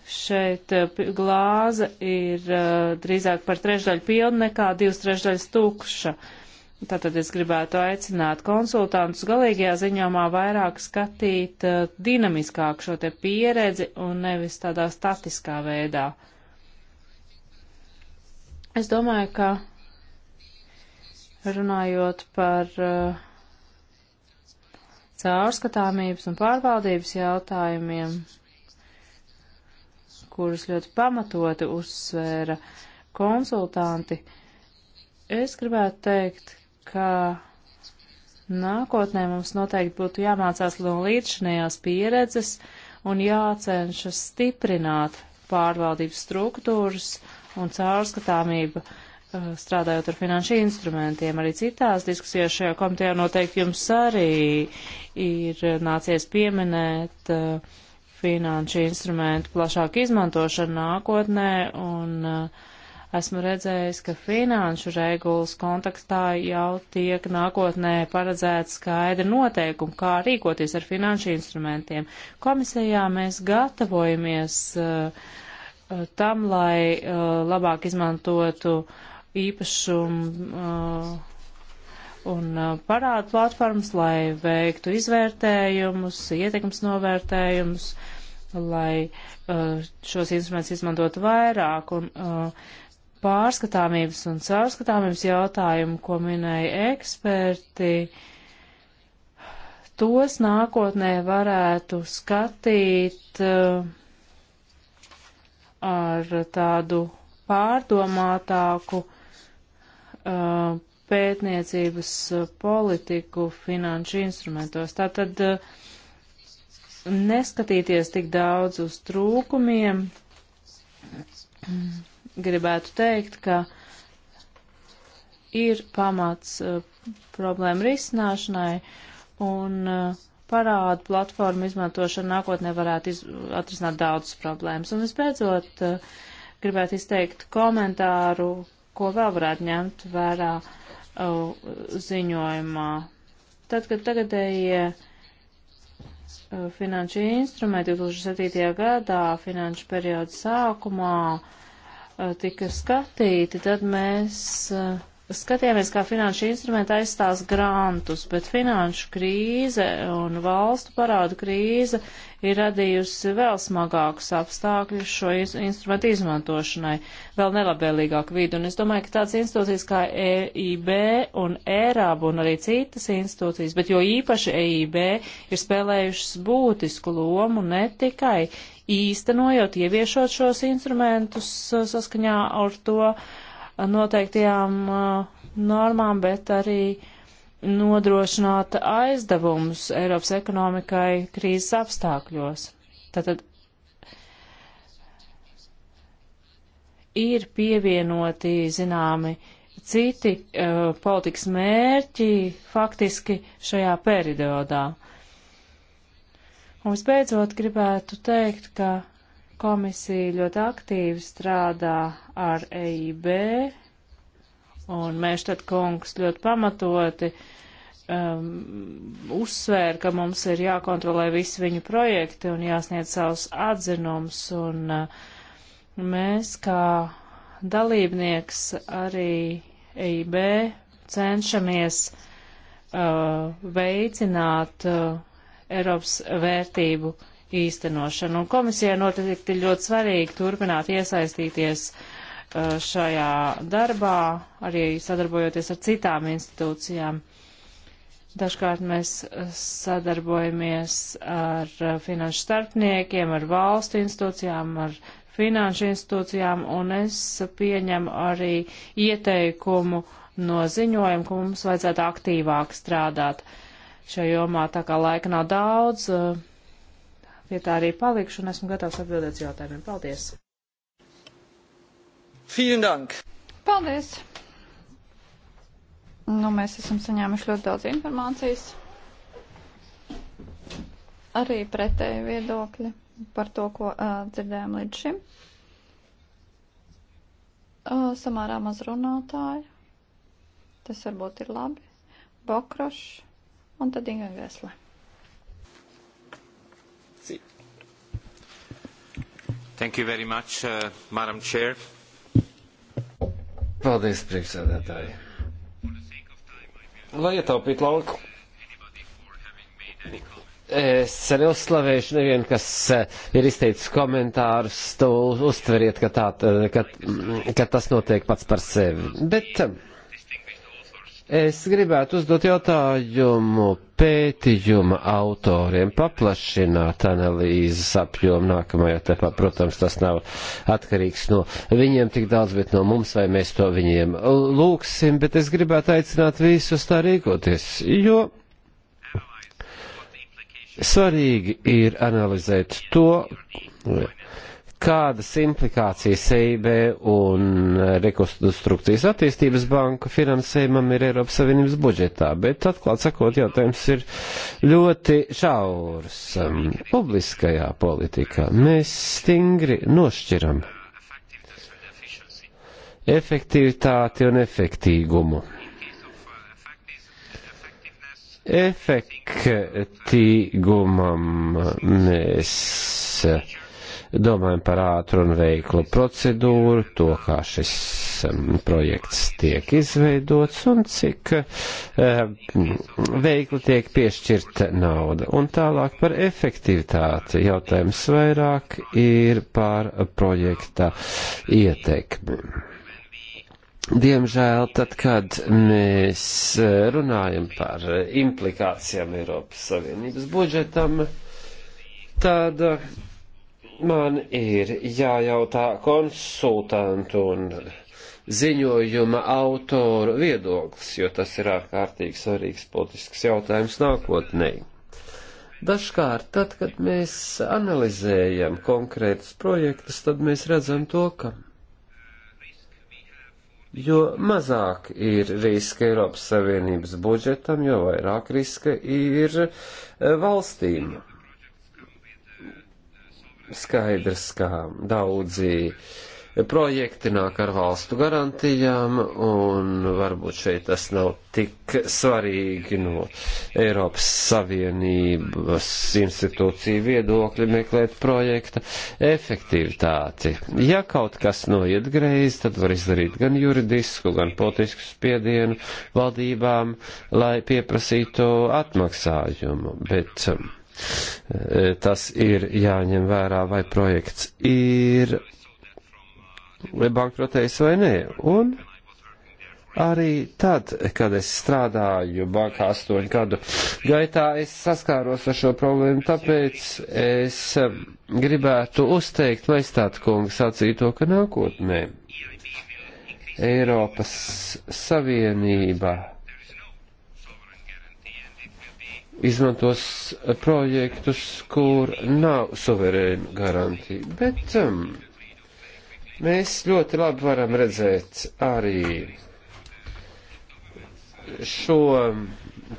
Speaker 3: šeit eh, glāze ir eh, drīzāk par trešdaļu pilna nekā divas trešdaļas tukša. Tātad es gribētu aicināt konsultantus galīgajā ziņojumā vairāk skatīt eh, dinamiskāk šo te pieredzi un nevis tādā statiskā veidā. Es domāju, ka Runājot par uh, caurskatāmības un pārvaldības jautājumiem, kurus ļoti pamatoti uzsvēra konsultanti, es gribētu teikt, ka nākotnē mums noteikti būtu jāmācās no līdzšinējās pieredzes un jācenšas stiprināt pārvaldības struktūras un caurskatāmību. Uh, Uh, strādājot ar finanšu instrumentiem. Arī citās diskusijās šajā komitejā noteikti jums arī ir uh, nācies pieminēt uh, finanšu instrumentu plašāku izmantošanu nākotnē, un esmu redzējis, ka finanšu regulas kontekstā jau tiek nākotnē paredzēts skaidri noteikumi, kā rīkoties ar finanšu instrumentiem. Komisijā mēs gatavojamies tam, lai labāk izmantotu uh, īpašumu uh, un uh, parādu platformas, lai veiktu izvērtējumus, ietekmes novērtējumus, lai uh, šos instrumentus izmantotu vairāk. Un, pārskatāmības un caurskatāmības jautājumu, ko minēja eksperti, tos nākotnē varētu skatīt ar tādu pārdomātāku uh, pētniecības uh, politiku finanšu instrumentos. Tātad uh, neskatīties tik daudz uz trūkumiem, gribētu teikt, ka ir pamats uh, problēmu risināšanai un uh, parādu platformu izmantošana nākotnē varētu iz, atrisināt daudzas problēmas. Un visbeidzot, uh, gribētu izteikt komentāru ko vēl varētu ņemt vērā uh, ziņojumā. Tad, kad tagadējie ja, uh, finanšu instrumenti 2007. gadā, finanšu perioda sākumā, uh, tika skatīti, tad mēs uh, skatījāmies, kā finanšu instrumenti aizstās grantus, bet finanšu krīze un valstu parādu krīze ir radījusi vēl smagākus apstākļus šo iz instrumentu izmantošanai, vēl nelabvēlīgāku vidu. Un es domāju, ka tāds institūcijas kā EIB un ERAB un arī citas institūcijas, bet jo īpaši EIB ir spēlējušas būtisku lomu ne tikai īstenojot, ieviešot šos instrumentus uh, saskaņā ar to, uh, noteiktajām uh, normām, bet arī nodrošināt aizdevumus Eiropas ekonomikai krīzes apstākļos. Tātad ir pievienoti zināmi citi uh, politikas mērķi faktiski šajā periodā. Un visbeidzot gribētu teikt, ka Komisija ļoti aktīvi strādā ar EIB, un Mēštad kungs ļoti pamatoti um, uzsvēra, ka mums ir jākontrolē visi viņu projekti un jāsniedz savus atzinums, un uh, mēs kā dalībnieks arī EIB cenšamies uh, veicināt uh, Eiropas vērtību īstenošanu. Un komisijai noteikti ir ļoti svarīgi turpināt iesaistīties uh, šajā darbā, arī sadarbojoties ar citām institūcijām. Dažkārt mēs uh, sadarbojamies ar uh, finanšu starpniekiem, ar valstu institūcijām, ar finanšu institūcijām, un es pieņemu arī ieteikumu no ziņojuma, ka mums vajadzētu aktīvāk strādāt šajā jomā, tā kā laika nav daudz. Uh, pie tā arī palikšu un esmu gatavs atbildēt uz jautājumiem. Paldies! Vielen Dank! Paldies!
Speaker 1: Nu, mēs esam saņēmuši ļoti daudz informācijas. Arī pretēji viedokļi par to, ko uh, dzirdējām līdz šim. Uh, samērā maz runātāju. Tas varbūt ir labi. Bokrošs un tad Inga Gresle.
Speaker 2: Thank you very much, uh, Madam Chair. Paldies, priekšsēdētāji. Lai ietaupītu lauku. Es neuzslavēšu nevienu, kas uh, ir izteicis komentārus, to uztveriet, ka, tā, ka, mm, ka tas notiek pats par sevi. Bet um, es gribētu uzdot jautājumu pētījuma autoriem paplašināt analīzes apjomu nākamajā etapā. Protams, tas nav atkarīgs no viņiem tik daudz, bet no mums vai mēs to viņiem lūksim, bet es gribētu aicināt visus tā rīkoties, jo svarīgi ir analizēt to, kādas implikācijas EIB un rekonstrukcijas attīstības banka finansējumam ir Eiropas Savienības budžetā, bet atklāt sakot, jautājums ir ļoti šaurs. Um, publiskajā politikā mēs stingri nošķiram efektivitāti un efektīgumu. Efektīgumam mēs domājam par ātru un veiklu procedūru, to, kā šis um, projekts tiek izveidots un cik um, veikli tiek piešķirta nauda. Un tālāk par efektivitāti jautājums vairāk ir par projekta ietekmi. Diemžēl, tad, kad mēs uh, runājam par implikācijām Eiropas Savienības budžetam, tad Man ir jājautā konsultantu un ziņojuma autoru viedoklis, jo tas ir ārkārtīgi svarīgs politisks jautājums nākotnē. Dažkārt, tad, kad mēs analizējam konkrētus projektus, tad mēs redzam to, ka jo mazāk ir riska Eiropas Savienības budžetam, jo vairāk riska ir eh, valstīm skaidrs, ka daudzi projekti nāk ar valstu garantijām, un varbūt šeit tas nav tik svarīgi no Eiropas Savienības institūciju viedokļa meklēt projekta efektivitāti. Ja kaut kas noiet greizi, tad var izdarīt gan juridisku, gan politisku spiedienu valdībām, lai pieprasītu atmaksājumu, bet E, tas ir jāņem vērā, vai projekts ir bankrotējis vai nē. Un arī tad, kad es strādāju bankā astoņu gadu gaitā, es saskāros ar šo problēmu, tāpēc es gribētu uzteikt maistātkungu sacīto, ka nākotnē Eiropas Savienība izmantos projektus, kur nav suverēna garantija. Bet um, mēs ļoti labi varam redzēt arī šo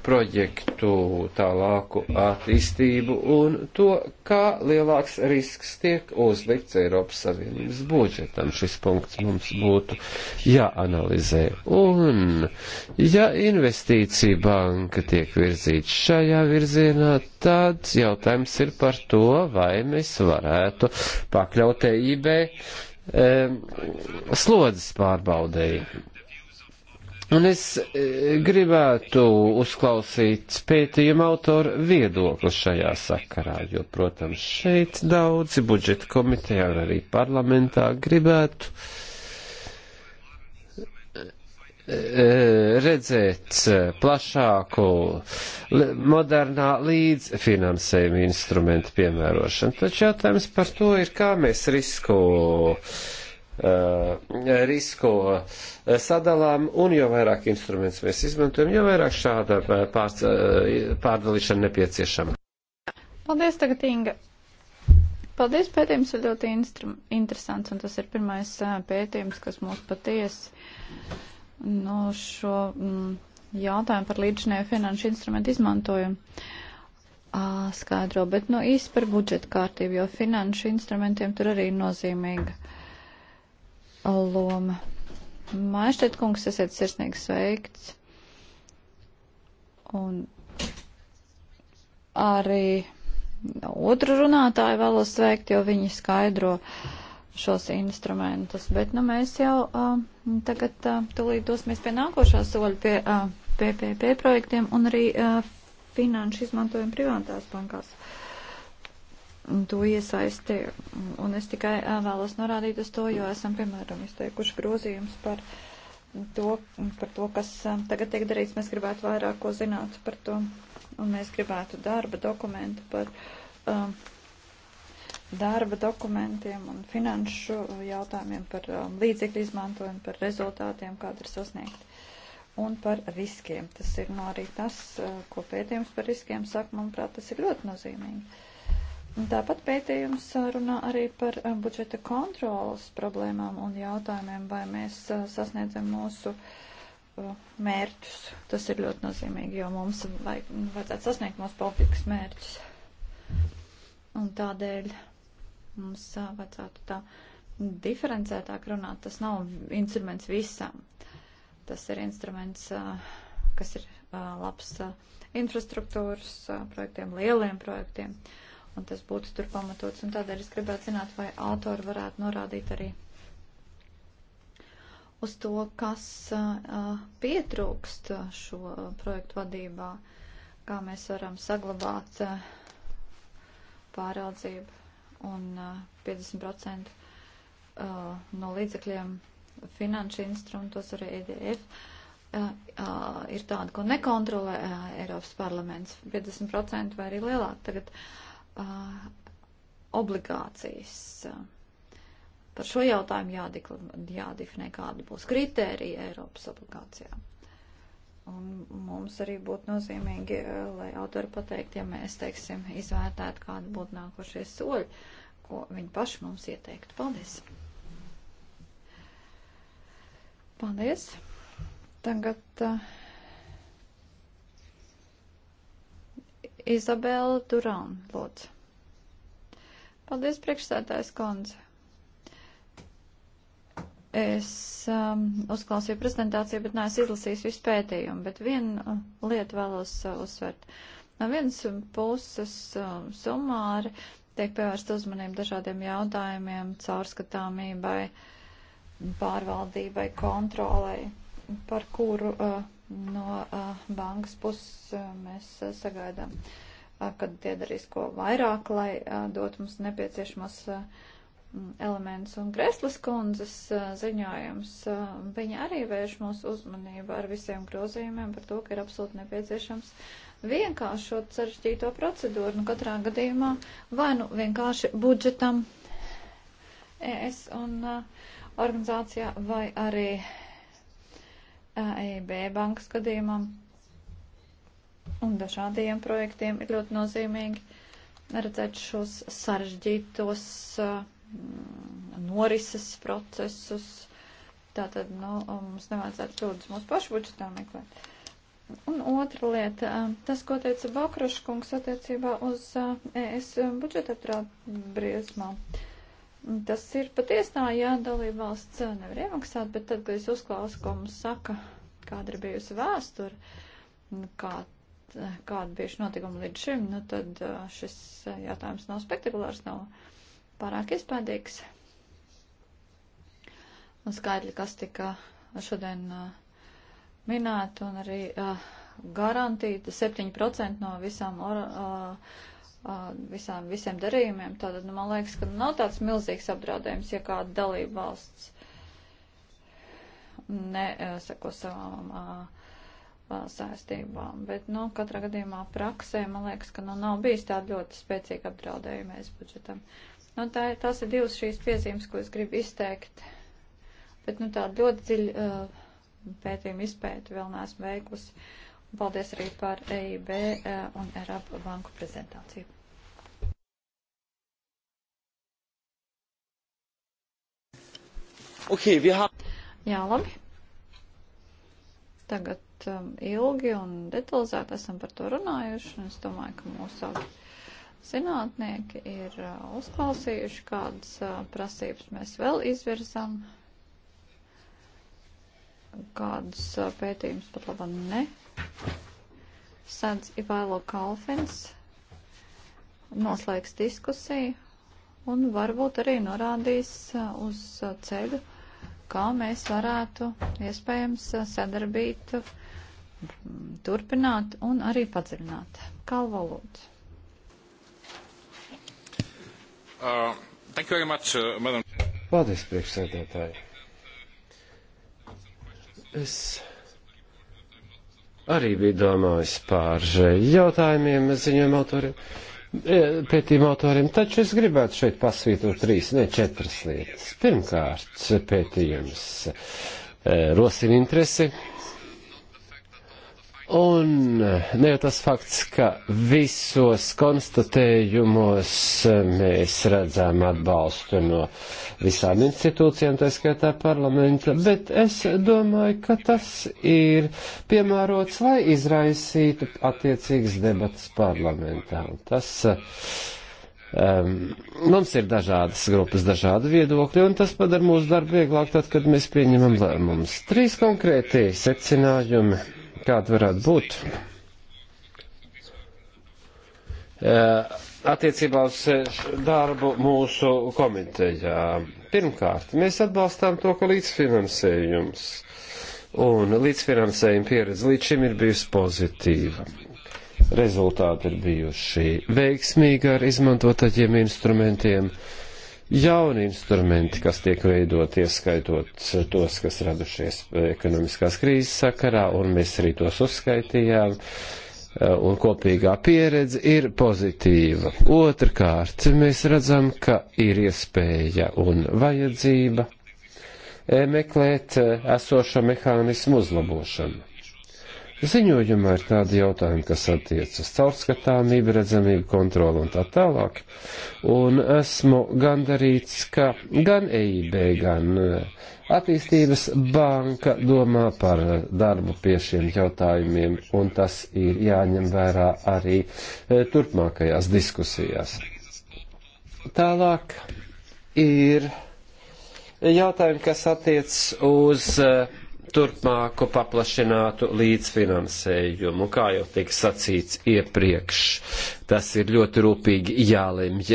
Speaker 2: projektu tālāku attīstību un to, kā lielāks risks tiek uzlikts Eiropas Savienības budžetam. Šis punkts mums būtu jāanalizē. Un, ja investīcija banka tiek virzīta šajā virzienā, tad jautājums ir par to, vai mēs varētu pakļaut EIB e, slodzes pārbaudēji Un es e, gribētu uzklausīt pētījuma autoru viedokli šajā sakarā, jo, protams, šeit daudzi budžeta komitejā un arī parlamentā gribētu e, redzēt plašāku modernā līdzfinansējuma instrumentu piemērošanu. Taču jautājums par to ir, kā mēs risku uh, Uh, risko uh, sadalām, un jo vairāk instruments mēs izmantojam, jo vairāk šāda uh, pārs, pārdalīšana nepieciešama.
Speaker 1: Paldies, tagad Inga. Paldies, pētījums ir ļoti interesants, un tas ir pirmais pētījums, kas mūs patiesi no nu, šo mm, jautājumu par līdzinēju finanšu instrumentu izmantojumu skaidro, bet nu īsti par budžeta kārtību, jo finanšu instrumentiem tur arī nozīmīga loma. Maišķiet, kungs, esiet sirsnīgi sveikts. Un arī otru runātāju vēlos sveikt, jo viņi skaidro šos instrumentus. Bet nu, mēs jau uh, tagad uh, tulīt dosimies pie nākošā soļa, pie uh, PPP projektiem un arī uh, finanšu izmantojumu privātās bankās. Uh, to iesaisti. Un es tikai vēlos norādīt uz to, jo esam, piemēram, izteikuši grozījums par to, par to, kas tagad tiek darīts. Mēs gribētu vairāk ko zināt par to, un mēs gribētu darba dokumentu par um, darba dokumentiem un finanšu jautājumiem par um, līdzekļu izmantojumu, par rezultātiem, kāda ir sasniegta. Un par riskiem. Tas ir no nu, arī tas, ko pētījums par riskiem saka, manuprāt, tas ir ļoti nozīmīgi. Uh, Tāpat pētījums runā arī par eh, budžeta kontrolas problēmām un jautājumiem, vai mēs eh, sasniedzam mūsu eh, mērķus. Tas ir ļoti nozīmīgi, jo mums vajag, vajadzētu sasniegt mūsu politikas mērķus. Un tādēļ mums vajadzētu tā diferencētāk runāt. Tas nav instruments visam. Tas ir instruments, kas ir labs infrastruktūras projektiem, lieliem projektiem. Uh, un tas būtu tur pamatots. Un tādēļ es gribētu zināt, vai autori varētu norādīt arī uz to, kas uh, pietrūkst šo projektu vadībā, kā mēs varam saglabāt uh, pāraudzību un uh, 50% uh, no līdzekļiem finanšu instrumentos arī EDF. Uh, uh, ir tāda, ko nekontrolē uh, Eiropas parlaments 50% vai arī lielāk. Tagad uh, uh, obligācijas. Par šo jautājumu jādekla, jādefinē, kāda būs kritērija Eiropas obligācijām. Un mums arī būtu nozīmīgi, lai autori pateikt, ja mēs, teiksim, izvērtētu, kāda būtu nākošie soļi, ko viņi paši mums ieteiktu. Paldies! Paldies! Tagad. Uh, Izabela Durān, lūdzu. Paldies, priekšsētājs Konze. Es um, uzklausīju prezentāciju, bet neesmu izlasījis visu pētījumu, bet vienu lietu vēlos uh, uzsvert. No vienas puses um, sumāri tiek pievērsta uzmanība dažādiem jautājumiem, caurskatāmībai, pārvaldībai, kontrolai, par kuru uh, no bankas puses mēs sagaidām, kad tie darīs ko vairāk, lai dot mums nepieciešamos elements un Greslas kundzes ziņojums, viņa arī vērš mūsu uzmanību ar visiem grozījumiem par to, ka ir absolūti nepieciešams vienkāršot sarežģīto procedūru. Nu, katrā gadījumā vai nu vienkārši budžetam ES un organizācijā vai arī EIB bankas gadījumam un dažādiem projektiem ir ļoti nozīmīgi redzēt šos sarežģītos mm, norises procesus. Tātad, nu, mums nevajadzētu kļūdas mūsu pašu budžetā meklēt. Un otra lieta, eh, tas, ko teica Bakraškungs attiecībā uz ES eh, e budžeta apdraudbriesmām. Uh, Tas ir patiesnā, ja dalība valsts nevar iemaksāt, bet tad, kad es uzklausu, ko mums saka, kāda ir bijusi vēsture, nu, kā, kāda bijuši notikumi līdz šim, nu tad šis jautājums nav spektakulārs, nav pārāk iespējams. Un skaidri, kas tika šodien minēta un arī garantīta 7% no visām. Or, uh, visām, visiem darījumiem. Tātad, nu, man liekas, ka nav tāds milzīgs apdraudējums, ja kāda dalība valsts neseko savām saistībām. Bet, nu, katrā gadījumā praksē, man liekas, ka, nu, nav bijis tāda ļoti spēcīga apdraudējuma aiz budžetam. Nu, tā, tās ir divas šīs piezīmes, ko es gribu izteikt. Bet, nu, tāda ļoti dziļa uh, pētījuma izpēta vēl neesmu veikusi. Uh, Paldies arī par EIB eh, un ERAB banku prezentāciju.
Speaker 2: Okay, wir haben...
Speaker 1: Jā, labi. Tagad um, ilgi un detalizēti esam par to runājuši, un es domāju, ka mūsu zinātnieki ir uh, uzklausījuši, kādas uh, prasības mēs vēl izvirzam, kādus uh, pētījumus pat labam ne Sēdz Ivailo Kalfins noslēgs diskusiju un varbūt arī norādīs uh, uz uh, ceļu, kā mēs varētu iespējams uh, sadarbīt, turpināt un arī padziļināt. Kalva lūdzu.
Speaker 2: Uh, thank you very much, uh, Madam. Paldies, priekšsēdētāji. Es arī bija domājis par eh, jautājumiem ziņojuma autoriem, eh, pētījuma autoriem, taču es gribētu šeit pasvītot trīs, ne četras lietas. Pirmkārt, pētījums eh, rosina interesi Un ne jau tas fakts, ka visos konstatējumos mēs redzam atbalstu no visām institūcijām, tā skaitā parlamenta, bet es domāju, ka tas ir piemērots, lai izraisītu attiecīgas debatas parlamentā. Un tas, um, mums ir dažādas grupas, dažādi viedokļi, un tas padara mūsu darbu vieglāk tad, kad mēs pieņemam lēmumus. Trīs konkrētie secinājumi kāda varētu būt. Attiecībā uz darbu mūsu komitejā. Pirmkārt, mēs atbalstām to, ka līdzfinansējums un līdzfinansējuma pieredze līdz šim ir bijusi pozitīva. Rezultāti ir bijuši veiksmīgi ar izmantotajiem instrumentiem. Uh, jauni instrumenti, kas tiek veidot, ieskaitot tos, kas radušies ekonomiskās krīzes sakarā, un mēs arī tos uzskaitījām, un kopīgā pieredze ir pozitīva. Otrkārt, mēs redzam, ka ir iespēja un vajadzība e, meklēt e, esošo mehānismu uzlabošanu. Ziņojumā ir tādi jautājumi, kas attiecas caurskatāmību, redzamību, kontroli un tā tālāk. Un esmu gandarīts, ka gan EIB, gan eh, attīstības banka domā par eh, darbu pie šiem jautājumiem, un tas ir jāņem vērā arī eh, turpmākajās diskusijās. Tālāk ir jautājumi, kas attiec uz uh, turpmāku paplašinātu līdzfinansējumu. Kā jau tika sacīts iepriekš, tas ir ļoti rūpīgi jālemj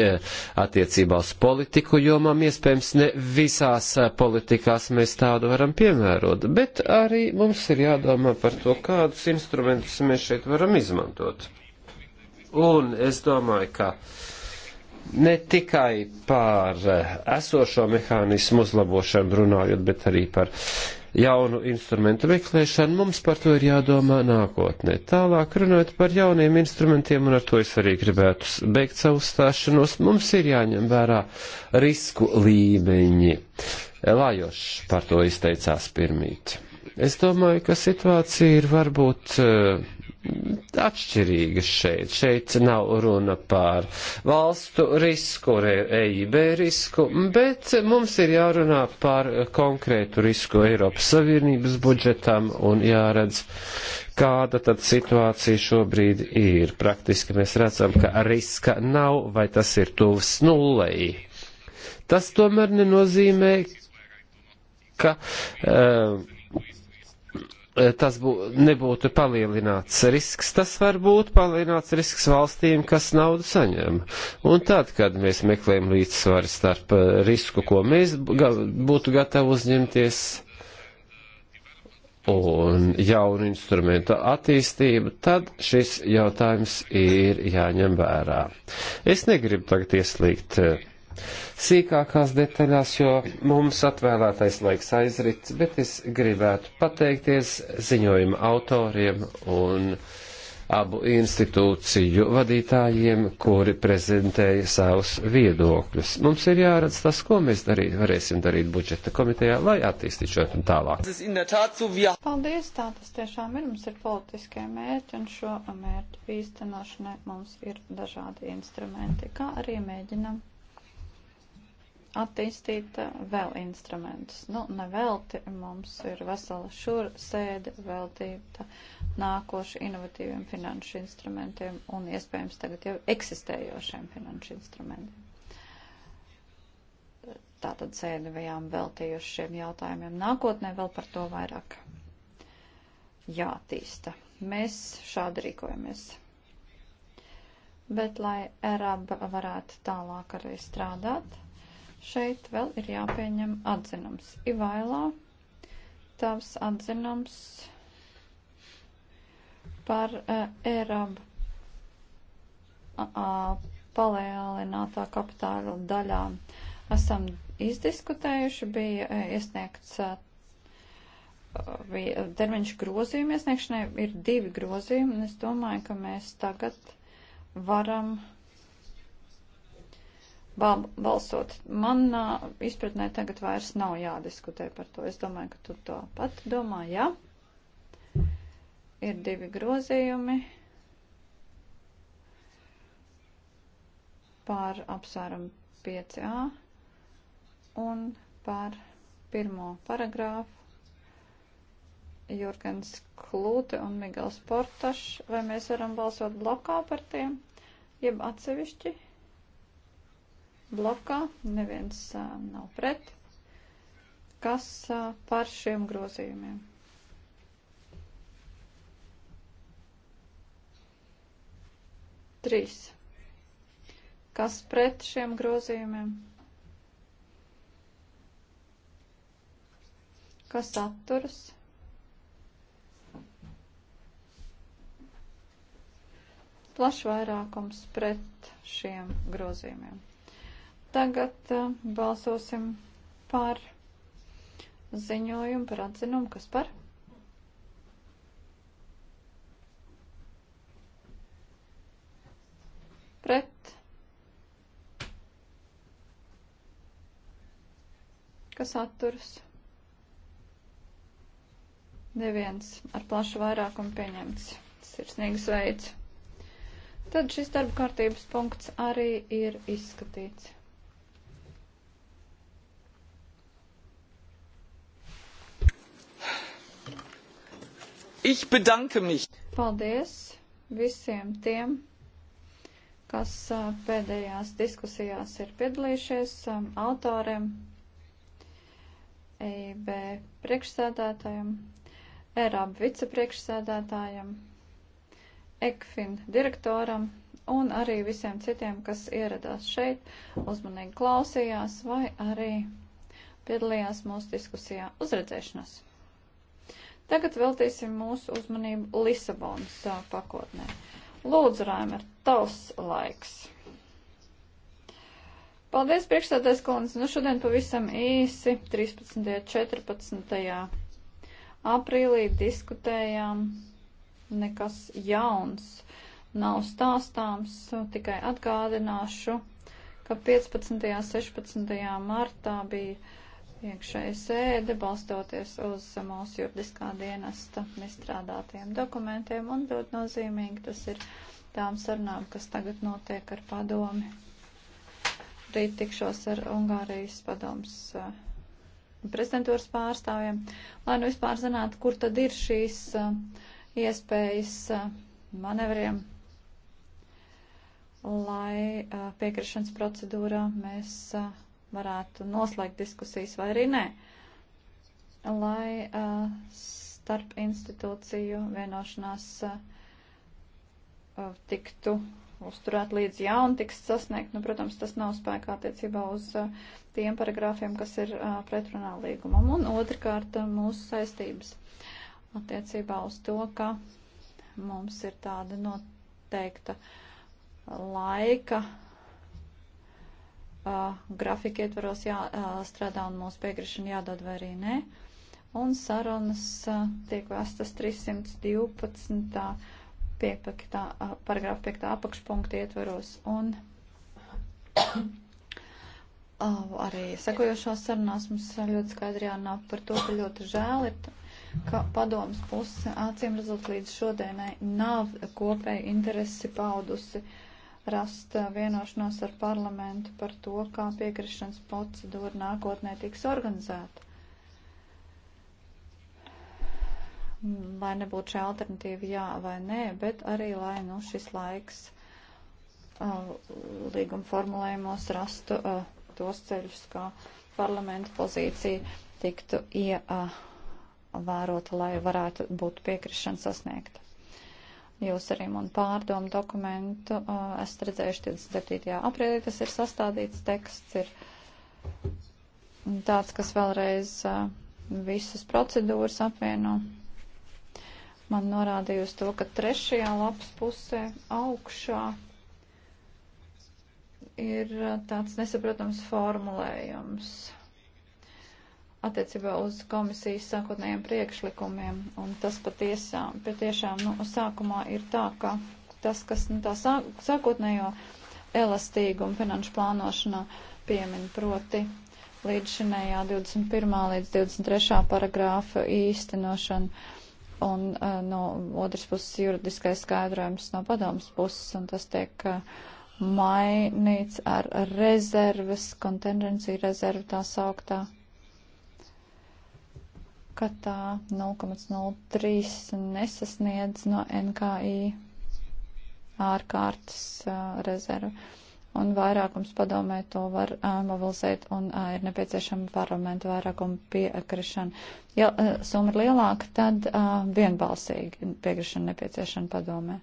Speaker 2: attiecībā uz politiku, jo man iespējams ne visās eh, politikās mēs tādu varam piemērot, bet arī mums ir jādomā par to, kādus instrumentus mēs šeit varam izmantot. Un es domāju, ka ne tikai par eh, esošo mehānismu uzlabošanu runājot, bet arī par jaunu instrumentu meklēšanu, mums par to ir jādomā nākotnē. Tālāk runājot par jauniem instrumentiem, un ar to es arī gribētu beigt savu stāšanos, mums ir jāņem vērā risku līmeņi. Lajošs par to izteicās pirmīt. Es domāju, ka situācija ir varbūt eh, atšķirīgas šeit. Šeit nav runa par valstu risku, EIB risku, bet mums ir jārunā par konkrētu risku Eiropas Savienības budžetam un jāredz, kāda tad situācija šobrīd ir. Praktiski mēs redzam, ka riska nav vai tas ir tuvs nullei. Tas tomēr nenozīmē, ka. Uh, Eh, tas bū, nebūtu palielināts risks, tas var būt palielināts risks valstīm, kas naudu saņem. Un tad, kad mēs meklējam līdzsvaru starp eh, risku, ko mēs būtu gatavi uzņemties, un jaunu instrumentu attīstību, tad šis jautājums ir jāņem vērā. Es negribu tagad ieslīgt uh, sīkākās detaļās, jo mums atvēlētais laiks aizrits, bet es gribētu pateikties ziņojuma autoriem un abu institūciju vadītājiem, kuri prezentēja savus viedokļus. Mums ir jāredz tas, ko mēs darīt, varēsim darīt budžeta komitejā, lai attīstītu šo tālāk. Paldies, tā tas
Speaker 1: tiešām ir. Mums ir politiskie mērķi, un šo mērķu īstenošanai mums ir dažādi instrumenti, kā arī mēģinam attīstīt eh, vēl instrumentus. Nu, nevelti mums ir vesela šur sēde veltīta nākošu inovatīviem finanšu instrumentiem un iespējams tagad jau eksistējošiem finanšu instrumentiem. Tātad sēdi bijām veltījuši šiem jautājumiem. Nākotnē vēl par to vairāk jātīsta. Mēs šādi rīkojamies. Bet, lai ERAB varētu tālāk arī strādāt, Šeit vēl ir jāpieņem atzinums. Ivailā tavs atzinums par uh, eh, ERAB uh, palielinātā kapitāla daļā esam izdiskutējuši, bija uh, iesniegts. Uh, termiņš grozījuma iesniegšanai ir divi grozījumi, un es domāju, ka mēs tagad varam bal balsot. Man uh, izpratnē tagad vairs nav jādiskutē par to. Es domāju, ka tu to pat domā, jā. Ir divi grozījumi par apsvērumu 5a un par pirmo paragrāfu Jurgens Klūte un Migels Portašs. Vai mēs varam balsot blokā par tiem, jeb atsevišķi? blokā, neviens uh, nav pret. Kas uh, par šiem grozījumiem? Trīs. Kas pret šiem grozījumiem? Kas atturas? Plašs vairākums pret šiem grozījumiem. Tagad uh, balsosim par ziņojumu, par atzinumu, kas par. Pret. Kas atturas? Neviens ar plašu vairākumu pieņemts. Sirsnīgi sveicu. Tad šis darba kārtības punkts arī ir izskatīts.
Speaker 2: Ich bedanke mich.
Speaker 1: Paldies visiem tiem, kas pēdējās diskusijās ir piedalījušies, autoriem, EIB priekšsēdētājiem, ERAB vicepriekšsēdētājiem, ECFIN direktoram un arī visiem citiem, kas ieradās šeit, uzmanīgi klausījās vai arī piedalījās mūsu diskusijā. Uzredzēšanos! Tagad veltīsim mūsu uzmanību Lisabonas pakotnē. Lūdzu, Raimer, tavs laiks. Paldies, priekšstādājs kundze. Nu, šodien pavisam īsi, 13. un 14. aprīlī diskutējām. Nekas jauns nav stāstāms, tikai atgādināšu, ka 15. un 16. martā bija iekšēju sēdi, balstoties uz mūsu juridiskā dienesta izstrādātiem dokumentiem, un ļoti nozīmīgi tas ir tām sarunām, kas tagad notiek ar padomi. Rīt tikšos ar Ungārijas padoms eh, prezidentūras pārstāvjiem, lai nu vispār zinātu, kur tad ir šīs eh, iespējas eh, manevriem, lai piekrišanas procedūrā mēs varētu noslēgt diskusijas vai arī nē, lai uh, starp institūciju vienošanās uh, tiktu uzturēt līdz jaunu tiks sasniegt. Nu, protams, tas nav spēkā attiecībā uz uh, tiem paragrāfiem, kas ir uh, pretrunā līgumam. Un otrkārt, uh, mūsu saistības attiecībā uz to, ka mums ir tāda noteikta laika uh, grafika ietvaros jāstrādā uh, un mūsu piekrišana jādod vai arī nē. Un sarunas uh, tiek vēstas 312. 5, uh, paragrāfa 5. apakšpunkta ietvaros un uh, arī sekojošās sarunās mums ļoti skaidri jānāk par to, ka ļoti žēl ir ka padomas puse acīm redzot līdz šodienai nav kopēji interesi paudusi uh, rast vienošanos ar parlamentu par to, kā piekrišanas procedūra nākotnē tiks organizēta. Lai nebūtu šī alternatīva jā vai nē, bet arī lai nu, šis laiks uh, līguma formulējumos rastu uh, tos ceļus, kā parlamenta pozīcija tiktu ievērota, lai varētu būt piekrišana sasniegta. Jūs arī man pārdomu dokumentu uh, esat redzējuši 27. aprīlī, tas ir sastādīts teksts, ir tāds, kas vēlreiz uh, visas procedūras apvieno. Man norādīja uz to, ka trešajā lapas pusē augšā ir tāds nesaprotams formulējums attiecībā uz komisijas sākotnējiem priekšlikumiem. Un tas patiesā, patiešām nu, sākumā ir tā, ka tas, kas nu, tā sāk, sākotnējo elastīgumu finanšu plānošanā piemin proti līdz šinējā 21. līdz 23. paragrāfa īstenošana un uh, no otras puses juridiskais skaidrojums no padomas puses, un tas tiek uh, mainīts ar rezerves, kontingenciju rezervu tā sauktā. Uh, ka tā 0,03 nesasniedz no NKI ārkārtas uh, rezervu. Un vairākums padomē to var uh, mobilizēt un uh, ir nepieciešama parlamentu vairākuma piekrišana. Ja uh, summa ir lielāka, tad uh, vienbalsīgi piekrišana nepieciešama padomē.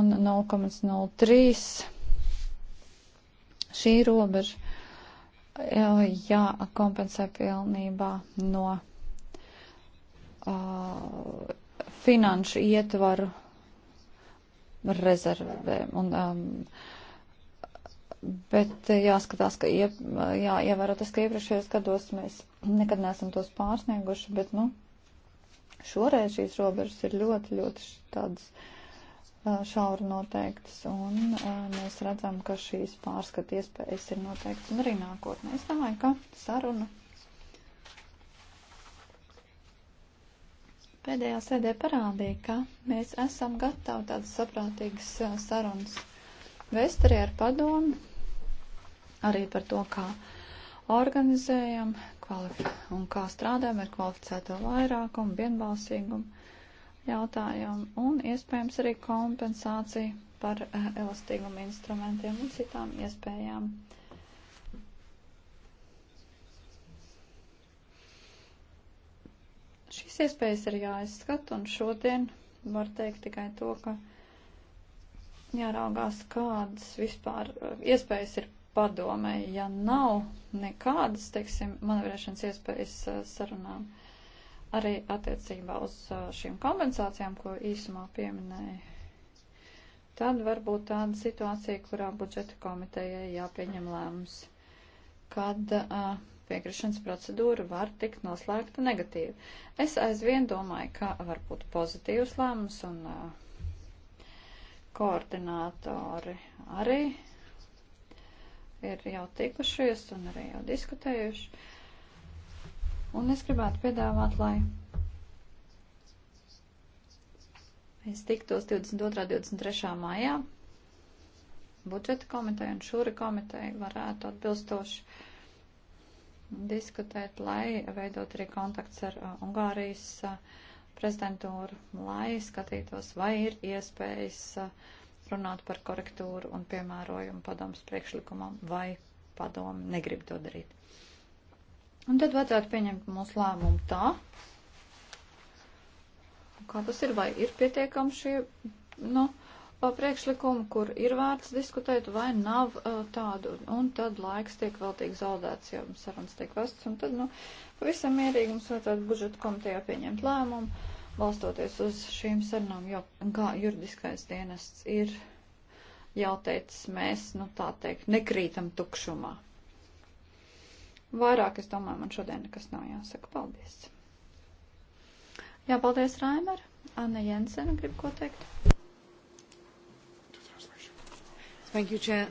Speaker 1: Un 0,03 šī robeža jākompensē pilnībā no uh, finanšu ietvaru rezervēm. Un, um, bet jāskatās, ka ie, jāievēro tas, ka iepriekšējos gados mēs nekad neesam tos pārsnieguši, bet, nu, šoreiz šīs robežas ir ļoti, ļoti tādas šauri noteiktas, un mēs redzam, ka šīs pārskata iespējas ir noteiktas, un arī nākotnē. Es domāju, ka saruna Pēdējā sēdē parādīja, ka mēs esam gatavi tādas saprātīgas sarunas vest arī ar padomu, arī par to, kā organizējam un kā strādājam ar kvalificēto vairākumu, vienbalsīgumu jautājumu un iespējams arī kompensāciju par elastīgumu instrumentiem un citām iespējām. Šīs iespējas ir jāizskata, un šodien var teikt tikai to, ka jāraugās, kādas vispār eh, iespējas ir padomē. Ja nav nekādas, teiksim, manevrēšanas iespējas eh, sarunām, arī attiecībā uz eh, šīm kompensācijām, ko īsumā pieminēja, tad var būt tāda situācija, kurā budžeta komitejai jāpieņem lēmums, kad uh, piekrišanas procedūra var tikt noslēgta negatīvi. Es aizvien domāju, ka var būt pozitīvs lēmums un uh, koordinātori arī ir jau tikušies un arī jau diskutējuši. Un es gribētu piedāvāt, lai es tiktos 22. 23. maijā budžeta komiteja un šūra komiteja varētu atbilstoši diskutēt, lai veidot arī kontakts ar uh, Ungārijas uh, prezidentūru, lai skatītos, vai ir iespējas uh, runāt par korektūru un piemērojumu padomus priekšlikumam, vai padomu negrib to darīt. Un tad vajadzētu pieņemt mūsu lēmumu tā, kā tas ir, vai ir pietiekami šie, nu, priekšlikumu, kur ir vērts diskutēt, vai nav uh, tādu. Un tad laiks tiek veltīgi zaudēts, jo sarunas tiek vestas. Un tad, nu, pavisam mierīgi mums vajadzētu budžeta komitejā pieņemt lēmumu, balstoties uz šīm sarunām, jo kā juridiskais dienests ir jāteicis, mēs, nu, tā teikt, nekrītam tukšumā. Vairāk, es domāju, man šodien nekas nav jāsaka. Paldies! Jā, paldies, Raimer! Anna Jensena grib ko teikt.
Speaker 3: Thank you, Chair.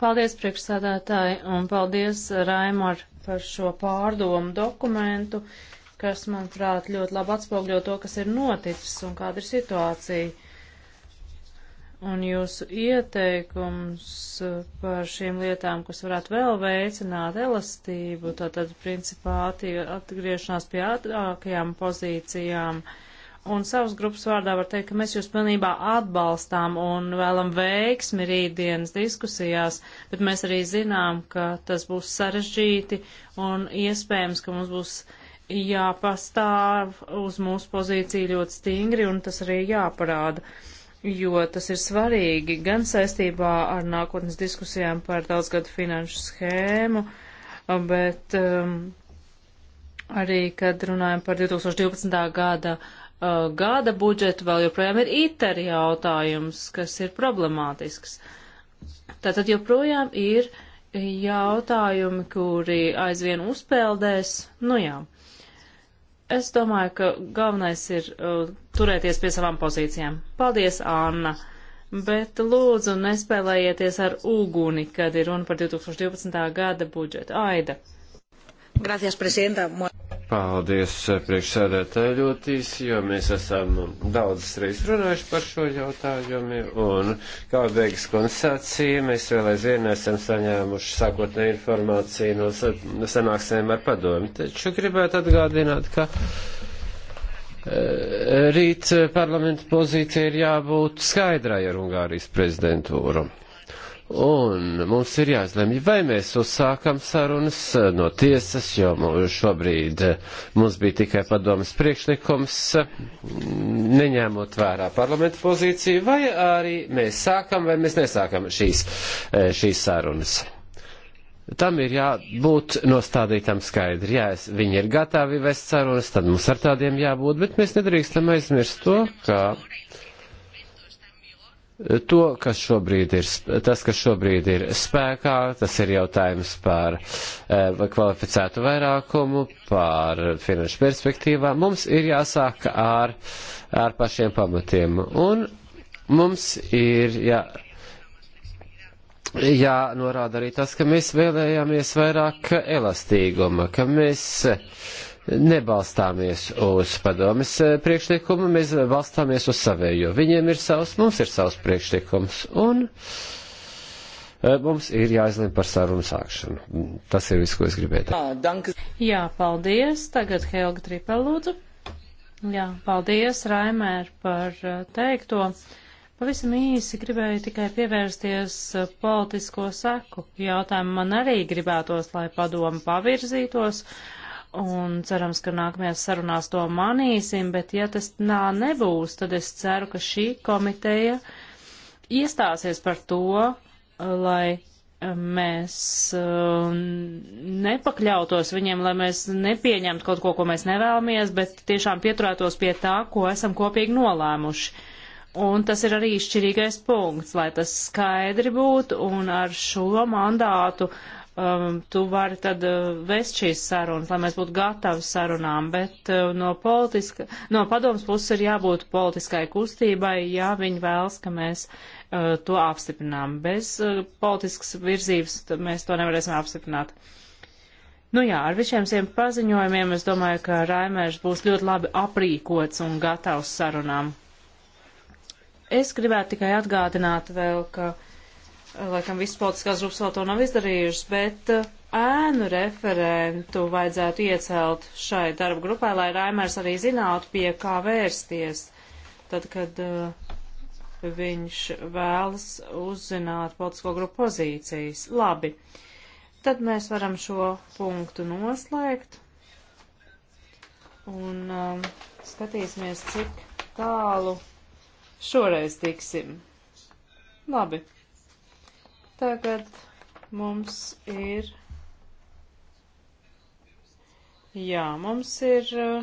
Speaker 3: Paldies, priekšsādātāji, un paldies, Raimar, par šo pārdomu dokumentu, kas, manuprāt, ļoti labi atspogļo to, kas ir noticis un kāda ir situācija. Un jūsu ieteikums par šīm lietām, kas varētu vēl veicināt elastību, tātad, principā, atgriešanās pie ātrākajām pozīcijām. Uh, un savas grupas vārdā var teikt, ka mēs jūs pilnībā atbalstām un vēlam veiksmi rītdienas diskusijās, bet mēs arī zinām, ka tas būs sarežģīti un iespējams, ka mums būs jāpastāv uz mūsu pozīciju ļoti stingri un tas arī jāparāda, jo tas ir svarīgi gan saistībā ar nākotnes diskusijām par daudzgadu finanšu schēmu, bet um, arī, kad runājam par 2012. gada uh, gada budžetu vēl joprojām ir ITER jautājums, kas ir problemātisks. Tātad joprojām ir jautājumi, kuri aizvien uzpeldēs. Nu jā. Es domāju, ka galvenais ir uh, turēties pie savām pozīcijām. Paldies, Anna! Bet lūdzu, nespēlējieties ar uguni, kad ir runa par 2012. gada budžetu. Aida! Gracias, presidenta!
Speaker 2: Paldies priekšsēdētāji ļoti īsi, jo mēs esam daudzas reizes runājuši par šo jautājumu, un kā beigas konstatācija, mēs vēl aizvien esam saņēmuši sākotnē informāciju no sanāksmēm ar padomi. Taču gribētu atgādināt, ka e, rīt parlamenta pozīcija ir jābūt skaidrai ar Ungārijas prezidentūru. Un mums ir jāizlemj, vai mēs uzsākam sarunas no tiesas, jo šobrīd eh, mums bija tikai padomas priekšlikums, mm, neņēmot vērā parlamentu pozīciju, vai arī mēs sākam vai mēs nesākam šīs, eh, šīs sarunas. Tam ir jābūt nostādītam skaidri. Jā, es, viņi ir gatavi vest sarunas, tad mums ar tādiem jābūt, bet mēs nedrīkstam aizmirst to, ka to, kas šobrīd ir, tas, kas šobrīd ir spēkā, tas ir jautājums par eh, kvalificētu vairākumu, par finanšu perspektīvām. Mums ir jāsāk ar, ar pašiem pamatiem. Un mums ir jā, jānorāda arī tas, ka mēs vēlējāmies vairāk elastīguma, ka mēs nebalstāmies uz padomes eh, priekšlikumu, mēs balstāmies uz savējo. Viņiem ir savs, mums ir savs priekšlikums, un eh, mums ir jāizlem par sarunu sākšanu. Tas ir viss, ko es gribēju teikt. Ah,
Speaker 3: Jā, paldies. Tagad Helga Tripel lūdzu. Jā, paldies, Raimēr, par eh, teikto. Pavisam īsi gribēju tikai pievērsties politisko seku jautājumu. Man arī gribētos, lai padoma pavirzītos un cerams, ka nākamajās sarunās to manīsim, bet ja tas nā nebūs, tad es ceru, ka šī komiteja iestāsies par to, lai mēs um, nepakļautos viņiem, lai mēs nepieņemtu kaut ko, ko mēs nevēlamies, bet tiešām pieturētos pie tā, ko esam kopīgi nolēmuši. Un tas ir arī izšķirīgais punkts, lai tas skaidri būtu un ar šo mandātu uh, um, tu vari tad uh, vest šīs sarunas, lai mēs būtu gatavi sarunām, bet uh, no, politiska, no padomas puses ir jābūt politiskai kustībai, ja viņi vēlas, ka mēs uh, to apstiprinām. Bez uh, politiskas virzības mēs to nevarēsim apstiprināt. Nu jā, ar visiem šiem paziņojumiem es domāju, ka Raimērs būs ļoti labi aprīkots un gatavs sarunām. Es gribētu tikai atgādināt vēl, ka Laikam visas politiskās grupas vēl to nav izdarījušas, bet eh, ēnu referentu vajadzētu iecelt šai darba grupai, lai Raimers arī zinātu, pie kā vērsties, tad, kad eh, viņš vēlas uzzināt politisko grupu pozīcijas. Labi, tad mēs varam šo punktu noslēgt un um, skatīsimies, cik tālu šoreiz tiksim. Labi. Tagad mums ir. Jā, mums ir eh,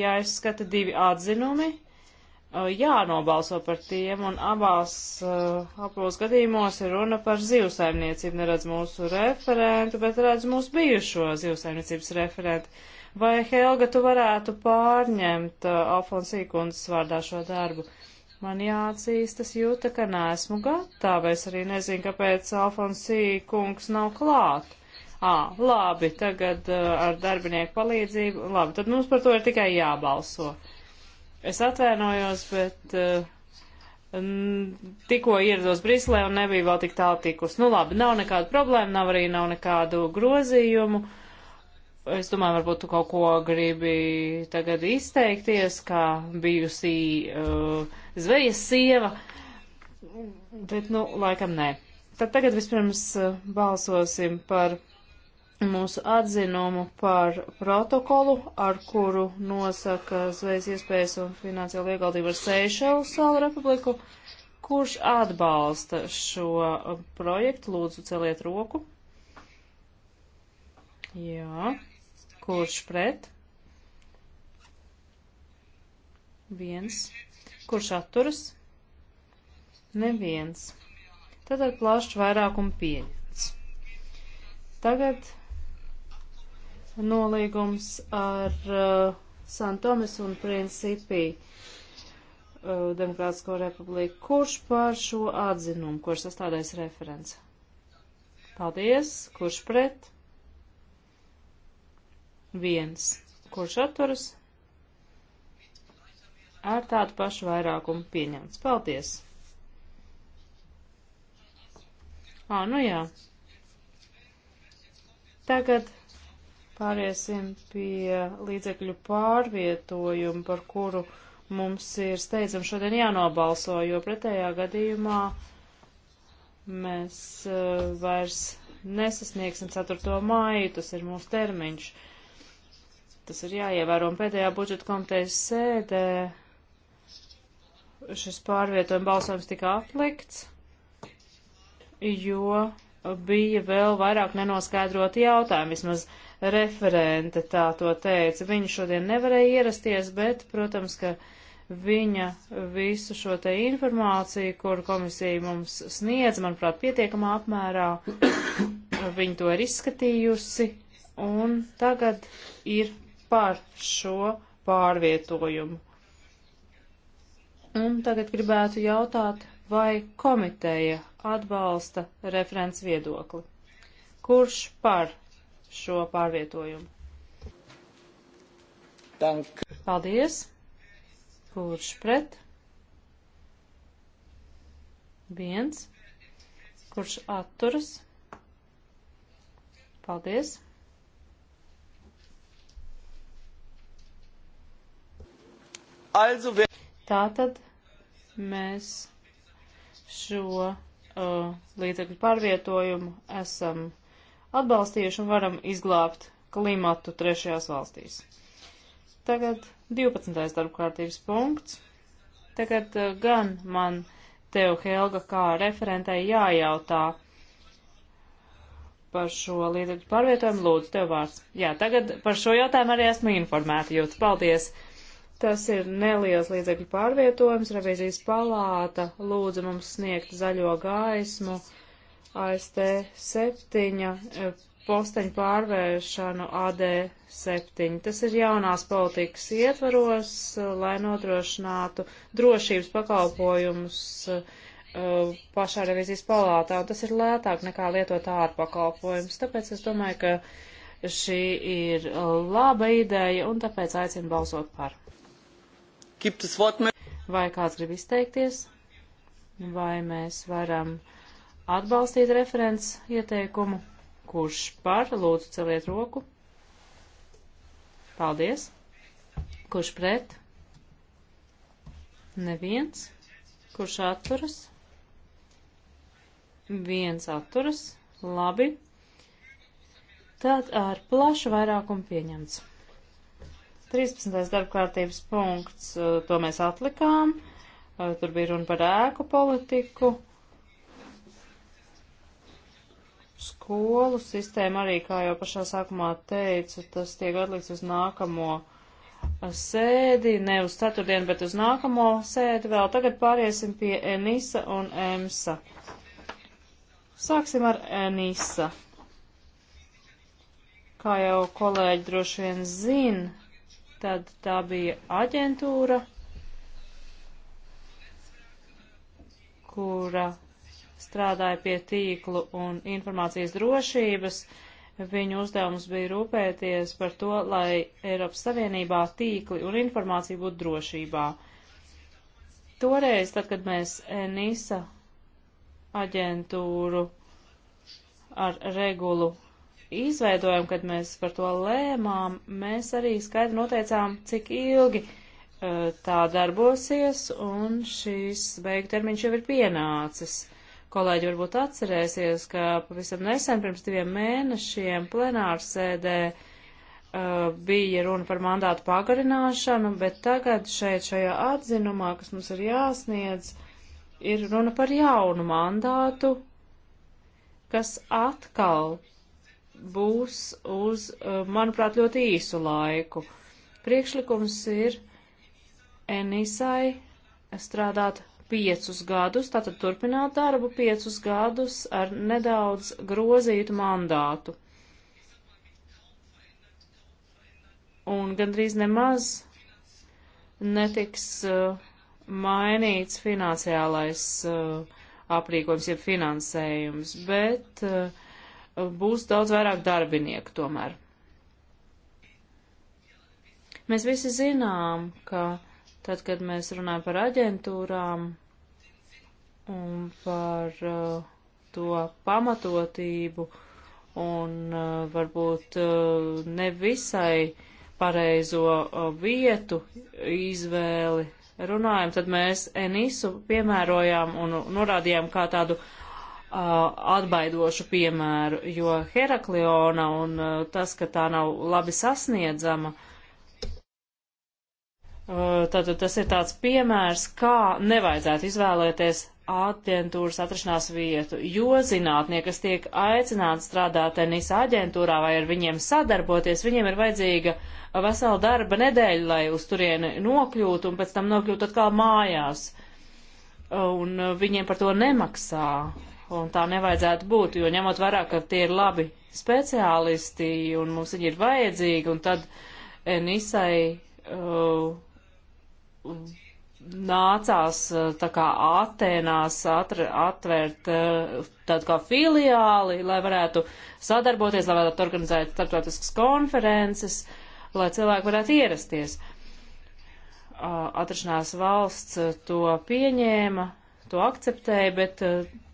Speaker 3: jāizskata divi atzinumi, eh, jānobalso par tiem, un abās eh, abos gadījumos ir runa par zivsaimniecību. Neredz mūsu referentu, bet redz mūsu bijušo zivsaimniecības referentu. Vai, Helga, tu varētu pārņemt Alfons Īkundas vārdā šo darbu? Man jāatzīstas jūta, ka neesmu gatava. Es arī nezinu, kāpēc Alfonsī kungs nav klāt. Ā, labi, tagad uh, ar darbinieku palīdzību. Labi, tad mums par to ir tikai jābalso. Es atvainojos, bet uh, tikko ierados Briselē un nebija vēl tik tālu tikus. Nu labi, nav nekādu problēmu, nav arī nav nekādu grozījumu. Es domāju, varbūt tu kaut ko gribi tagad izteikties, kā bijusī. Uh, zvejas sieva, bet, nu, laikam nē. Tad tagad vispirms e, balsosim par mūsu atzinumu par protokolu, ar kuru nosaka zvejas iespējas un finansiālo ieguldību ar Seišelu salu republiku. Kurš atbalsta šo e, projektu? Lūdzu, celiet roku. Jā. Kurš pret? Viens. Kurš atturas? Neviens. Tad ar plašu vairākumu pieņemts. Tagad nolīgums ar uh, Santomes un Principī uh, Demokrātisko republiku. Kurš par šo atzinumu, kurš sastādājis referents? Paldies. Kurš pret? Viens. Kurš atturas? ar tādu pašu vairākumu pieņemts. Paldies! Ā, nu jā. Tagad pāriesim pie līdzekļu pārvietojumu, par kuru mums ir steidzam šodien jānobalso, jo pretējā gadījumā mēs uh, vairs nesasniegsim 4. māju, tas ir mūsu termiņš. Tas ir jāievēro, un pēdējā budžeta komitejas sēdē šis pārvietojuma balsojums tika atlikts, jo bija vēl vairāk nenoskaidroti jautājumi, vismaz referente tā to teica. Viņa šodien nevarēja ierasties, bet, protams, ka viņa visu šo te informāciju, kur komisija mums sniedz, manuprāt, pietiekamā apmērā, viņa to ir izskatījusi, un tagad ir par šo pārvietojumu. Un tagad gribētu jautāt, vai komiteja atbalsta referents viedokli. Kurš par šo pārvietojumu? Dank. Paldies. Kurš pret? Viens. Kurš atturas? Paldies. Also, Tātad mēs šo uh, līdzekļu pārvietojumu esam atbalstījuši un varam izglābt klimatu trešajās valstīs. Tagad 12. darbkārtības punkts. Tagad uh, gan man tev, Helga, kā referentai jājautā par šo līdzekļu pārvietojumu. Lūdzu, tev vārds. Jā, tagad par šo jautājumu arī esmu informēta. Jūtas paldies! Uh, Tas ir neliels līdzekļu pārvietojums. Revizijas palāta lūdza mums sniegt zaļo gaismu AST 7 eh, posteņu pārvēršanu AD 7. Tas ir jaunās politikas ietvaros, eh, lai nodrošinātu drošības pakalpojumus eh, pašā revizijas palātā, un tas ir lētāk nekā lietot ārpakalpojumus. Tāpēc es domāju, ka šī ir laba ideja, un tāpēc aicinu balsot par. Vai kāds grib izteikties? Vai mēs varam atbalstīt referents ieteikumu? Kurš par? Lūdzu, celiet roku. Paldies. Kurš pret? Neviens. Kurš atturas? Viens atturas. Labi. Tad ar plašu vairākumu pieņemts. 13. darbkārtības punkts, uh, to mēs atlikām. Uh, tur bija runa par ēku politiku. Skolu sistēma arī, kā jau pašā sākumā teicu, tas tiek atlikts uz nākamo uh, sēdi, ne uz ceturtdienu, bet uz nākamo sēdi vēl. Tagad pāriesim pie Enisa un Emsa. Sāksim ar Enisa. Kā jau kolēģi droši vien zina, Tad tā bija aģentūra, kura strādāja pie tīklu un informācijas drošības. Viņu uzdevums bija rūpēties par to, lai Eiropas Savienībā tīkli un informācija būtu drošībā. Toreiz, tad, kad mēs NISA aģentūru ar regulu izveidojam, kad mēs par to lēmām, mēs arī skaidri noteicām, cik ilgi uh, tā darbosies, un šīs beigu termiņš jau ir pienācis. Kolēģi varbūt atcerēsies, ka pavisam nesen, pirms diviem mēnešiem, plenārsēdē uh, e, bija runa par mandātu pagarināšanu, bet tagad šeit šajā atzinumā, kas mums ir jāsniedz, ir runa par jaunu mandātu, kas atkal būs uz, eh, manuprāt, ļoti īsu laiku. Priekšlikums ir Enisai strādāt piecus gadus, tātad turpināt darbu piecus gadus ar nedaudz grozītu mandātu. Un gandrīz nemaz netiks uh, mainīts finansiālais uh, aprīkojums, jeb finansējums, bet uh, būs daudz vairāk darbinieku tomēr. Mēs visi zinām, ka tad, kad mēs runājam par aģentūrām un par uh, to pamatotību un uh, varbūt uh, nevisai pareizo uh, vietu izvēli runājam, tad mēs Enisu piemērojām un norādījām kā tādu atbaidošu piemēru, jo Herakliona un tas, ka tā nav labi sasniedzama, tātad tas ir tāds piemērs, kā nevajadzētu izvēlēties aģentūras atrašanās vietu, jo zinātnieki, kas tiek aicināti strādāt tenisa aģentūrā vai ar viņiem sadarboties, viņiem ir vajadzīga vesela darba nedēļa, lai uz turieni nokļūtu un pēc tam nokļūtu atkal mājās. Un viņiem par to nemaksā un tā nevajadzētu būt, jo ņemot vērā, ka tie ir labi speciālisti un mums viņi ir vajadzīgi, un tad Nisai uh, nācās uh, tā kā Atenās atr, atvērt uh, tādu kā filiāli, lai varētu sadarboties, lai varētu organizēt starptautiskas konferences, lai cilvēki varētu ierasties. Uh, atrašanās valsts to pieņēma, to akceptēja, bet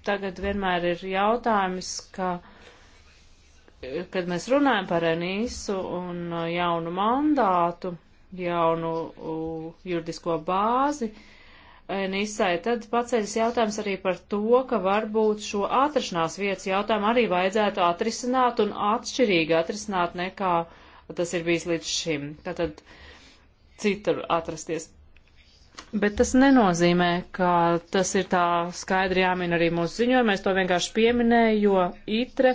Speaker 3: tagad vienmēr ir jautājums, ka, kad mēs runājam par Enīsu un jaunu mandātu, jaunu juridisko bāzi, Nisai, tad paceļas jautājums arī par to, ka varbūt šo atrašanās vietas jautājumu arī vajadzētu atrisināt un atšķirīgi atrisināt nekā tas ir bijis līdz šim. Tātad citur atrasties. Bet tas nenozīmē, ka tas ir tā skaidri jāmin arī mūsu ziņojumā. Es to vienkārši pieminēju, jo ITRE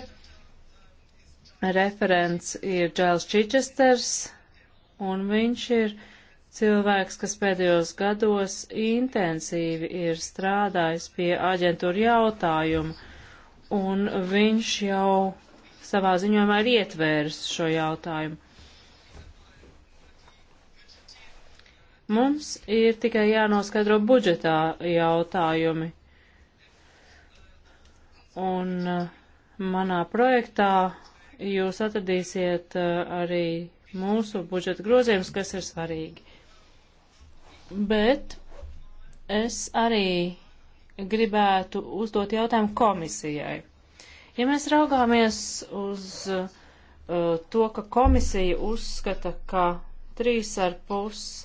Speaker 3: referents ir Džēls Čičesters, un viņš ir cilvēks, kas pēdējos gados intensīvi ir strādājis pie aģentūra jautājumu, un viņš jau savā ziņojumā ir ietvērs šo jautājumu. Mums ir tikai jānoskaidro budžetā jautājumi. Un uh, manā projektā jūs atradīsiet uh, arī mūsu budžeta grozījums, kas ir svarīgi. Bet es arī gribētu uzdot jautājumu komisijai. Ja mēs raugāmies uz uh, to, ka komisija uzskata, ka 3,5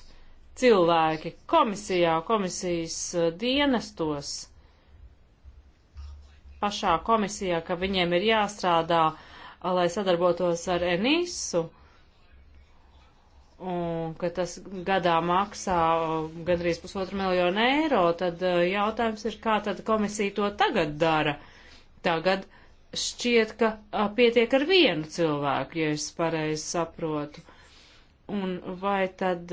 Speaker 3: cilvēki komisijā, komisijas eh, dienestos, pašā komisijā, ka viņiem ir jāstrādā, eh, lai sadarbotos ar Enīsu un ka tas gadā maksā eh, gandrīz pusotru miljonu eiro, tad jautājums ir, kā tad komisija to tagad dara. Tagad šķiet, ka pietiek ar vienu cilvēku, ja es pareizi saprotu. Un vai tad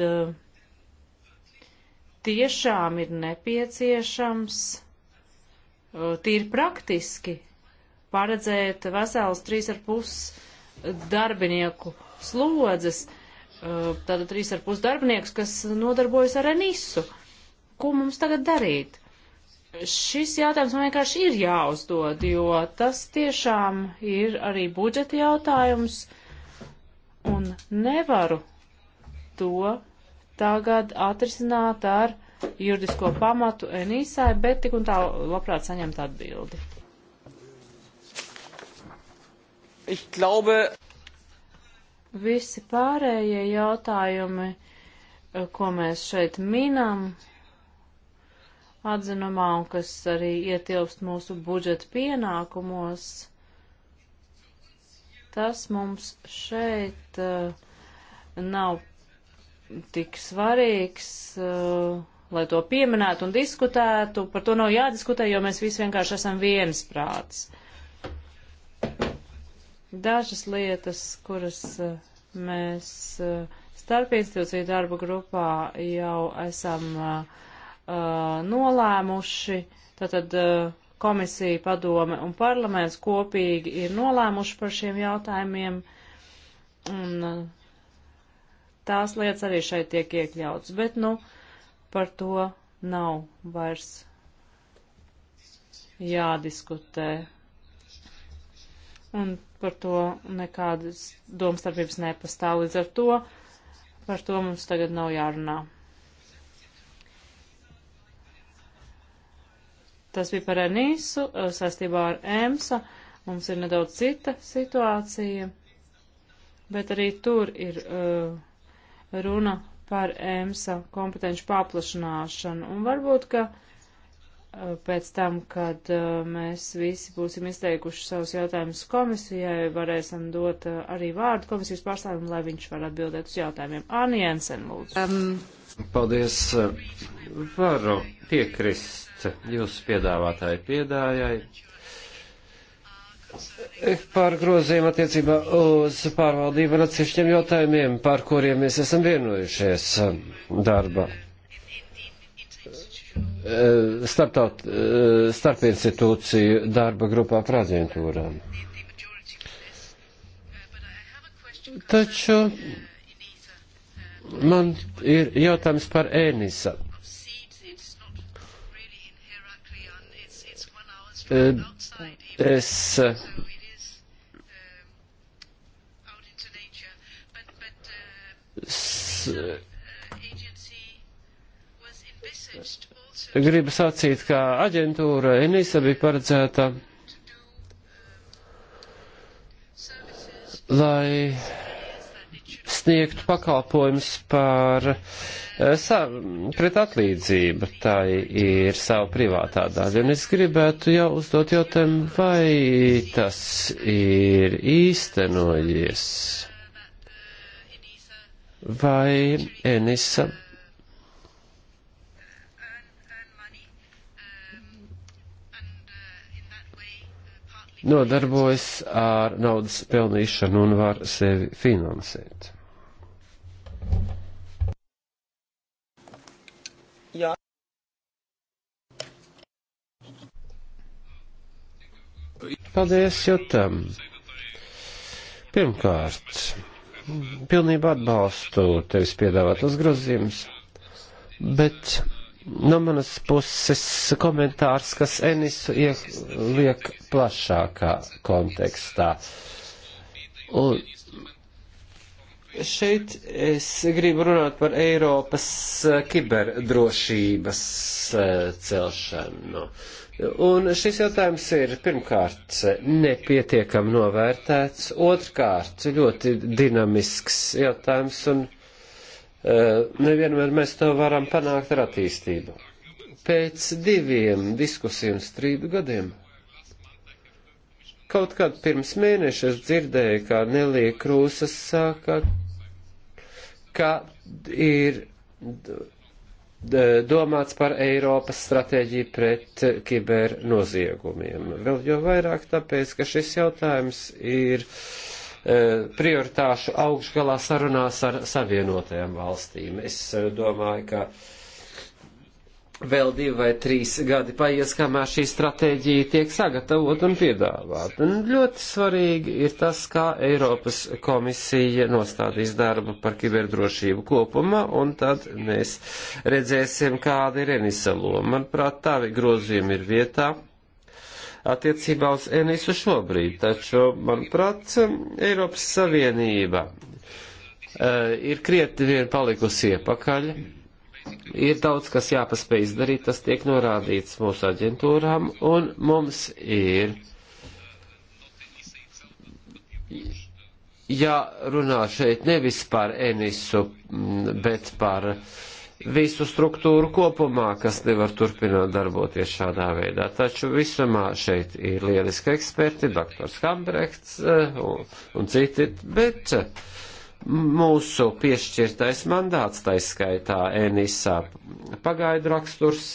Speaker 3: tiešām ir nepieciešams uh, tīri praktiski paredzēt vesels 3,5 darbinieku slodzes, uh, tātad 3,5 darbiniekus, kas nodarbojas ar enisu. Ko mums tagad darīt? Šis jautājums man vienkārši ir jāuzdod, jo tas tiešām ir arī budžeta jautājums, un nevaru to tagad atrisināt ar juridisko pamatu Enīsai, bet tik un tā labprāt saņemt atbildi. Ich glaube... Visi pārējie jautājumi, eh, ko mēs šeit minam, atzinumā un kas arī ietilpst mūsu budžeta pienākumos, tas mums šeit uh, nav tik svarīgs, uh, lai to pieminētu un diskutētu. Par to nav jādiskutē, jo mēs visi vienkārši esam viensprāts. Dažas lietas, kuras uh, mēs eh, starp institūciju darba grupā jau esam nolēmuši, tātad komisija, padome un parlaments kopīgi ir nolēmuši par šiem jautājumiem. Un, tās lietas arī šeit tiek iekļauts, bet, nu, par to nav vairs jādiskutē. Un par to nekādas domstarpības nepastāv līdz ar to. Par to mums tagad nav jārunā. Tas bija par Enīsu, eh, saistībā ar EMSA. Mums ir nedaudz cita situācija, bet arī tur ir uh, runa par EMSA kompetenci paplašināšanu. Un varbūt, ka uh, pēc tam, kad uh, mēs visi būsim izteikuši savus jautājumus komisijai, varēsim dot uh, arī vārdu komisijas pārstāvim, lai viņš var atbildēt uz jautājumiem. Anni Jensen, lūdzu. Um.
Speaker 2: Paldies. Varu piekrist jūsu piedāvātāju piedājai par grozījumu attiecībā uz pārvaldību un atsevišķiem jautājumiem, par kuriem mēs esam vienojušies um, darba uh, starptaut, uh, starp institūciju darba grupā par aģentūrām. Taču man ir jautājums par ēnisa. Uh, Es eh, eh, gribu sacīt, ka aģentūra Enisa bija paredzēta, lai sniegtu pakalpojumus par eh, pret atlīdzību. Tā ir sava privātā daļa. Un es gribētu jau uzdot jautājumu, vai tas ir īstenojies. Vai Enisa nodarbojas ar naudas pelnīšanu un var sevi finansēt. Jā. Paldies Jutam. Pirmkārt, pilnībā atbalstu tevis piedāvāt uzgrozījumus, bet no manas puses komentārs, kas Enisu ieliek plašākā kontekstā. Un Šeit es gribu runāt par Eiropas eh, kiberdrošības eh, celšanu. Un šis jautājums ir pirmkārt nepietiekam novērtēts, otrkārt ļoti dinamisks jautājums un eh, nevienmēr mēs to varam panākt ar attīstību. Pēc diviem diskusiju un strīdu gadiem Kaut kad pirms mēneša es dzirdēju, kā Nelija Krūsas sāka, ka ir domāts par Eiropas stratēģiju pret kibernoziegumiem. Vēl jau vairāk tāpēc, ka šis jautājums ir e, prioritāšu augšgalā sarunās ar savienotajām valstīm. Es e, domāju, ka vēl divi vai trīs gadi paies, kamēr šī stratēģija tiek sagatavot un piedāvāt. Un ļoti svarīgi ir tas, kā Eiropas komisija nostādīs darbu par kiberdrošību kopumā, un tad mēs redzēsim, kāda ir Enisa loma. Manuprāt, tavi grozījumi ir vietā attiecībā uz Enisu šobrīd, taču, manuprāt, Eiropas Savienība uh, ir krietni vien palikusi iepakaļ ir daudz, kas jāpaspēj izdarīt, tas tiek norādīts mūsu aģentūrām, un mums ir jārunā šeit nevis par Enisu, bet par visu struktūru kopumā, kas nevar turpināt darboties šādā veidā. Taču visumā šeit ir lieliski eksperti, doktors Hambrechts eh, un, un citi, bet uh, mūsu piešķirtais mandāts, taiskaitā ENISA pagaidu raksturs.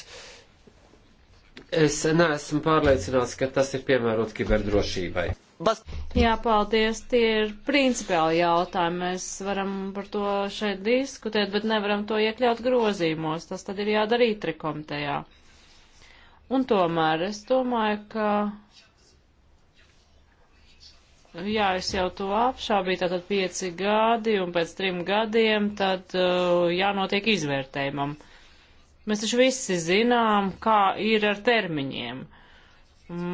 Speaker 2: Es neesmu pārliecināts, ka tas ir piemērot kiberdrošībai.
Speaker 3: Bas. Jā, paldies. Tie ir principiāli jautājumi. Mēs varam par to šeit diskutēt, bet nevaram to iekļaut grozīmos. Tas tad ir jādara itri komitejā. Un tomēr es domāju, ka Jā, es jau to apšābīju, tātad pieci gadi, un pēc trim gadiem tad uh, jānotiek izvērtējumam. Mēs taču visi zinām, kā ir ar termiņiem.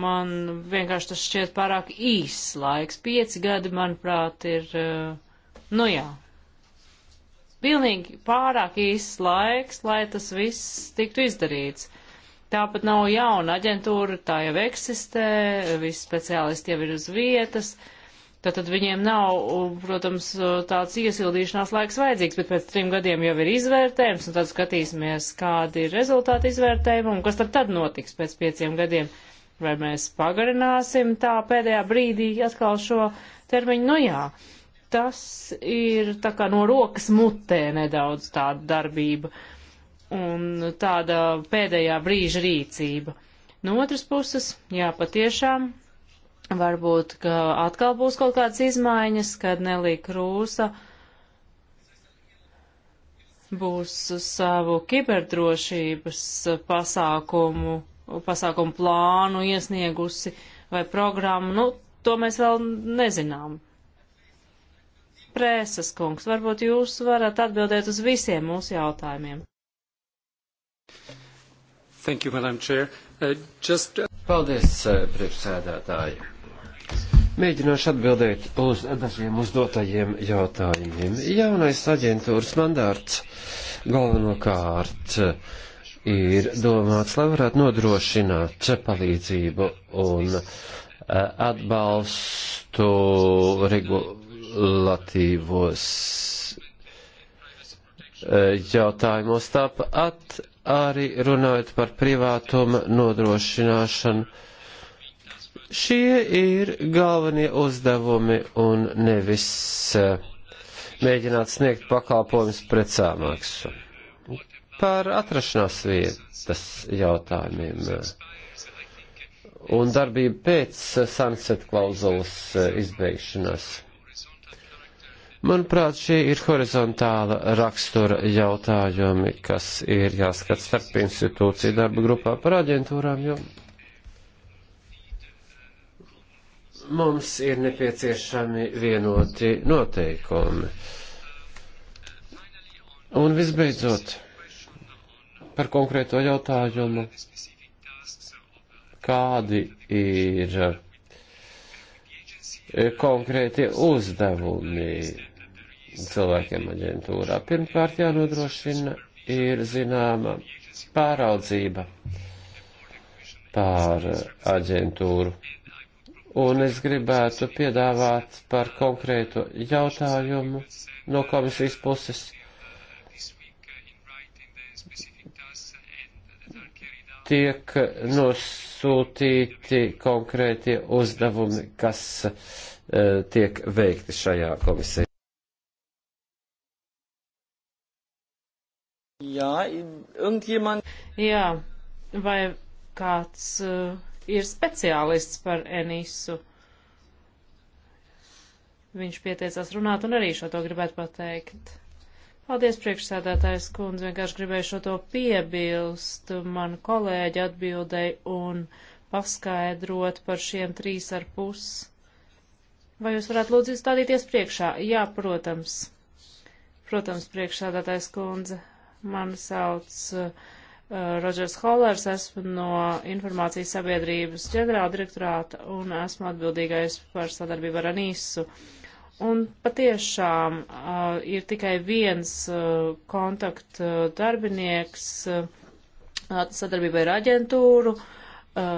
Speaker 3: Man vienkārši tas šķiet pārāk īss laiks. Pieci gadi, manuprāt, ir, uh, nu jā, pilnīgi pārāk īss laiks, lai tas viss tiktu izdarīts. Uh, Tā pat nav jauna aģentūra, tā jau eksistē, visi speciālisti jau ir uz vietas. Tātad viņiem nav, protams, tāds iesildīšanās laiks vajadzīgs, bet pēc trim gadiem jau ir izvērtējums, un tad skatīsimies, kādi ir rezultāti izvērtējuma, un kas tad tad notiks pēc pieciem gadiem. Vai mēs pagarināsim tā pēdējā brīdī atkal šo termiņu? Nu jā, tas ir tā kā no rokas mutē nedaudz tāda darbība. Uh, un tāda pēdējā brīža rīcība. No otras puses, jā, patiešām, varbūt, ka atkal būs kaut kādas izmaiņas, kad Nelī Krūsa būs savu kiberdrošības pasākumu, pasākumu plānu iesniegusi vai programmu, nu, to mēs vēl nezinām. Prēsas kungs, varbūt jūs varat atbildēt uz visiem mūsu jautājumiem.
Speaker 2: Thank you, Madam Chair. Uh, just... Uh, Paldies, uh, priekšsēdētāji. Mēģināšu atbildēt uz dažiem uzdotajiem jautājumiem. Jaunais aģentūras mandārts galvenokārt uh, ir domāts, lai varētu nodrošināt palīdzību un atbalstu regulatīvos jautājumos tāpat arī runājot par privātuma nodrošināšanu. Šie ir galvenie uzdevumi un nevis eh, mēģināt sniegt pakalpojumus pret sāmaksu. Par atrašanās vietas jautājumiem eh, un darbību pēc eh, sunset klauzulas izbeigšanas. Manuprāt, šie ir horizontāla rakstura jautājumi, kas ir jāskat starp institūciju darba grupā par aģentūrām, jo mums ir nepieciešami vienoti noteikumi. Un visbeidzot, par konkrēto jautājumu, kādi ir konkrēti uzdevumi cilvēkiem aģentūrā. Pirmkārt jānodrošina ir zināma pāraudzība pār aģentūru. Un es gribētu piedāvāt par konkrētu jautājumu no komisijas puses. Tiek nosūtīti konkrētie uzdevumi, kas uh, tiek veikti šajā komisijā.
Speaker 3: Jā, irgendjemand. Jā, vai kāds uh, ir speciālists par Enisu? Viņš pieteicās runāt un arī šo to gribētu pateikt. Paldies, priekšsēdētājs kundze, vienkārši gribēju šo to piebilst. Man kolēģi atbildēja un paskaidrot par šiem trīs ar pus. Vai jūs varētu lūdzu stādīties priekšā? Jā, protams. Protams, priekšsēdētājs kundze, Mani sauc uh, Rodžers Hollers, esmu no informācijas sabiedrības ģenerāla direktorāta un esmu atbildīgais par sadarbību ar Anīsu. Un patiešām uh, ir tikai viens uh, kontaktu darbinieks uh, sadarbībai ar aģentūru, uh,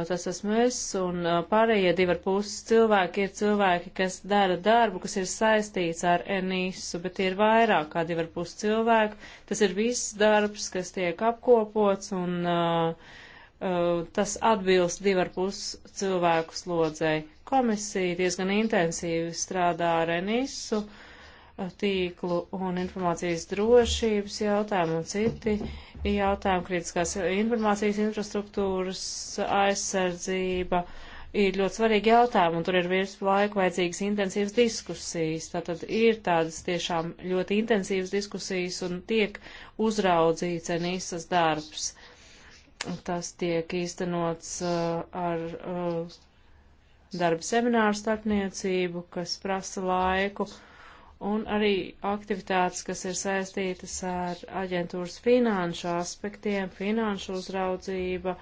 Speaker 3: tas esmu es, un pārējie divi ar puses cilvēki ir cilvēki, kas dara darbu, kas ir saistīts ar Enisu, bet ir vairāk kā divi ar puses cilvēku. Tas ir viss darbs, kas tiek apkopots, un uh, uh, tas atbilst divi ar puses cilvēku slodzei. Komisija diezgan intensīvi strādā ar Enisu tīklu un informācijas drošības jautājumu un citi jautājumu, kritiskās informācijas infrastruktūras aizsardzība ir ļoti svarīgi jautājumi, un tur ir visu laiku vajadzīgas intensīvas diskusijas. Tātad ir tādas tiešām ļoti intensīvas diskusijas un tiek uzraudzīts enīsas darbs. Tas tiek īstenots uh, ar uh, darba semināru starpniecību, kas prasa laiku. Uh, un arī aktivitātes, kas ir saistītas ar aģentūras finanšu aspektiem, finanšu uzraudzība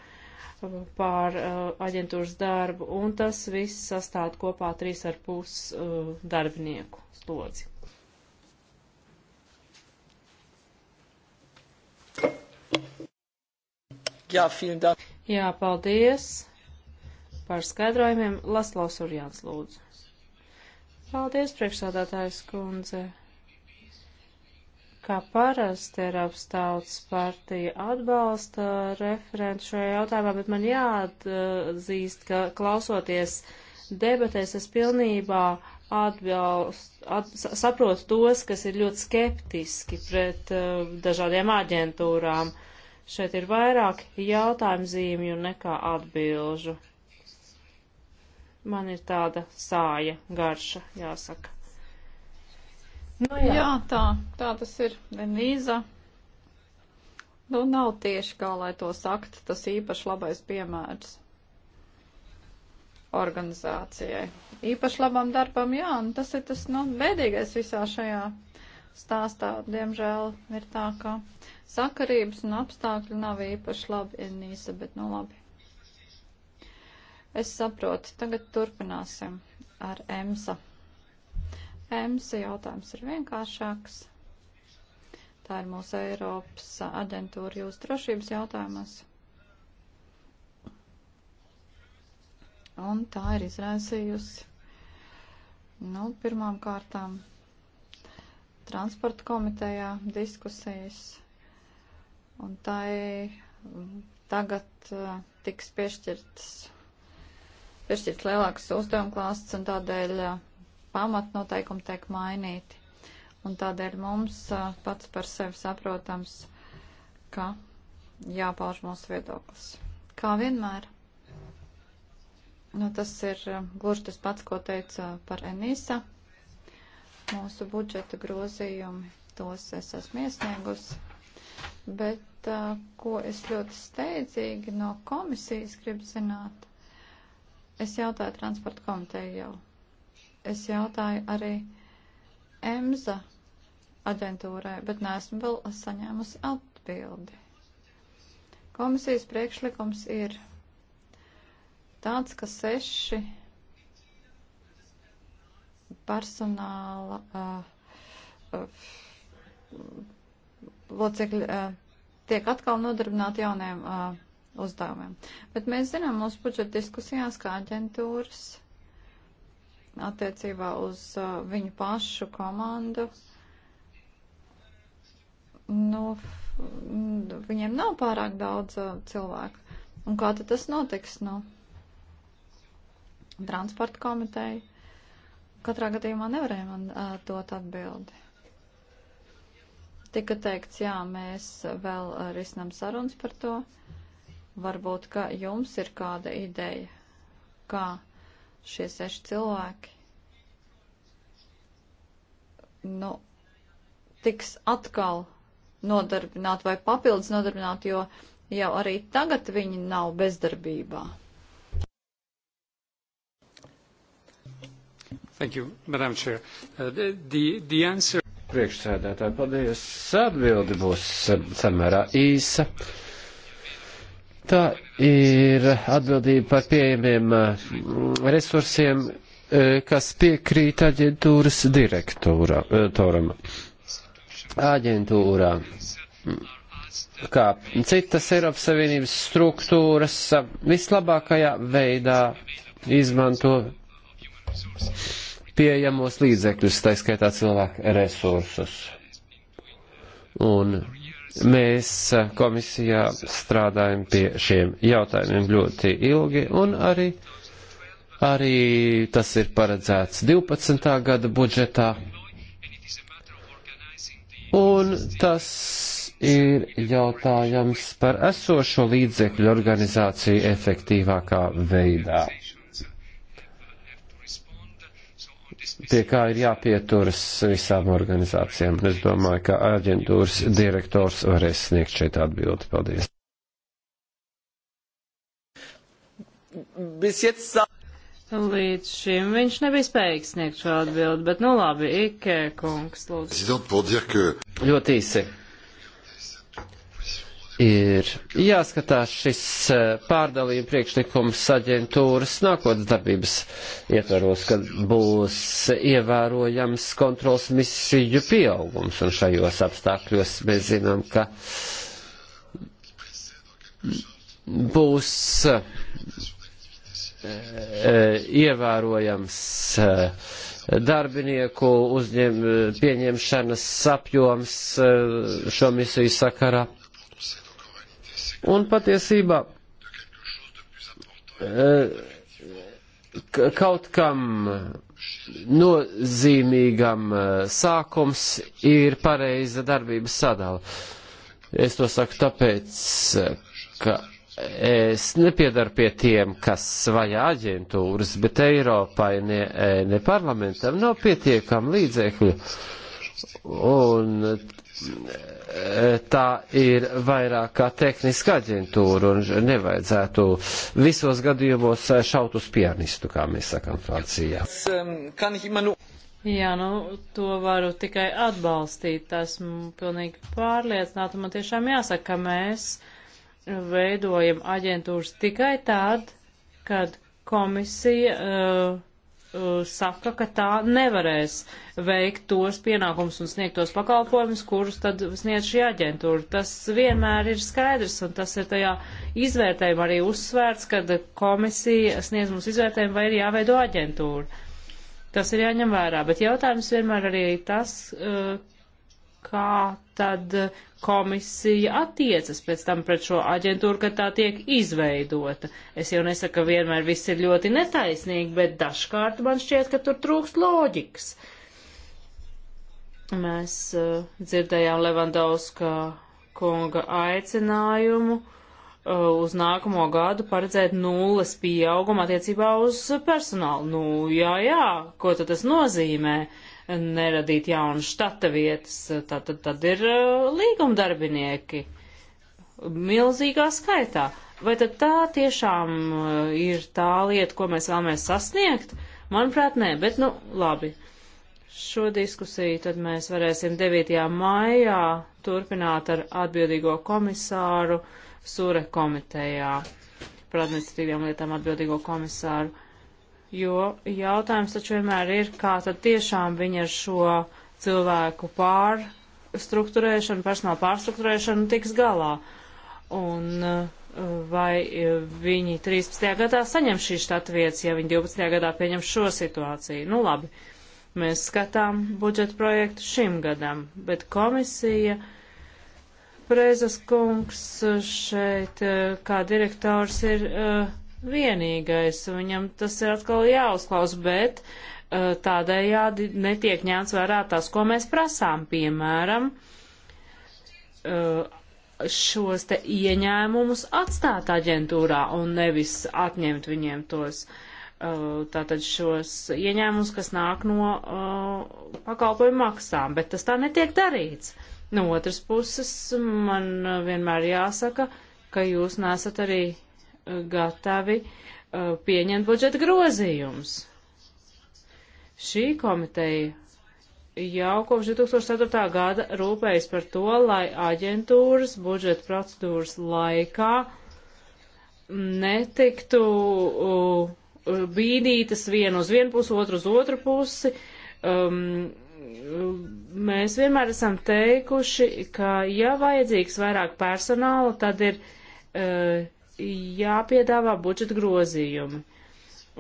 Speaker 3: pār uh, aģentūras darbu, un tas viss sastāv kopā trīs ar pus uh, darbinieku slodzi. Jā, Jā, paldies par skaidrojumiem. Laslaus Urjāns lūdzu. Paldies, priekšsādātājs kundze. Kā parasti Eiropas tautas partija atbalsta referentu šajā jautājumā, bet man jāatzīst, ka klausoties debatēs es pilnībā atbalst, at, saprotu tos, kas ir ļoti skeptiski pret uh, dažādiem aģentūrām. Šeit ir vairāk jautājumzīmju nekā atbilžu. Man ir tāda sāja garša, jāsaka.
Speaker 1: Nu, jā. jā, tā, tā tas ir. Denīza. Nu, nav tieši, kā lai to sakt, tas īpaši labais piemērs organizācijai. Īpaši labam darbam, jā, un tas ir tas, nu, bēdīgais visā šajā stāstā, diemžēl, ir tā, ka sakarības un apstākļi nav īpaši labi, Enīsa, bet nu labi. Es saprotu, tagad turpināsim ar EMSA. EMSA jautājums ir vienkāršāks. Tā ir mūsu Eiropas aģentūra jūsu drošības jautājumos. Un tā ir izraisījusi, nu, pirmām kārtām transporta komitejā diskusijas, un tai tagad uh, tiks piešķirtas piešķirt lielākas uzdevuma klāsts un tādēļ pamatnoteikumi tiek mainīti. Un tādēļ mums pats par sevi saprotams, ka jāpauž mūsu viedoklis. Kā vienmēr. Nu, tas ir gluži tas pats, ko teica par Enisa. Mūsu budžeta grozījumi, tos es esmu iesniegusi. Bet ko es ļoti steidzīgi no komisijas gribu zināt, Es jautāju transporta komiteju jau. Es jautāju arī EMSA aģentūrai, bet neesmu vēl saņēmusi atbildi. Komisijas priekšlikums ir tāds, ka seši personāla uh, uh, locekļi uh, tiek atkal nodarbināti jauniem uh, uzdevumiem. Bet mēs zinām mūsu budžeta diskusijās, kā aģentūras attiecībā uz uh, viņu pašu komandu. Nu, nu, viņiem nav pārāk daudz uh, cilvēku. Un kā tad tas notiks? Nu, transporta komiteja katrā gadījumā nevarēja man uh, dot atbildi. Tika teikts, jā, mēs vēl uh, risinam sarunas par to. Uh, Varbūt, ka jums ir kāda ideja, kā šie seši cilvēki nu, tiks atkal nodarbināti vai papildus nodarbināti, jo jau arī tagad viņi nav bezdarbībā.
Speaker 4: Thank you, Madam Chair. Uh, the, the answer...
Speaker 2: Priekšsēdētāji, paldies. Atbildi būs um, samērā īsa. Uh, Tā ir atbildība par pieejamiem mm, resursiem, e, kas piekrīt aģentūras direktoram. E, Aģentūrā, mm, kā citas Eiropas Savienības struktūras, e, vislabākajā veidā izmanto pieejamos līdzekļus, taiskaitā cilvēku resursus. Un Mēs eh, komisijā strādājam pie šiem jautājumiem ļoti ilgi un arī, arī tas ir paredzēts 12. gada budžetā. Un tas ir jautājums par esošo līdzekļu organizāciju efektīvākā veidā. pie kā ir jāpieturas visām organizācijām. Es domāju, ka aģentūras direktors varēs sniegt šeit atbildi. Paldies.
Speaker 3: Līdz šim viņš nebija spējīgs sniegt šo atbildi, bet nu labi, Ike kungs,
Speaker 4: lūdzu.
Speaker 2: Ļoti īsi ir jāskatās šis eh, pārdalījuma priekšlikums aģentūras nākotnes darbības ietvaros, kad būs ievērojams kontrols misiju pieaugums, un šajos apstākļos mēs zinām, ka būs
Speaker 4: eh,
Speaker 2: ievērojams eh, darbinieku uzņem, pieņemšanas apjoms šo misiju sakarā. Un patiesībā eh, kaut kam nozīmīgam eh, sākums ir pareiza darbības sadala. Es to saku tāpēc, ka es nepiedaru pie tiem, kas vajā aģentūras, bet Eiropai ne, eh, ne parlamentam nav pietiekami līdzekļu. Un tā ir vairāk kā tehniska aģentūra un nevajadzētu visos gadījumos eh, šaut uz pianistu, kā mēs sakam Francijā.
Speaker 3: Jā, nu, to varu tikai atbalstīt. Esmu pilnīgi pārliecināta. Man tiešām jāsaka, ka mēs veidojam aģentūras tikai tad, kad komisija uh, Uh, saka, ka tā nevarēs veikt tos pienākumus un sniegt tos pakalpojumus, kurus tad sniedz šī aģentūra. Tas vienmēr ir skaidrs, un tas ir tajā izvērtējumā arī uzsvērts, kad komisija sniedz mums izvērtējumu, vai ir jāveido aģentūra. Tas ir jāņem vērā, bet jautājums vienmēr arī tas, uh, kā tad komisija attiecas pēc tam pret šo aģentūru, kad tā tiek izveidota. Es jau nesaku, ka vienmēr viss ir ļoti netaisnīgi, bet dažkārt man šķiet, ka tur trūkst loģikas. Mēs uh, dzirdējām Levandauska kunga aicinājumu uh, uz nākamo gadu paredzēt nulles pieaugumu attiecībā uz personālu. Nu, jā, jā, ko tad tas nozīmē? Uh, neradīt jaunu štata vietas, tad, tad, tad ir uh, līgumdarbinieki milzīgā skaitā. Vai tad tā tiešām uh, ir tā lieta, ko mēs vēlamies sasniegt? Manuprāt, nē, bet nu labi. Šo diskusiju tad mēs varēsim 9. maijā turpināt ar atbildīgo komisāru Sure komitejā, par administratīviem lietām atbildīgo komisāru jo jautājums taču vienmēr ir, kā tad tiešām viņi ar šo cilvēku pārstruktūrēšanu, personāla pārstruktūrēšanu tiks galā. Un eh, vai eh, viņi 13. gadā saņem šīs štata vietas, ja viņi 12. gadā pieņem šo situāciju. Nu labi, mēs skatām budžeta projektu šim gadam, bet komisija. Prezas kungs eh, šeit kā direktors ir uh, vienīgais. Viņam tas ir atkal jāuzklaus, bet uh, tādējādi netiek ņemts vērā tas, ko mēs prasām. Piemēram, uh, šos te ieņēmumus atstāt aģentūrā un nevis atņemt viņiem tos. Uh, tātad šos ieņēmumus, kas nāk no uh, pakalpojumu maksām, bet tas tā netiek darīts. No otras puses, man vienmēr jāsaka, ka jūs nesat arī gatavi uh, pieņemt budžeta grozījumus. Šī komiteja jau kopš 2004. gada rūpējas par to, lai aģentūras budžeta procedūras laikā netiktu uh, bīdītas vienu uz vienu pusi, otru uz otru pusi. Um, mēs vienmēr esam teikuši, ka ja vajadzīgs vairāk personāla, tad ir uh, jāpiedāvā budžeta grozījumi.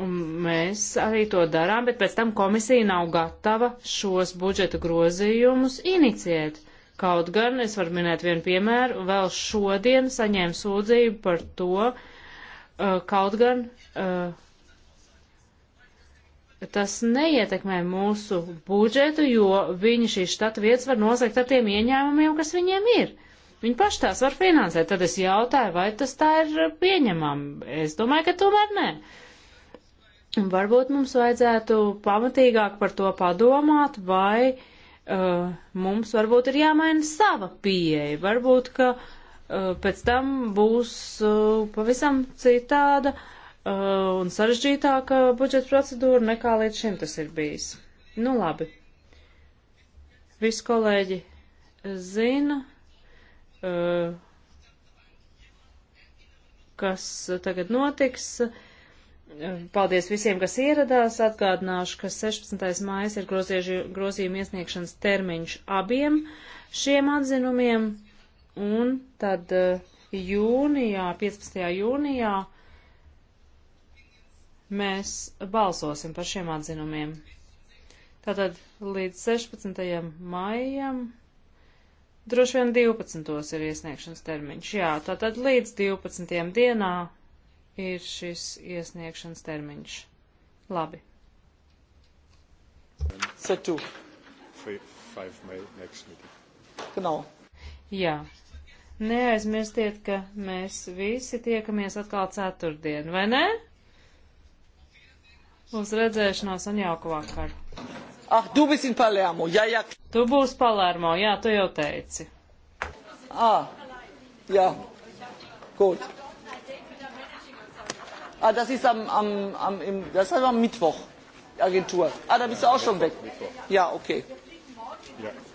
Speaker 3: Un mēs arī to darām, bet pēc tam komisija nav gatava šos budžeta grozījumus iniciēt. Kaut gan es varu minēt vienu piemēru, vēl šodien saņēmu sūdzību par to, uh, kaut gan uh, tas neietekmē mūsu budžetu, jo viņi šīs štata vietas var nozagt ar tiem ieņēmumiem, kas viņiem ir. Uh, Viņi paši tās var finansēt. Tad es jautāju, vai tas tā ir pieņemami. Es domāju, ka tomēr nē. Un varbūt mums vajadzētu pamatīgāk par to padomāt, vai uh, mums varbūt ir jāmaina sava pieeja. Varbūt, ka uh, pēc tam būs uh, pavisam citāda uh, un sarežģītāka budžeta procedūra nekā līdz šim tas ir bijis. Nu labi. Visi kolēģi zina, Eh, kas tagad notiks. Paldies visiem, kas ieradās. Atgādināšu, ka 16. mājas ir grozījuma iesniegšanas termiņš abiem šiem atzinumiem. Un tad eh, jūnijā, 15. jūnijā, mēs balsosim par šiem atzinumiem. Tātad līdz 16. maijam Droši vien 12. ir iesniegšanas termiņš. Jā, tātad līdz 12. dienā ir šis iesniegšanas termiņš. Labi. Setu. Genau. Jā. Neaizmirstiet, ka mēs visi tiekamies atkal ceturtdien, vai ne? Uz redzēšanos un jauku vakaru! Ah, tu bist in Palermo. Jā, jā. Tu būsi Palermo, jā, tu jau teici. Ah, jā. Gut.
Speaker 4: Ah, das ist am, am, am, im, das ist am Mittwoch, Agentur. Ah, da bist du auch schon weg. Ja, okay. Ja.